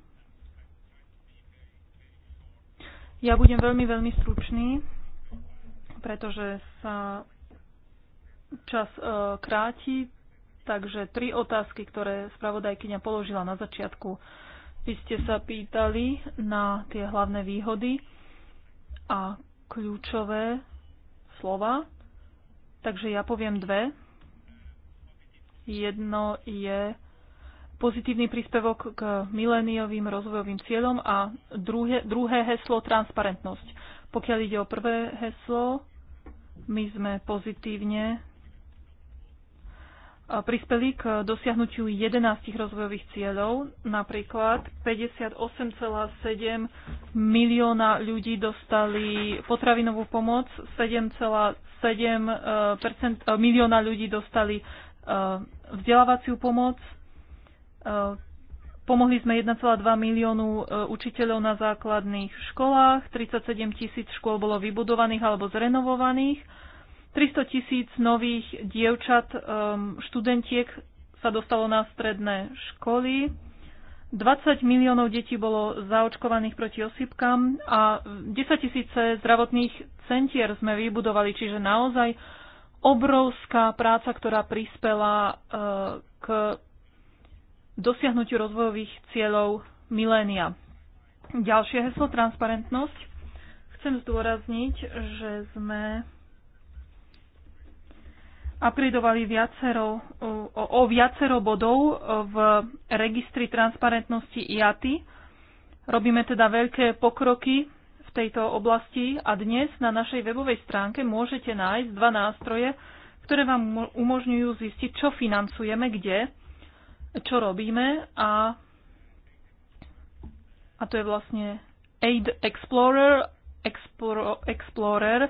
Ja budem veľmi, veľmi stručný, pretože sa čas eh, kráti, takže tri otázky, ktoré spravodajkyňa položila na začiatku. Vy ste sa pýtali na tie hlavné výhody a kľúčové slova, takže ja poviem dve. Jedno je pozitívny príspevok k mileniovým rozvojovým cieľom a druhé, druhé heslo transparentnosť. Pokiaľ ide o prvé heslo, my sme pozitívne prispeli k dosiahnutiu 11 rozvojových cieľov. Napríklad 58,7 milióna ľudí dostali potravinovú pomoc, 7,7 eh, eh, milióna ľudí dostali eh, vzdelávaciu pomoc, Pomohli sme 1,2 miliónu učiteľov na základných školách, 37 tisíc škôl bolo vybudovaných alebo zrenovovaných 300 tisíc nových dievčat, um, študentiek sa dostalo na stredné školy. 20 miliónov detí bolo zaočkovaných proti osýpkam a 10 tisíce zdravotných centier sme vybudovali, čiže naozaj obrovská práca, ktorá prispela uh, k dosiahnutiu rozvojových cieľov milénia. Ďalšie heslo transparentnosť. Chcem zdôrazniť, že sme upgradeovali viacero, o, o viacero bodov e, v registri transparentnosti IATI. Robíme teda veľké pokroky v tejto oblasti a dnes na našej webovej stránke môžete nájsť dva nástroje, ktoré vám umožňujú zistiť, čo financujeme, kde, čo robíme a, a to je vlastne Aid Explorer, Explorer, Explorer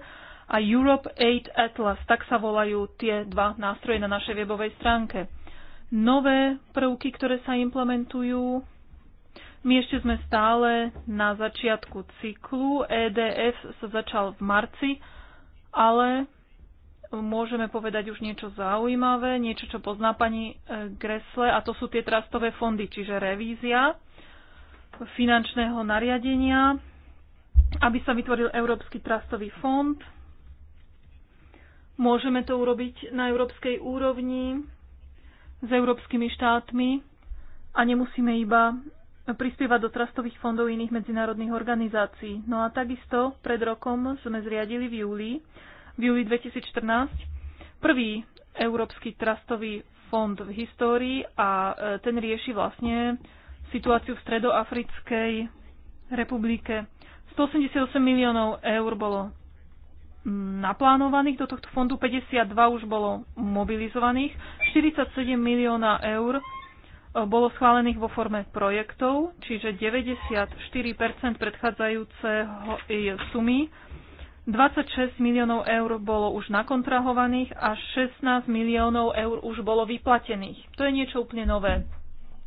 a Europe Aid Atlas, tak sa volajú tie dva nástroje na našej webovej stránke. Nové prvky, ktoré sa implementujú, my ešte sme stále na začiatku cyklu. EDF sa začal v marci, ale môžeme povedať už niečo zaujímavé, niečo, čo pozná pani e, Gresle, a to sú tie trastové fondy, čiže revízia finančného nariadenia, aby sa vytvoril Európsky trastový fond, Môžeme to urobiť na európskej úrovni s európskymi štátmi a nemusíme iba prispievať do trastových fondov iných medzinárodných organizácií. No a takisto pred rokom sme zriadili v júli, v júli 2014 prvý európsky trastový fond v histórii a e, ten rieši vlastne situáciu v Stredoafrickej republike. 188 miliónov eur bolo naplánovaných do tohto fondu, 52 už bolo mobilizovaných, 47 milióna eur e, bolo schválených vo forme projektov, čiže 94 predchádzajúceho e, sumy. 26 miliónov eur bolo už nakontrahovaných a 16 miliónov eur už bolo vyplatených. To je niečo úplne nové.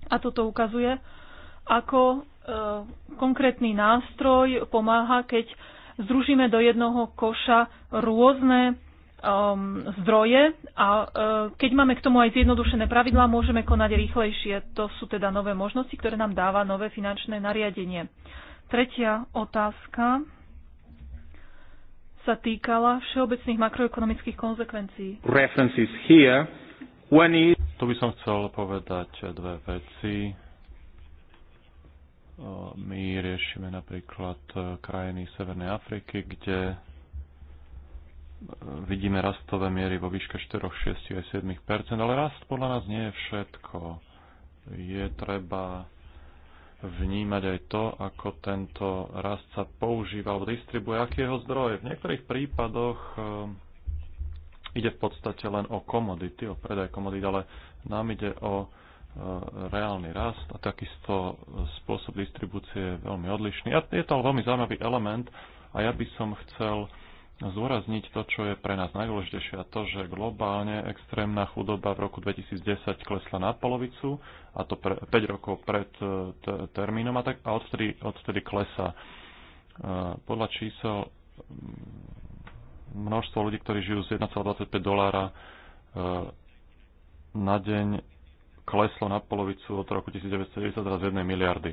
A toto ukazuje, ako e, konkrétny nástroj pomáha, keď e, združíme do jednoho koša rôzne um, zdroje a uh, keď máme k tomu aj zjednodušené pravidlá, môžeme konať rýchlejšie. To sú teda nové možnosti, ktoré nám dáva nové finančné nariadenie. Tretia otázka sa týkala všeobecných makroekonomických konzekvencií. References here. When is... Tu by som chcel povedať dve veci my riešime napríklad e, krajiny Severnej Afriky, kde e, vidíme rastové miery vo výške 4, 6 a 7 ale rast podľa nás nie je všetko. Je treba vnímať aj to, ako tento rast sa používa alebo distribuje, aký jeho zdroj. V niektorých prípadoch e, ide v podstate len o komodity, o predaj komodít, ale nám ide o E, reálny rast a takisto spôsob distribúcie je veľmi odlišný. A je to veľmi zaujímavý element a ja by som chcel zúrazniť to, čo je pre nás najdôležitejšie a to, že globálne extrémna chudoba v roku 2010 klesla na polovicu a to pre, 5 rokov pred e, termínom a, tak, a odtedy, odtedy klesa. E, podľa čísel mm, množstvo ľudí, ktorí žijú z 1,25 dolára na deň kleslo na polovicu od roku 1990 teraz z 1 miliardy.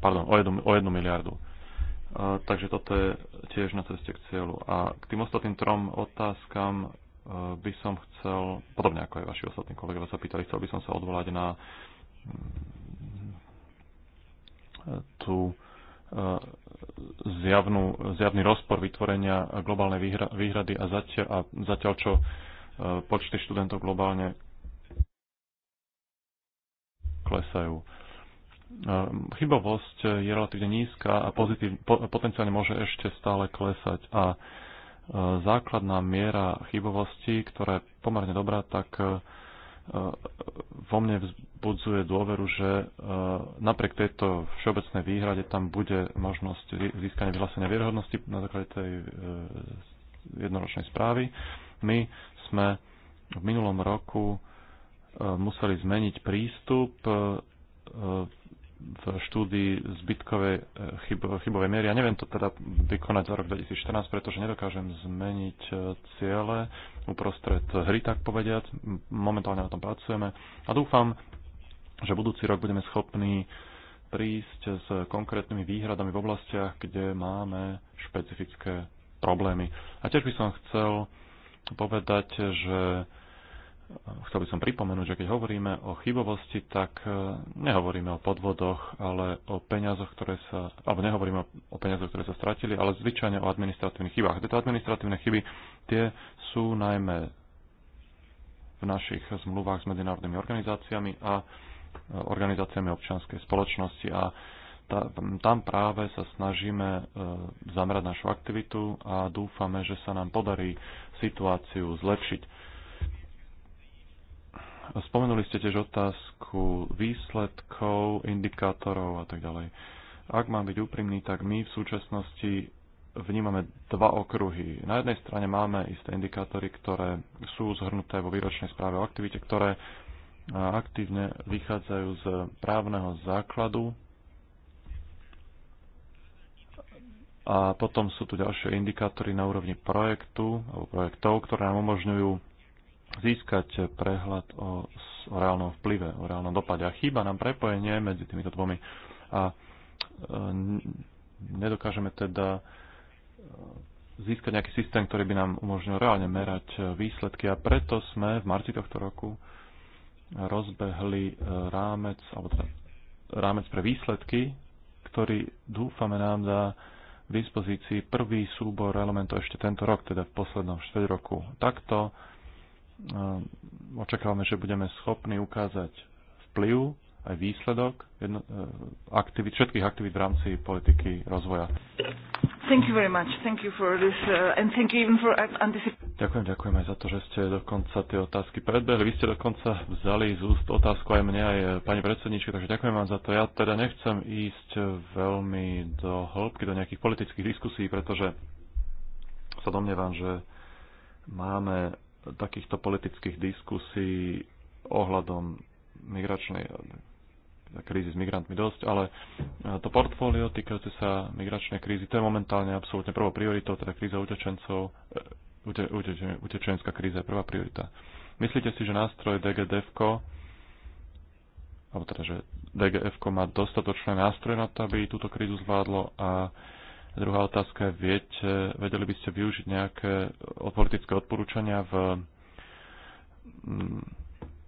Pardon, o jednu o jednu miliardu. Uh, takže toto je tiež na ceste k cieľu. A k tým ostatným trom otázkam uh, by som chcel, podobne ako aj vaši ostatní kolegovia sa pýtali, chcel by som sa odvolať na mm, tú e, zjavnú, zjavný rozpor vytvorenia globálnej výhra, výhrady a zatiaľ, a zatiaľ čo počty študentov globálne klesajú. Chybovosť je relatívne nízka a pozitív, potenciálne môže ešte stále klesať a e, základná miera chybovosti, ktorá je pomerne dobrá, tak e, vo mne vzbudzuje dôveru, že e, napriek tejto všeobecnej výhrade tam bude možnosť získania vyhlásenia vierhodnosti na základe tej jednoročnej správy. My sme v minulom roku e, museli zmeniť prístup e, v štúdii zbytkovej e, chybovej miery. Ja neviem to teda vykonať za rok 2014, pretože nedokážem zmeniť ciele uprostred hry, tak povediať. Momentálne na tom pracujeme a dúfam, že budúci rok budeme schopní prísť s konkrétnymi výhradami v oblastiach, kde máme špecifické problémy. A tiež by som chcel povedať, že eh, chcel by som pripomenúť, že keď hovoríme o chybovosti, tak eh, nehovoríme o podvodoch, ale o peniazoch, ktoré sa, alebo nehovoríme o peniazoch, ktoré sa stratili, ale zvyčajne o administratívnych chybách. Tieto administratívne chyby, tie sú najmä v našich zmluvách s medzinárodnými organizáciami a eh, organizáciami občianskej spoločnosti a tam práve sa snažíme zamerať našu aktivitu a dúfame, že sa nám podarí situáciu zlepšiť. Spomenuli ste tiež otázku výsledkov, indikátorov a tak ďalej. Ak mám byť úprimný, tak my v súčasnosti vnímame dva okruhy. Na jednej strane máme isté indikátory, ktoré sú zhrnuté vo výročnej správe o aktivite, ktoré aktívne vychádzajú z právneho základu A potom sú tu ďalšie indikátory na úrovni projektu alebo projektov, ktoré nám umožňujú získať prehľad o, o reálnom vplyve, o reálnom dopade. A chýba nám prepojenie medzi týmito dvomi. A e, nedokážeme teda e, získať nejaký systém, ktorý by nám umožnil reálne merať e, výsledky a preto sme v marci tohto roku rozbehli e, rámec, alebo teda rámec pre výsledky, ktorý dúfame nám dá k dispozícii prvý súbor elementov ešte tento rok, teda v poslednom štvrť roku. Takto ehm, očakávame, že budeme schopní ukázať vplyv aj výsledok jedno, e, aktivit, všetkých aktivít v rámci politiky rozvoja. Thank you very much. Thank you for this uh, and thank you even for Ďakujem, ďakujem aj za to, že ste dokonca tie otázky predbehli. Vy ste dokonca vzali z úst otázku aj mne, aj e, pani predsedničke, takže ďakujem vám za to. Ja teda nechcem ísť veľmi do hĺbky, do nejakých politických diskusí, pretože sa domnievam, že máme takýchto politických diskusí ohľadom migračnej krízy s migrantmi dosť, ale e, to portfólio týkajúce sa migračnej krízy, to je momentálne absolútne prvou prioritou, teda kríza utečencov, e, ute, ute, utečenská kríza je prvá priorita. Myslíte si, že nástroj DGDF alebo teda, že DGFko má dostatočné nástroje na to, aby túto krízu zvládlo a druhá otázka je, viete, vedeli by ste využiť nejaké politické odporúčania v mm,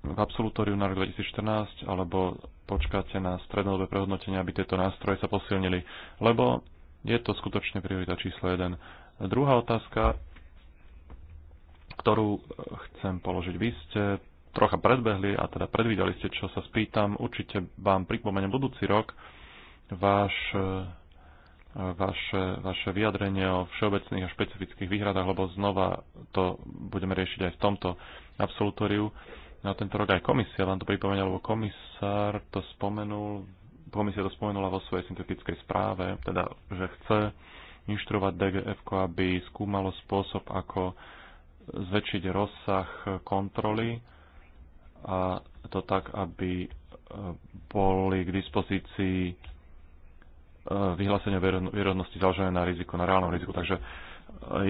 v absolutóriu na rok 2014 alebo počkáte na strednodobé prehodnotenie, aby tieto nástroje sa posilnili, lebo je to skutočne priorita číslo 1. Druhá otázka, ktorú chcem položiť. Vy ste trocha predbehli a teda predvídali ste, čo sa spýtam. Určite vám pripomeniem budúci rok váš vaše, vaše vyjadrenie o všeobecných a špecifických výhradách, lebo znova to budeme riešiť aj v tomto absolutóriu na no, tento rok aj komisia vám to pripomenia, lebo komisár to spomenul, komisia to spomenula vo svojej syntetickej správe, teda, že chce inštruovať DGF, aby skúmalo spôsob, ako zväčšiť rozsah kontroly a to tak, aby e, boli k dispozícii e, vyhlásenia výrodnosti založené na riziku, na reálnom riziku. Takže e,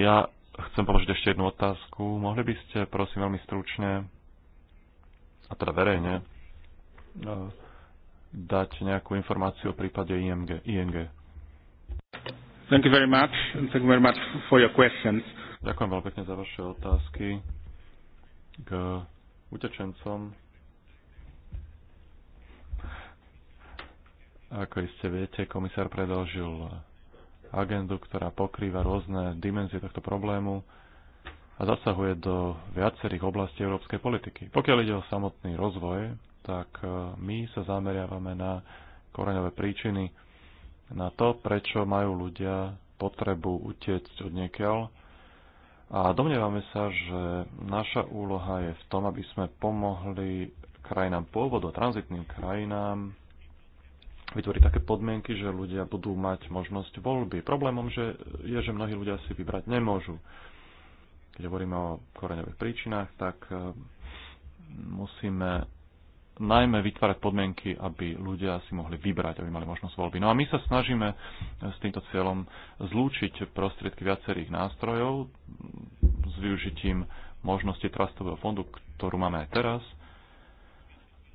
ja chcem položiť ešte jednu otázku. Mohli by ste, prosím, veľmi stručne a teda verejne, e, dať nejakú informáciu o prípade IMG, ING. Thank you very much. And thank you very much for your questions. Ďakujem veľmi pekne za vaše otázky k utečencom. Ako iste viete, komisár predložil agendu, ktorá pokrýva rôzne dimenzie tohto problému a zasahuje do viacerých oblastí európskej politiky. Pokiaľ ide o samotný rozvoj, tak e, my sa zameriavame na koreňové príčiny, na to, prečo majú ľudia potrebu utiecť od niekiaľ. A domnievame sa, že naša úloha je v tom, aby sme pomohli krajinám pôvodu, tranzitným krajinám vytvoriť také podmienky, že ľudia budú mať možnosť voľby. Problémom že je, že mnohí ľudia si vybrať nemôžu keď hovoríme o koreňových príčinách, tak e, musíme najmä vytvárať podmienky, aby ľudia si mohli vybrať, aby mali možnosť voľby. No a my sa snažíme s týmto cieľom zlúčiť prostriedky viacerých nástrojov s využitím možnosti Trastového fondu, ktorú máme aj teraz.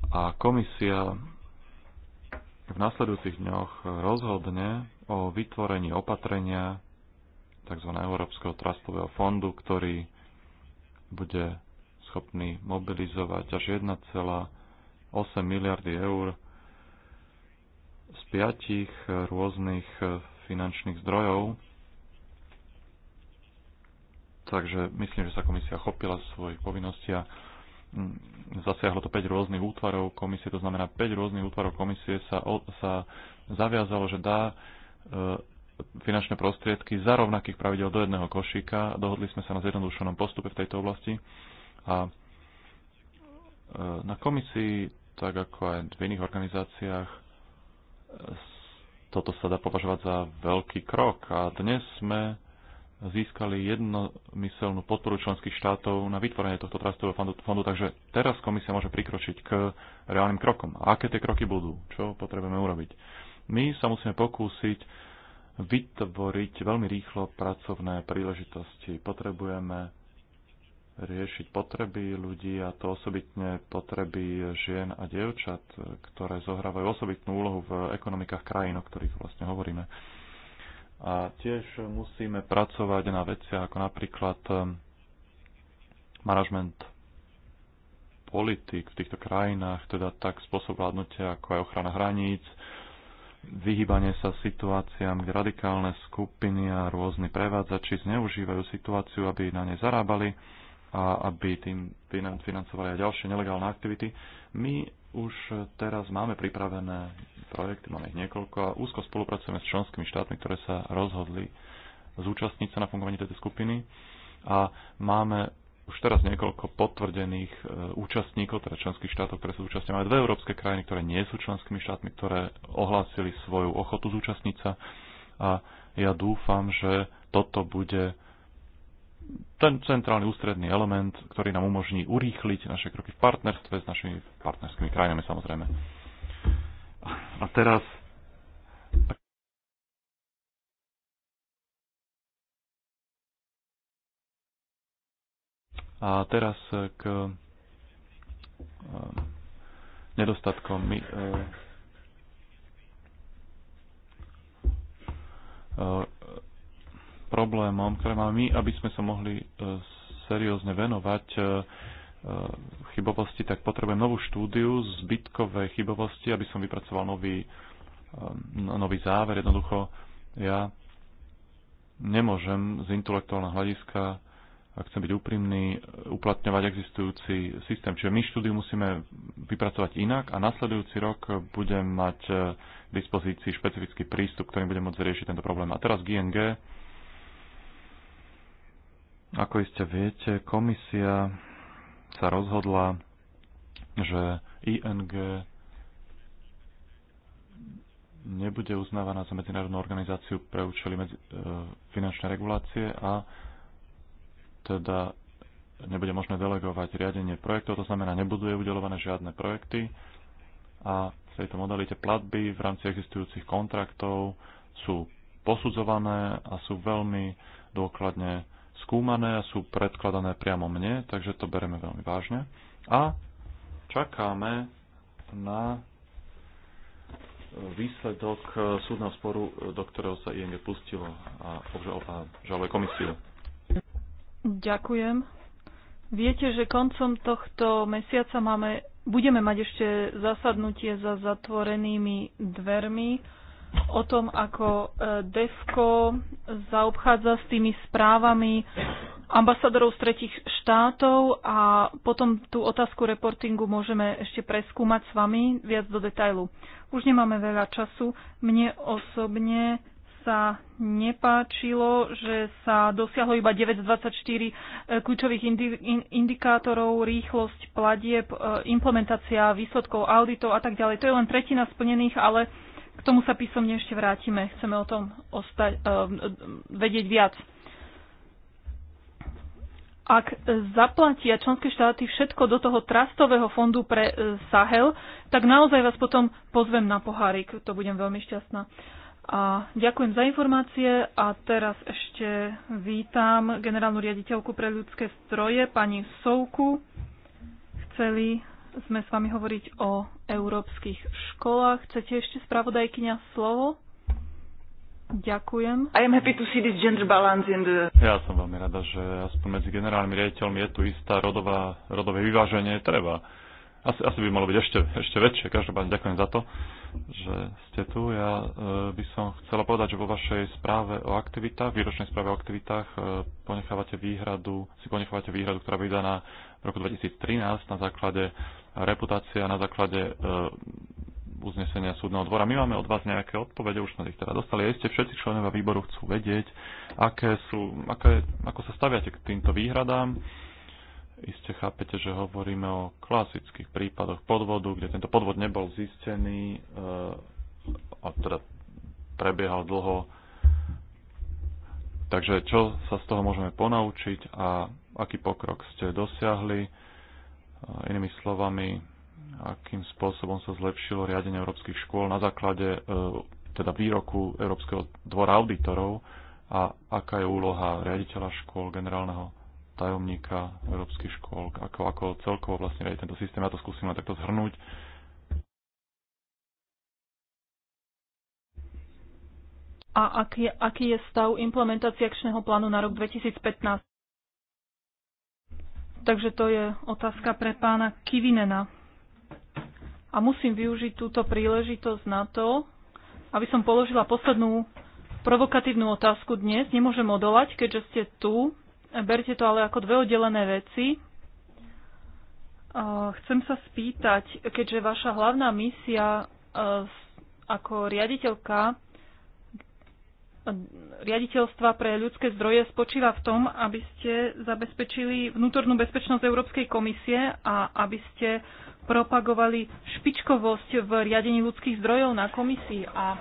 A komisia v nasledujúcich dňoch rozhodne o vytvorení opatrenia tzv. Európskeho trastového fondu, ktorý bude schopný mobilizovať až 1,8 miliardy eur z piatich rôznych finančných zdrojov. Takže myslím, že sa komisia chopila svojich povinností a mm, zasiahlo to 5 rôznych útvarov komisie, to znamená 5 rôznych útvarov komisie sa, sa zaviazalo, že dá e, finančné prostriedky za rovnakých pravidel do jedného košíka. Dohodli sme sa na zjednodušenom postupe v tejto oblasti a e, na komisii, tak ako aj v iných organizáciách, e, toto sa dá považovať za veľký krok. A dnes sme získali jednomyselnú podporu členských štátov na vytvorenie tohto trastového fondu, fondu, takže teraz komisia môže prikročiť k reálnym krokom. A aké tie kroky budú? Čo potrebujeme urobiť? My sa musíme pokúsiť vytvoriť veľmi rýchlo pracovné príležitosti. Potrebujeme riešiť potreby ľudí a to osobitne potreby žien a dievčat, ktoré zohrávajú osobitnú úlohu v ekonomikách krajín, o ktorých vlastne hovoríme. A tiež musíme pracovať na veciach ako napríklad ehm, manažment politik v týchto krajinách, teda tak spôsob vládnutia ako aj ochrana hraníc, vyhýbanie sa situáciám, kde radikálne skupiny a rôzni prevádzači zneužívajú situáciu, aby na ne zarábali a aby tým financovali aj ďalšie nelegálne aktivity. My už teraz máme pripravené projekty, máme ich niekoľko a úzko spolupracujeme s členskými štátmi, ktoré sa rozhodli zúčastniť sa na fungovaní tejto skupiny a máme už teraz niekoľko potvrdených e, účastníkov, teda členských štátov, ktoré sú účastní. Máme dve európske krajiny, ktoré nie sú členskými štátmi, ktoré ohlásili svoju ochotu zúčastniť sa. A ja dúfam, že toto bude ten centrálny ústredný element, ktorý nám umožní urýchliť naše kroky v partnerstve s našimi partnerskými krajinami samozrejme. A teraz A teraz eh, k eh, nedostatkom. My, eh, problémom, ktoré máme my, aby sme sa mohli seriózne venovať chybovosti, tak potrebujem novú štúdiu zbytkové chybovosti, aby som vypracoval nový, no, nový záver. Jednoducho ja nemôžem z intelektuálneho hľadiska ak chcem byť úprimný, uplatňovať existujúci systém. Čiže my štúdiu musíme vypracovať inak a nasledujúci rok budem mať e, k dispozícii špecifický prístup, ktorým budem môcť riešiť tento problém. A teraz GNG. ING. Ako iste viete, komisia sa rozhodla, že ING nebude uznávaná za medzinárodnú organizáciu pre účely medzi, e, finančnej regulácie a teda nebude možné delegovať riadenie projektov, to znamená, nebudú udelované žiadne projekty a v tejto modalite platby v rámci existujúcich kontraktov sú posudzované a sú veľmi dôkladne skúmané a sú predkladané priamo mne, takže to bereme veľmi vážne. A čakáme na výsledok súdneho sporu, do ktorého sa ING pustilo a žaluje komisiu. Ďakujem. Viete, že koncom tohto mesiaca máme, budeme mať ešte zasadnutie za zatvorenými dvermi o tom, ako e, DEFCO zaobchádza s tými správami ambasadorov z tretich štátov a potom tú otázku reportingu môžeme ešte preskúmať s vami viac do detailu. Už nemáme veľa času. Mne osobne sa nepáčilo, že sa dosiahlo iba 9 z 24 eh, kľúčových indikátorov, rýchlosť platieb, eh, implementácia výsledkov auditov a tak ďalej. To je len tretina splnených, ale k tomu sa písomne ešte vrátime. Chceme o tom ostať, eh, vedieť viac. Ak zaplatia členské štáty všetko do toho trastového fondu pre Sahel, tak naozaj vás potom pozvem na pohárik. To budem veľmi šťastná. Uh, a ďakujem za informácie a teraz ešte vítam generálnu riaditeľku pre ľudské stroje, pani Souku. Chceli sme s vami hovoriť o európskych školách. Chcete ešte spravodajkyňa slovo? Ďakujem. I am happy to see this gender balance in the... Ja som veľmi rada, že aspoň medzi generálnymi riaditeľmi je tu istá rodová, rodové vyváženie. Treba asi, asi by malo byť ešte, ešte väčšie. Každopádne ďakujem za to, že ste tu. Ja e, by som chcela povedať, že vo vašej správe o aktivitách, výročnej správe o aktivitách, e, ponechávate výhradu, si ponechávate výhradu, ktorá vydaná daná v roku 2013 na základe reputácia, na základe e, uznesenia súdneho dvora. My máme od vás nejaké odpovede, už sme ich teda dostali. Aj ste všetci členovia výboru chcú vedieť, aké sú, aké, ako sa staviate k týmto výhradám iste chápete, že hovoríme o klasických prípadoch podvodu, kde tento podvod nebol zistený eh, a teda prebiehal dlho. Takže čo sa z toho môžeme ponaučiť a aký pokrok ste dosiahli? Eh, inými slovami, akým spôsobom sa zlepšilo riadenie európskych škôl na základe eh, teda výroku Európskeho dvora auditorov a aká je úloha riaditeľa škôl, generálneho tajomníka európskych škôl, ako, ako celkovo vlastne aj tento systém. Ja to skúsim len takto zhrnúť. A aký, aký je stav implementácie akčného plánu na rok 2015? Takže to je otázka pre pána Kivinena. A musím využiť túto príležitosť na to, aby som položila poslednú provokatívnu otázku dnes. Nemôžem odolať, keďže ste tu berte to ale ako dve oddelené veci. E, chcem sa spýtať, keďže vaša hlavná misia e, ako riaditeľka riaditeľstva pre ľudské zdroje spočíva v tom, aby ste zabezpečili vnútornú bezpečnosť Európskej komisie a aby ste propagovali špičkovosť v riadení ľudských zdrojov na komisii. A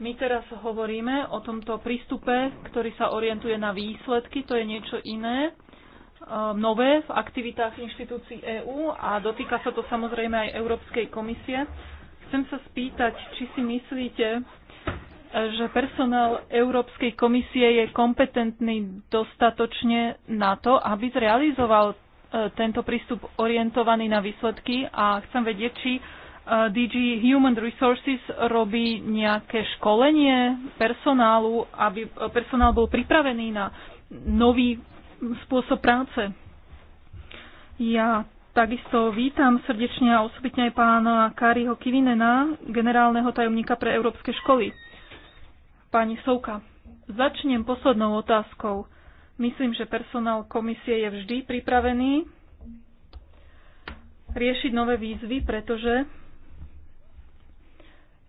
my teraz hovoríme o tomto prístupe, ktorý sa orientuje na výsledky, to je niečo iné, e, nové v aktivitách inštitúcií EÚ a dotýka sa to samozrejme aj Európskej komisie. Chcem sa spýtať, či si myslíte, e, že personál Európskej komisie je kompetentný dostatočne na to, aby zrealizoval e, tento prístup orientovaný na výsledky a chcem vedieť, či Eh, DG Human Resources robí nejaké školenie personálu, aby eh, personál bol pripravený na nový spôsob práce. Ja takisto vítam srdečne a osobitne aj pána Kariho Kivinena, generálneho tajomníka pre európske školy. Pani Souka, začnem poslednou otázkou. Myslím, že personál komisie je vždy pripravený riešiť nové výzvy, pretože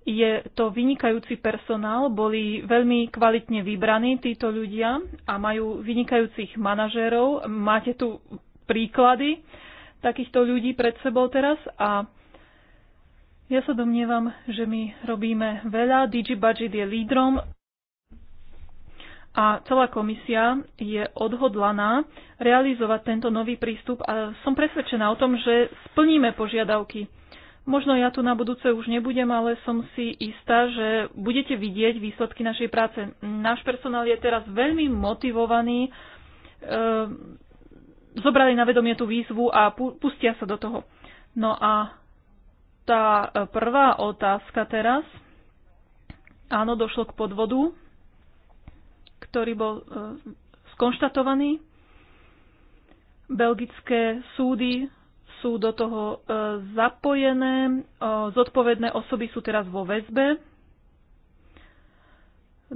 je to vynikajúci personál, boli veľmi kvalitne vybraní títo ľudia a majú vynikajúcich manažérov. Máte tu príklady takýchto ľudí pred sebou teraz a ja sa domnievam, že my robíme veľa. DigiBudget je lídrom a celá komisia je odhodlaná realizovať tento nový prístup a som presvedčená o tom, že splníme požiadavky Možno ja tu na budúce už nebudem, ale som si istá, že budete vidieť výsledky našej práce. Náš personál je teraz veľmi motivovaný. E, zobrali na vedomie tú výzvu a pustia sa do toho. No a tá e, prvá otázka teraz. Áno, došlo k podvodu, ktorý bol e, skonštatovaný. Belgické súdy sú do toho e, zapojené. E, zodpovedné osoby sú teraz vo väzbe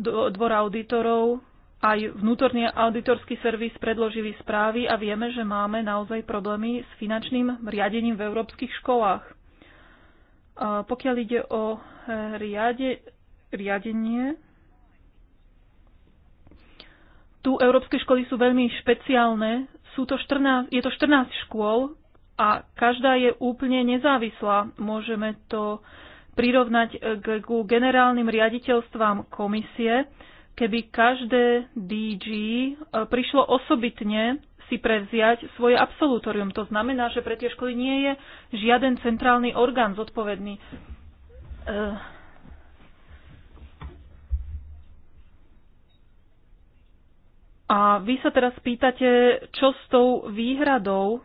dvora auditorov. Aj vnútorný auditorský servis predložili správy a vieme, že máme naozaj problémy s finančným riadením v európskych školách. E, pokiaľ ide o riade, riadenie, tu európske školy sú veľmi špeciálne. Sú to 14, je to 14 škôl, a každá je úplne nezávislá. Môžeme to prirovnať eh, k, k generálnym riaditeľstvám komisie, keby každé DG eh, prišlo osobitne si prevziať svoje absolutorium. To znamená, že pre tie školy nie je žiaden centrálny orgán zodpovedný. Eh, a vy sa teraz pýtate, čo s tou výhradou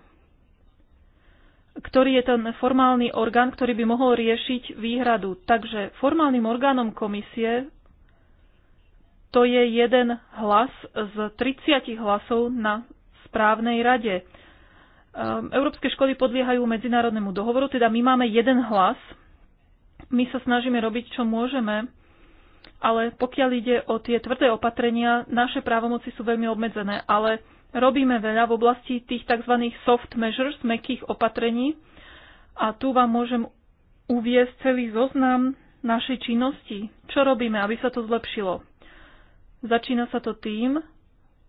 ktorý je ten formálny orgán, ktorý by mohol riešiť výhradu. Takže formálnym orgánom komisie to je jeden hlas z 30 hlasov na správnej rade. Ehm, európske školy podliehajú medzinárodnému dohovoru, teda my máme jeden hlas. My sa snažíme robiť, čo môžeme, ale pokiaľ ide o tie tvrdé opatrenia, naše právomoci sú veľmi obmedzené. Ale Robíme veľa v oblasti tých tzv. soft measures, mekých opatrení. A tu vám môžem uviezť celý zoznam našej činnosti. Čo robíme, aby sa to zlepšilo? Začína sa to tým,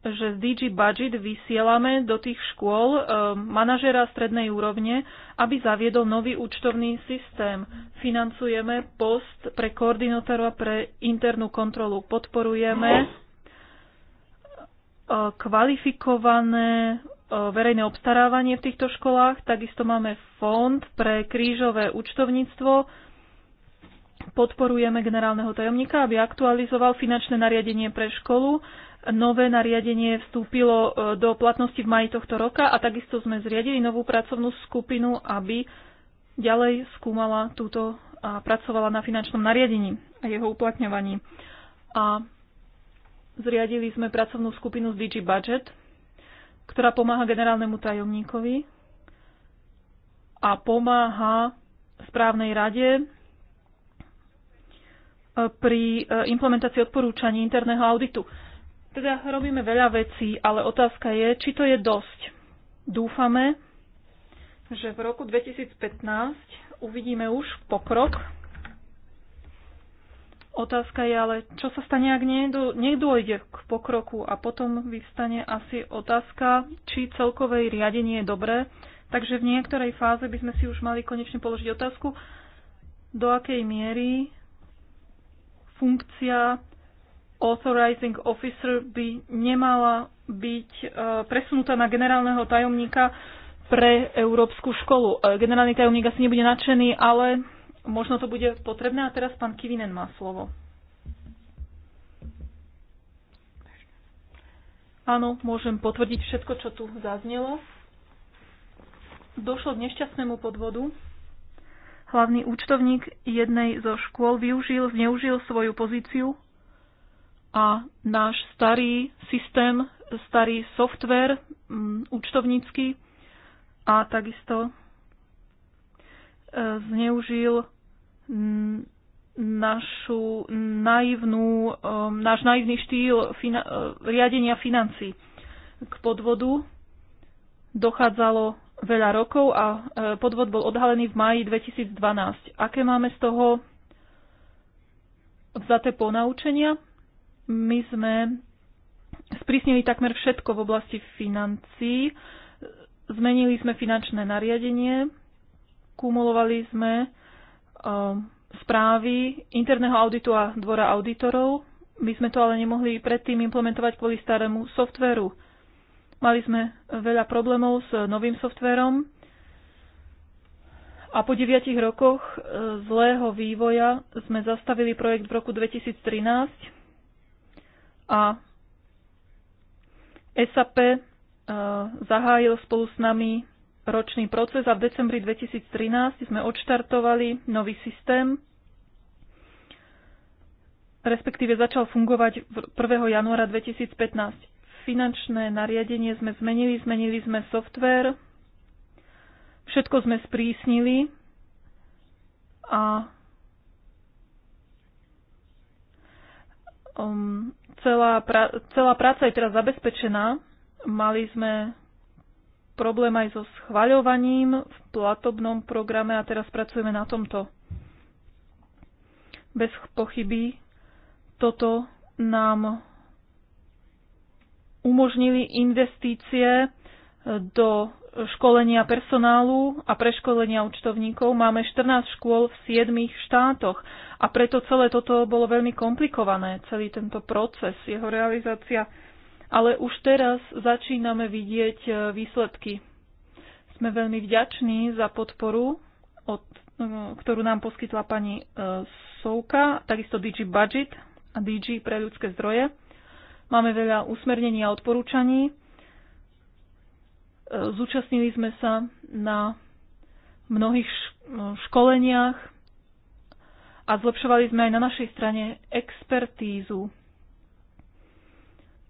že z DG Budget vysielame do tých škôl e, manažera strednej úrovne, aby zaviedol nový účtovný systém. Financujeme post pre koordinátora pre internú kontrolu. Podporujeme kvalifikované verejné obstarávanie v týchto školách. Takisto máme fond pre krížové účtovníctvo. Podporujeme generálneho tajomníka, aby aktualizoval finančné nariadenie pre školu. Nové nariadenie vstúpilo do platnosti v maji tohto roka a takisto sme zriadili novú pracovnú skupinu, aby ďalej skúmala túto a pracovala na finančnom nariadení a jeho uplatňovaní. A Zriadili sme pracovnú skupinu z DG Budget, ktorá pomáha generálnemu tajomníkovi a pomáha správnej rade e, pri e, implementácii odporúčaní interného auditu. Teda robíme veľa vecí, ale otázka je, či to je dosť. Dúfame, že v roku 2015 uvidíme už pokrok Otázka je ale, čo sa stane, ak nedôjde k pokroku a potom vyvstane asi otázka, či celkové riadenie je dobré. Takže v niektorej fáze by sme si už mali konečne položiť otázku, do akej miery funkcia authorizing officer by nemala byť e, presunutá na generálneho tajomníka pre Európsku školu. E, generálny tajomník asi nebude nadšený, ale možno to bude potrebné. A teraz pán Kivinen má slovo. Áno, môžem potvrdiť všetko, čo tu zaznelo. Došlo k nešťastnému podvodu. Hlavný účtovník jednej zo škôl využil, zneužil svoju pozíciu a náš starý systém, starý software m, mm, účtovnícky a takisto e, zneužil Mm, našu naivnú, um, náš naivný štýl fina, uh, riadenia financí. K podvodu dochádzalo veľa rokov a uh, podvod bol odhalený v maji 2012. Aké máme z toho vzaté ponaučenia? My sme sprísnili takmer všetko v oblasti financií, zmenili sme finančné nariadenie, kumulovali sme správy interného auditu a dvora auditorov. My sme to ale nemohli predtým implementovať kvôli starému softveru. Mali sme veľa problémov s novým softverom a po deviatich rokoch e, zlého vývoja sme zastavili projekt v roku 2013 a SAP e, zahájil spolu s nami ročný proces a v decembri 2013 sme odštartovali nový systém, respektíve začal fungovať 1. januára 2015. Finančné nariadenie sme zmenili, zmenili sme software, všetko sme sprísnili a um, celá, pra- celá práca je teraz zabezpečená. Mali sme problém aj so schvaľovaním v platobnom programe a teraz pracujeme na tomto. Bez pochyby toto nám umožnili investície do školenia personálu a preškolenia účtovníkov. Máme 14 škôl v 7 štátoch a preto celé toto bolo veľmi komplikované, celý tento proces, jeho realizácia ale už teraz začíname vidieť e, výsledky. Sme veľmi vďační za podporu, od, e, ktorú nám poskytla pani e, Souka, takisto DG Budget a DG pre ľudské zdroje. Máme veľa usmernení a odporúčaní. Zúčastnili sme sa na mnohých školeniach a zlepšovali sme aj na našej strane expertízu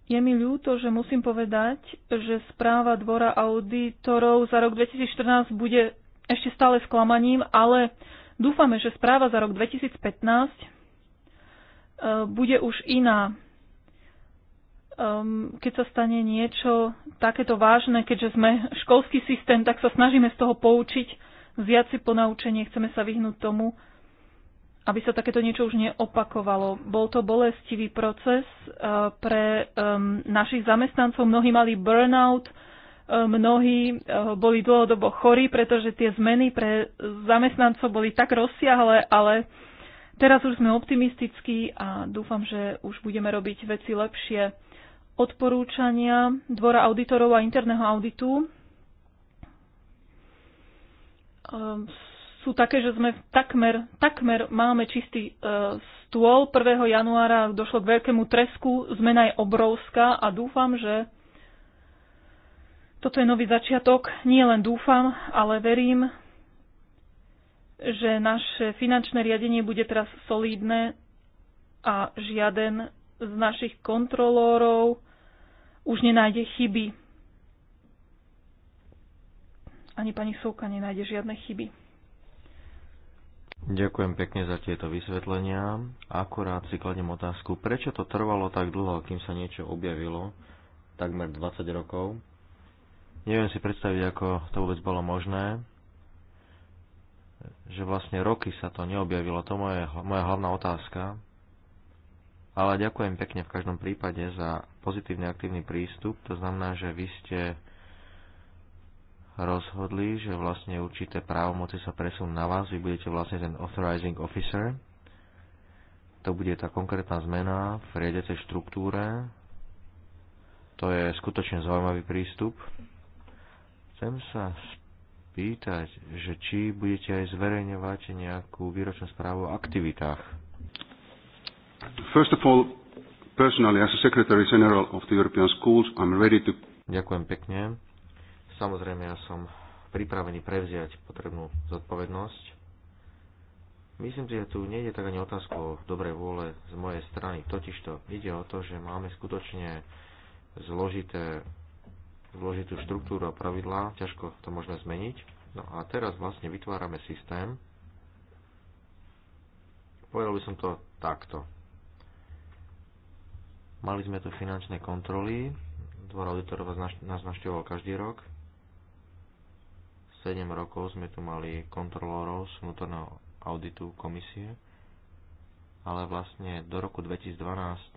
je mi ľúto, že musím povedať, že správa Dvora auditorov za rok 2014 bude ešte stále sklamaním, ale dúfame, že správa za rok 2015 e, bude už iná. Ehm, keď sa stane niečo takéto vážne, keďže sme školský systém, tak sa snažíme z toho poučiť, vziať si ponaučenie, chceme sa vyhnúť tomu, aby sa takéto niečo už neopakovalo. Bol to bolestivý proces eh, pre ehm, našich zamestnancov. Mnohí mali burnout, eh, mnohí eh, boli dlhodobo chorí, pretože tie zmeny pre zamestnancov boli tak rozsiahle, ale teraz už sme optimistickí a dúfam, že už budeme robiť veci lepšie. Odporúčania Dvora auditorov a interného auditu ehm, sú také, že sme takmer, takmer máme čistý uh, stôl. 1. januára došlo k veľkému tresku, zmena je obrovská a dúfam, že toto je nový začiatok. Nie len dúfam, ale verím, že naše finančné riadenie bude teraz solídne a žiaden z našich kontrolórov už nenájde chyby. Ani pani Souka nenájde žiadne chyby. Ďakujem pekne za tieto vysvetlenia. Akurát si kladem otázku, prečo to trvalo tak dlho, kým sa niečo objavilo, takmer 20 rokov. Neviem si predstaviť, ako to vôbec bolo možné, že vlastne roky sa to neobjavilo. To je moja hlavná otázka. Ale ďakujem pekne v každom prípade za pozitívny aktívny prístup. To znamená, že vy ste rozhodli, že vlastne určité právomoci sa presunú na vás, vy budete vlastne ten authorizing officer. To bude tá konkrétna zmena v riadiacej štruktúre. To je skutočne zaujímavý prístup. Chcem sa spýtať, že či budete aj zverejňovať nejakú výročnú správu o aktivitách. First of all, personally as a Secretary General of the European Schools, I'm ready to... Ďakujem pekne Samozrejme, ja som pripravený prevziať potrebnú zodpovednosť. Myslím si, že tu nejde tak ani otázku o dobrej vôle z mojej strany. Totižto ide o to, že máme skutočne zložité, zložitú štruktúru a pravidlá, ťažko to môžeme zmeniť. No a teraz vlastne vytvárame systém, povedal by som to takto. Mali sme tu finančné kontroly, dvor auditorov nás, naštevoval každý rok, 7 rokov sme tu mali kontrolórov z vnútorného auditu komisie, ale vlastne do roku 2012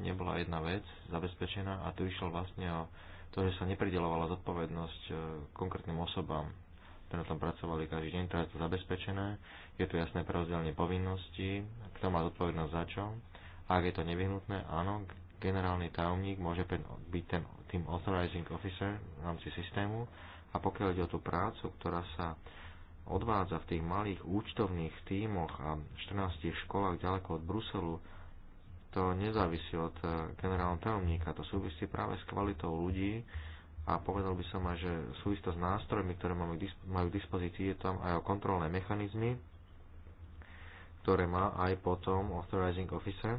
nebola jedna vec zabezpečená a tu išlo vlastne o to, že sa nepridelovala zodpovednosť e, konkrétnym osobám, ktoré na tom pracovali každý deň, teraz je to zabezpečené, je tu jasné prerozdelenie povinností, kto má zodpovednosť za čo, ak je to nevyhnutné, áno, generálny tajomník môže byť ten, tým authorizing officer v rámci systému a pokiaľ ide o tú prácu, ktorá sa odvádza v tých malých účtovných tímoch a 14 školách ďaleko od Bruselu, to nezávisí od e, generálneho tajomníka, to súvisí práve s kvalitou ľudí a povedal by som aj, že súvisí to s nástrojmi, ktoré majú, k dispozícii, je tam aj o kontrolné mechanizmy, ktoré má aj potom authorizing officer.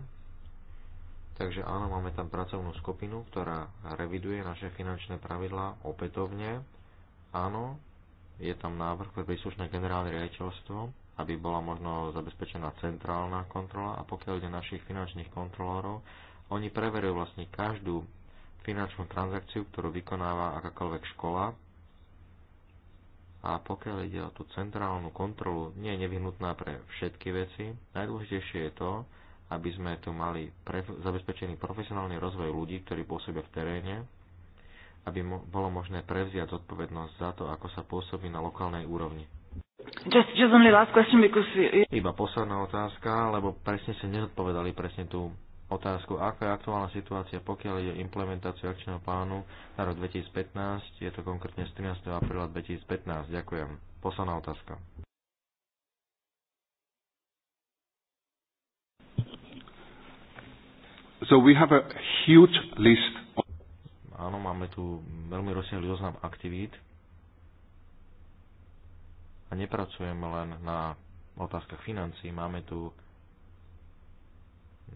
Takže áno, máme tam pracovnú skupinu, ktorá reviduje naše finančné pravidlá opätovne Áno, je tam návrh pre príslušné generálne riaditeľstvo, aby bola možno zabezpečená centrálna kontrola a pokiaľ ide našich finančných kontrolórov, oni preverujú vlastne každú finančnú transakciu, ktorú vykonáva akákoľvek škola a pokiaľ ide o tú centrálnu kontrolu, nie je nevyhnutná pre všetky veci. Najdôležitejšie je to, aby sme tu mali pre, zabezpečený profesionálny rozvoj ľudí, ktorí pôsobia v teréne, aby mo- bolo možné prevziať zodpovednosť za to, ako sa pôsobí na lokálnej úrovni. Just, just only last question because... Iba posledná otázka, lebo presne ste nezodpovedali presne tú otázku, aká je aktuálna situácia, pokiaľ ide o implementáciu akčného plánu na rok 2015, je to konkrétne z 13. apríla 2015. Ďakujem. Posledná otázka. So we have a huge list Áno, máme tu veľmi rozsiahly zoznam aktivít a nepracujeme len na otázkach financí, máme tu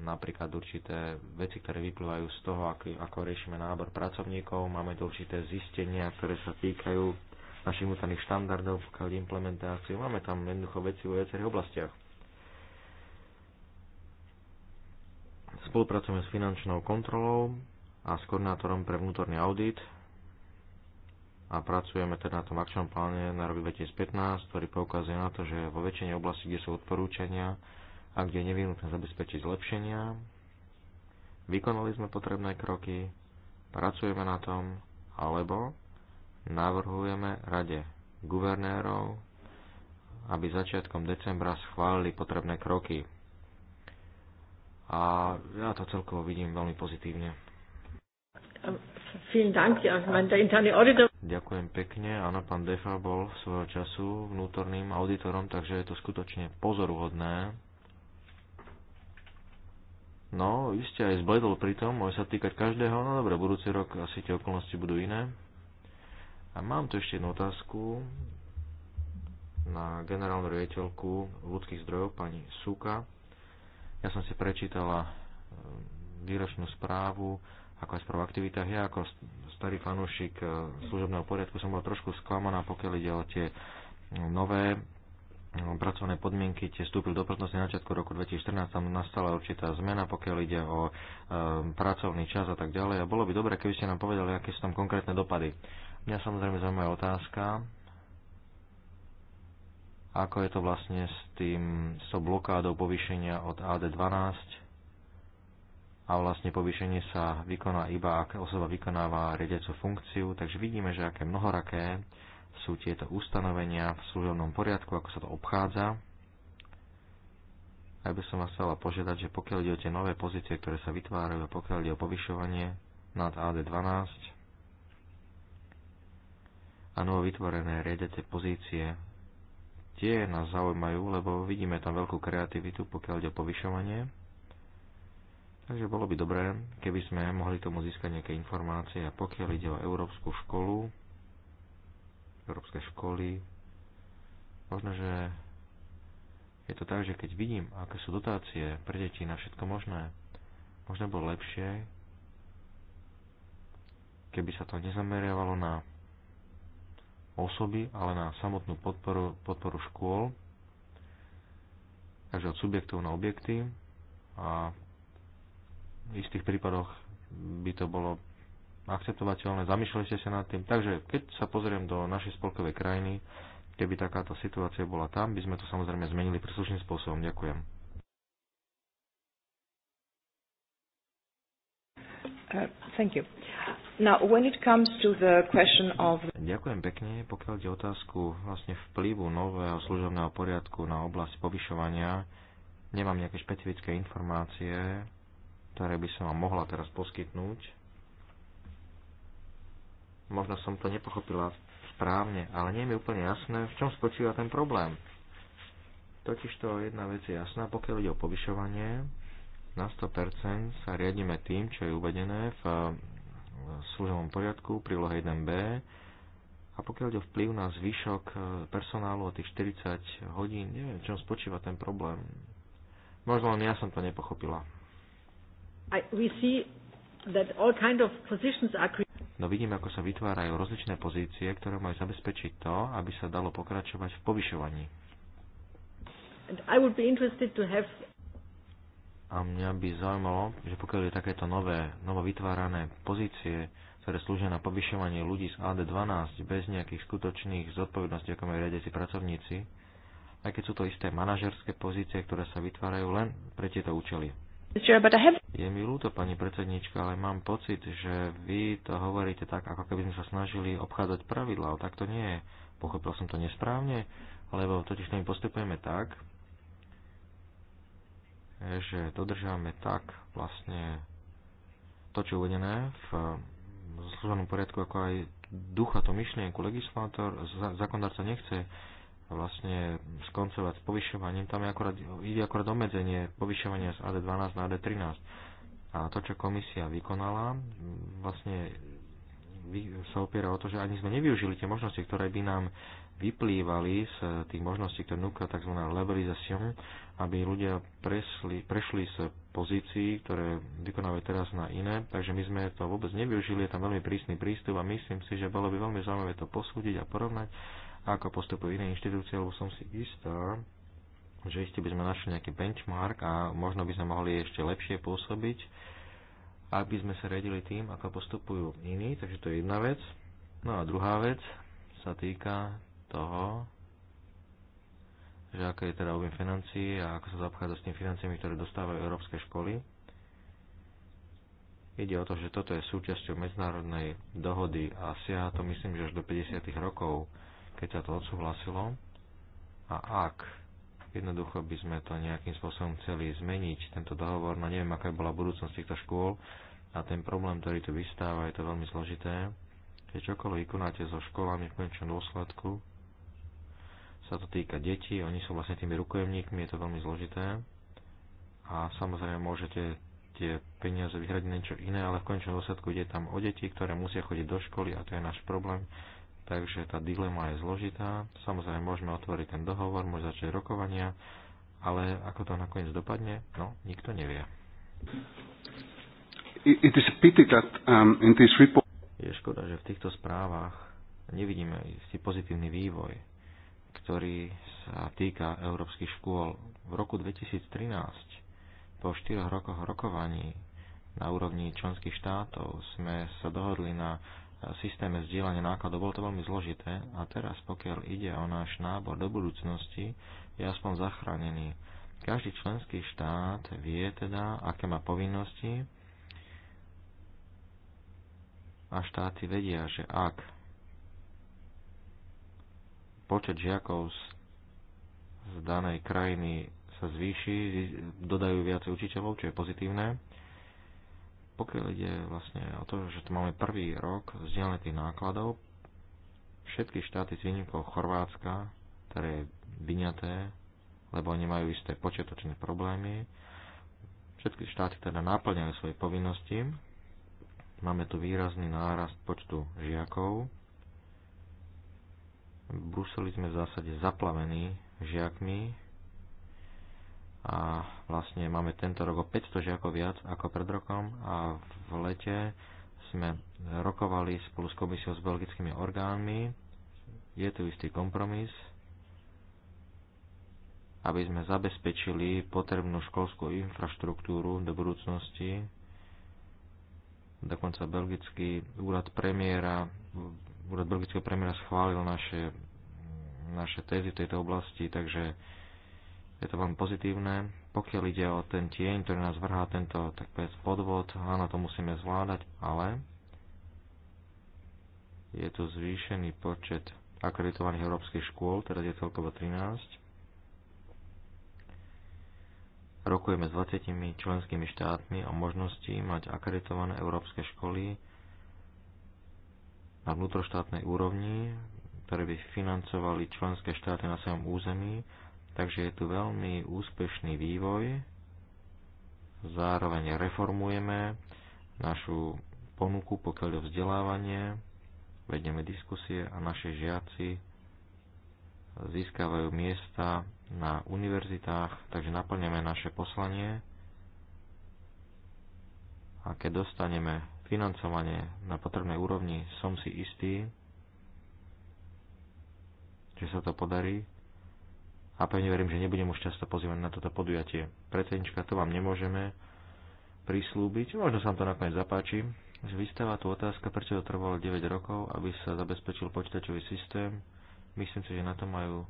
napríklad určité veci, ktoré vyplývajú z toho, ako, ako riešime nábor pracovníkov, máme tu určité zistenia, ktoré sa týkajú našich vnútorných štandardov, pokiaľ implementáciu, máme tam jednoducho veci vo viacerých oblastiach. Spolupracujeme s finančnou kontrolou, a s koordinátorom pre vnútorný audit a pracujeme teda na tom akčnom pláne na rok 2015, ktorý poukazuje na to, že vo väčšine oblasti, kde sú odporúčania a kde je nevyhnutné zabezpečiť zlepšenia, vykonali sme potrebné kroky, pracujeme na tom, alebo navrhujeme rade guvernérov, aby začiatkom decembra schválili potrebné kroky. A ja to celkovo vidím veľmi pozitívne. Ďakujem pekne. Áno, pán Defa bol svojho času vnútorným auditorom, takže je to skutočne pozoruhodné. No, iste aj zbledol tom, môže sa týkať každého, no dobre, budúci rok asi tie okolnosti budú iné. A mám tu ešte jednu otázku na generálnu riaditeľku ľudských zdrojov, pani Suka. Ja som si prečítala ehm, výročnú správu ako aj správa aktivitách. Ja ako starý fanúšik e, služobného poriadku som bol trošku sklamaná, pokiaľ ide o tie nové e, pracovné podmienky, tie vstúpil do platnosti na začiatku roku 2014, tam nastala určitá zmena, pokiaľ ide o e, pracovný čas a tak ďalej. A bolo by dobré, keby ste nám povedali, aké sú tam konkrétne dopady. Mňa samozrejme zaujímavá otázka, ako je to vlastne s tým, s tou blokádou povýšenia od AD12 a vlastne povýšenie sa vykoná iba, ak osoba vykonáva riadiacu funkciu, takže vidíme, že aké mnohoraké sú tieto ustanovenia v služobnom poriadku, ako sa to obchádza. Aj by som vás chcela požiadať, že pokiaľ ide o tie nové pozície, ktoré sa vytvárajú a pokiaľ ide o povyšovanie nad AD12 a vytvorené riadiace pozície, tie nás zaujímajú, lebo vidíme tam veľkú kreativitu, pokiaľ ide o povyšovanie Takže bolo by dobré, keby sme mohli tomu získať nejaké informácie a pokiaľ ide o európsku školu, európske školy, možno, že je to tak, že keď vidím, aké sú dotácie pre deti na všetko možné, možno bolo lepšie, keby sa to nezameriavalo na osoby, ale na samotnú podporu, podporu škôl, takže od subjektov na objekty a v istých prípadoch by to bolo akceptovateľné, zamýšľali ste sa nad tým. Takže keď sa pozriem do našej spolkovej krajiny, keby takáto situácia bola tam, by sme to samozrejme zmenili príslušným spôsobom. Ďakujem. Uh, thank you. Now, when it comes to the question of... Ďakujem pekne. Pokiaľ ide otázku vlastne vplyvu nového služobného poriadku na oblasť povyšovania, nemám nejaké špecifické informácie ktoré by som vám mohla teraz poskytnúť. Možno som to nepochopila správne, ale nie je mi úplne jasné, v čom spočíva ten problém. Totižto jedna vec je jasná, pokiaľ ide o povyšovanie, na 100% sa riadíme tým, čo je uvedené v služovom poriadku, prílohe 1b, a pokiaľ ide o vplyv na zvyšok e, personálu o tých 40 hodín, neviem, v čom spočíva ten problém. Možno len ja som to nepochopila we see that all kind of positions are No vidíme, ako sa vytvárajú rozličné pozície, ktoré majú zabezpečiť to, aby sa dalo pokračovať v povyšovaní. And I would be interested to have a mňa by zaujímalo, že pokiaľ je takéto nové, novovytvárané pozície, ktoré slúžia na povyšovanie ľudí z AD12 bez nejakých skutočných zodpovedností, ako majú riadiaci pracovníci, aj keď sú to isté manažerské pozície, ktoré sa vytvárajú len pre tieto účely. Je mi ľúto, pani predsednička, ale mám pocit, že vy to hovoríte tak, ako keby sme sa snažili obchádzať pravidla, ale Tak to nie je. Pochopil som to nesprávne, lebo totiž to my postupujeme tak, že dodržávame tak vlastne to, čo je uvedené v služobnom poriadku, ako aj ducha, to myšlienku. Legislátor, zákonodárca nechce vlastne skoncovať s povyšovaním, tam je akorát, ide akorát obmedzenie povyšovania z AD12 na AD13. A to, čo komisia vykonala, vlastne sa opiera o to, že ani sme nevyužili tie možnosti, ktoré by nám vyplývali z tých možností, ktoré núka tzv. levelizácion, aby ľudia presli, prešli z pozícií, ktoré vykonávajú teraz na iné, takže my sme to vôbec nevyužili, je tam veľmi prísny prístup a myslím si, že bolo by veľmi zaujímavé to posúdiť a porovnať ako postupujú iné inštitúcie, lebo som si istá, že iste by sme našli nejaký benchmark a možno by sme mohli ešte lepšie pôsobiť, aby sme sa redili tým, ako postupujú iní, takže to je jedna vec. No a druhá vec sa týka toho, že aké je teda objem financií a ako sa zapchádza s tým financiami, ktoré dostávajú európske školy. Ide o to, že toto je súčasťou medzinárodnej dohody a siaha to myslím, že až do 50. rokov keď ťa to odsúhlasilo a ak jednoducho by sme to nejakým spôsobom chceli zmeniť, tento dohovor, no neviem, aká bola budúcnosť týchto škôl a ten problém, ktorý tu vystáva, je to veľmi zložité, keď čokoľvek konáte so školami v konečnom dôsledku, sa to týka detí, oni sú vlastne tými rukojemníkmi, je to veľmi zložité a samozrejme môžete tie peniaze vyhradiť niečo iné, ale v končnom dôsledku ide tam o deti, ktoré musia chodiť do školy a to je náš problém takže tá dilema je zložitá. Samozrejme, môžeme otvoriť ten dohovor, môže začať rokovania, ale ako to nakoniec dopadne, no, nikto nevie. It is pity that, um, in this report... Je škoda, že v týchto správach nevidíme istý pozitívny vývoj, ktorý sa týka európskych škôl. V roku 2013, po štyroch rokoch rokovaní na úrovni členských štátov, sme sa dohodli na systéme zdieľania nákladov. Bolo to veľmi zložité a teraz, pokiaľ ide o náš nábor do budúcnosti, je aspoň zachránený. Každý členský štát vie teda, aké má povinnosti a štáty vedia, že ak počet žiakov z, z danej krajiny sa zvýši, dodajú viacej učiteľov, čo je pozitívne, pokiaľ ide vlastne o to, že tu máme prvý rok vzdielne tých nákladov, všetky štáty s výnimkou Chorvátska, ktoré je vyňaté, lebo nemajú isté počiatočné problémy, všetky štáty teda naplňajú svoje povinnosti, máme tu výrazný nárast počtu žiakov, v Bruseli sme v zásade zaplavení žiakmi, a vlastne máme tento rok o 500 žiakov viac ako pred rokom a v lete sme rokovali spolu s komisiou s belgickými orgánmi. Je tu istý kompromis, aby sme zabezpečili potrebnú školskú infraštruktúru do budúcnosti. Dokonca belgický úrad premiéra, úrad belgického premiéra schválil naše, naše tézy v tejto oblasti, takže je to veľmi pozitívne. Pokiaľ ide o ten tieň, ktorý nás vrhá tento tak povedz, podvod, áno, to musíme zvládať, ale je tu zvýšený počet akreditovaných európskych škôl, teraz je celkovo 13. Rokujeme s 20 členskými štátmi o možnosti mať akreditované európske školy na vnútroštátnej úrovni, ktoré by financovali členské štáty na svojom území Takže je tu veľmi úspešný vývoj. Zároveň reformujeme našu ponuku, pokiaľ o vzdelávanie, vedeme diskusie a naše žiaci získavajú miesta na univerzitách, takže naplňame naše poslanie a keď dostaneme financovanie na potrebnej úrovni, som si istý, že sa to podarí a pevne verím, že nebudem už často pozývať na toto podujatie. Predsednička, to vám nemôžeme prislúbiť, možno sa vám to nakoniec zapáči. Vystáva tu otázka, prečo to trvalo 9 rokov, aby sa zabezpečil počítačový systém. Myslím si, že na to majú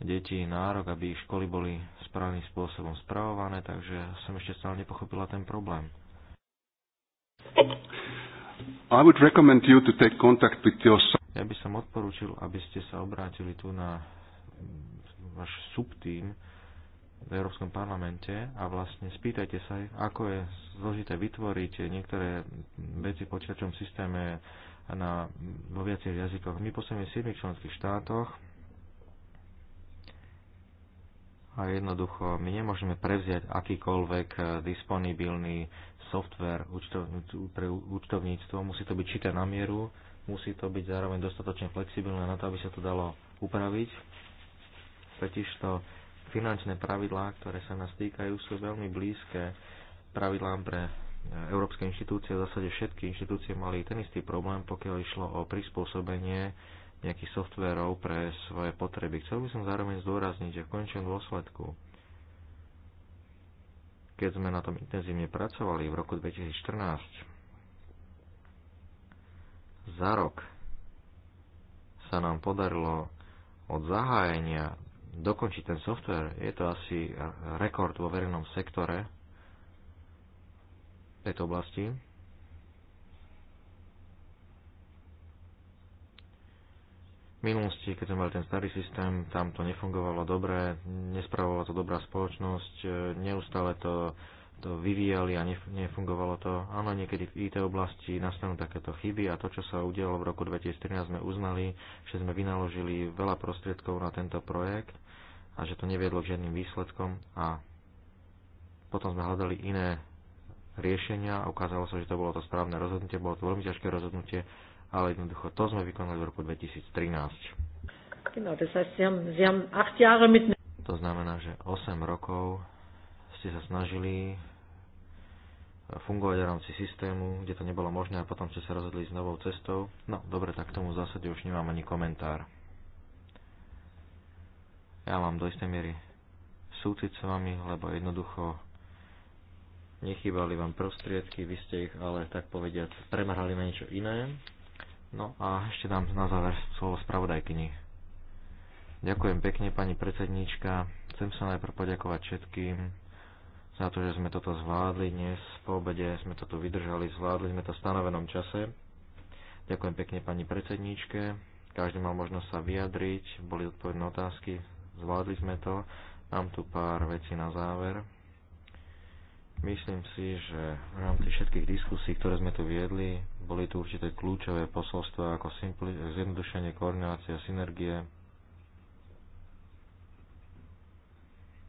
deti nárok, aby ich školy boli správnym spôsobom spravované, takže som ešte stále nepochopila ten problém. I would recommend you to take contact with your... Ja by som odporúčil, aby ste sa obrátili tu na váš subtím v Európskom parlamente a vlastne spýtajte sa, ako je zložité vytvoriť niektoré veci v počítačovom systéme na, vo viacerých jazykoch. My posledujeme v 7 členských štátoch a jednoducho my nemôžeme prevziať akýkoľvek disponibilný software pre účtovníctvo. Musí to byť čité na mieru, musí to byť zároveň dostatočne flexibilné na to, aby sa to dalo upraviť Totižto finančné pravidlá, ktoré sa nás týkajú, sú veľmi blízke pravidlám pre e, európske inštitúcie. V zásade všetky inštitúcie mali ten istý problém, pokiaľ išlo o prispôsobenie nejakých softverov pre svoje potreby. Chcel by som zároveň zdôrazniť, že v končnom dôsledku, keď sme na tom intenzívne pracovali v roku 2014, za rok sa nám podarilo od zahájenia dokončiť ten software. Je to asi rekord vo verejnom sektore tejto oblasti. V minulosti, keď sme mali ten starý systém, tam to nefungovalo dobre, nespravovala to dobrá spoločnosť, neustále to, to vyvíjali a nefungovalo to. Áno, niekedy v IT oblasti nastanú takéto chyby a to, čo sa udialo v roku 2013, sme uznali, že sme vynaložili veľa prostriedkov na tento projekt a že to neviedlo k žiadnym výsledkom a potom sme hľadali iné riešenia a ukázalo sa, že to bolo to správne rozhodnutie, bolo to veľmi ťažké rozhodnutie, ale jednoducho to sme vykonali v roku 2013. To znamená, že 8 rokov ste sa snažili fungovať v rámci systému, kde to nebolo možné a potom ste sa rozhodli s novou cestou. No, dobre, tak k tomu v zásade už nemám ani komentár. Ja mám do istej miery súcit s vami, lebo jednoducho nechýbali vám prostriedky, vy ste ich ale tak povediať premrhali na niečo iné. No a ešte dám na záver slovo spravodajkyni. Ďakujem pekne pani predsednička. Chcem sa najprv poďakovať všetkým za to, že sme toto zvládli dnes po obede, sme toto vydržali, zvládli sme to v stanovenom čase. Ďakujem pekne pani predsedničke. Každý mal možnosť sa vyjadriť, boli odpovedné otázky, Zvládli sme to. Mám tu pár vecí na záver. Myslím si, že v rámci všetkých diskusí, ktoré sme tu viedli, boli tu určité kľúčové posolstvo ako simpli- zjednodušenie, koordinácia, synergie.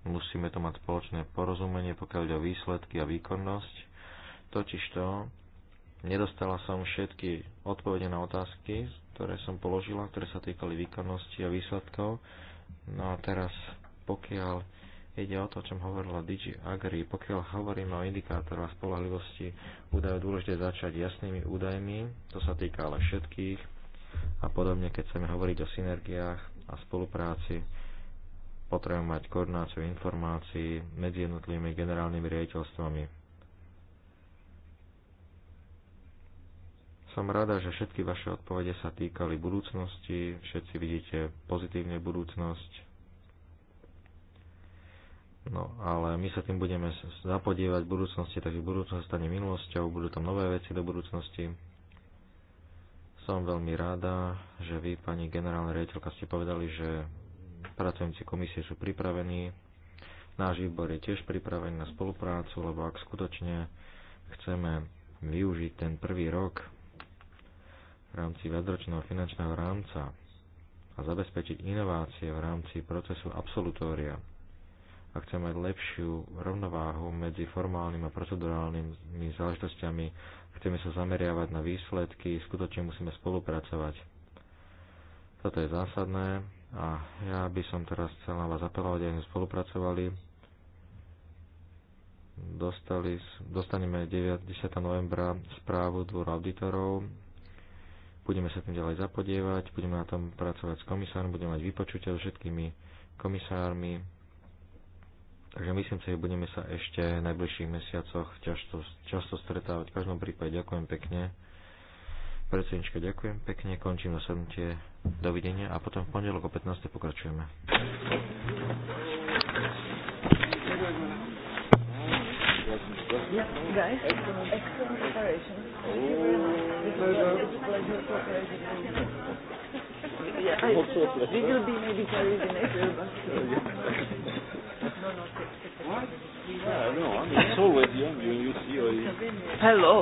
Musíme to mať spoločné porozumenie, pokiaľ ide o výsledky a výkonnosť. Totiž to, nedostala som všetky odpovede na otázky, ktoré som položila, ktoré sa týkali výkonnosti a výsledkov. No a teraz, pokiaľ ide o to, o čom hovorila Digi Agri, pokiaľ hovoríme o indikátoroch spolahlivosti údajov, dôležité začať jasnými údajmi, to sa týka ale všetkých a podobne, keď chceme hovoriť o synergiách a spolupráci, potrebujeme mať koordináciu informácií medzi jednotlivými generálnymi riaditeľstvami Som rada, že všetky vaše odpovede sa týkali budúcnosti, všetci vidíte pozitívne budúcnosť. No, ale my sa tým budeme zapodívať v budúcnosti, takže budúcnosť stane minulosťou, budú tam nové veci do budúcnosti. Som veľmi rada, že vy, pani generálna riaditeľka, ste povedali, že pracovníci komisie sú pripravení. Náš výbor je tiež pripravený na spoluprácu, lebo ak skutočne chceme využiť ten prvý rok v rámci viacročného finančného rámca a zabezpečiť inovácie v rámci procesu absolutória a chce mať lepšiu rovnováhu medzi formálnym a procedurálnymi záležitosťami, chceme sa zameriavať na výsledky, skutočne musíme spolupracovať. Toto je zásadné a ja by som teraz chcel na vás apelovať, aby sme spolupracovali. Dostali, dostaneme 9, 10. novembra správu dvoru auditorov Budeme sa tým ďalej zapodievať, budeme na tom pracovať s komisármi, budeme mať vypočutia so všetkými komisármi. Takže myslím si, že budeme sa ešte v najbližších mesiacoch často, často stretávať. V každom prípade ďakujem pekne. Predsednička, ďakujem pekne, končím nasadnutie. Dovidenia a potom v pondelok o 15. pokračujeme. Yeah, guys, excellent, excellent preparation. Thank you very much be maybe but... it's always you see... Hello.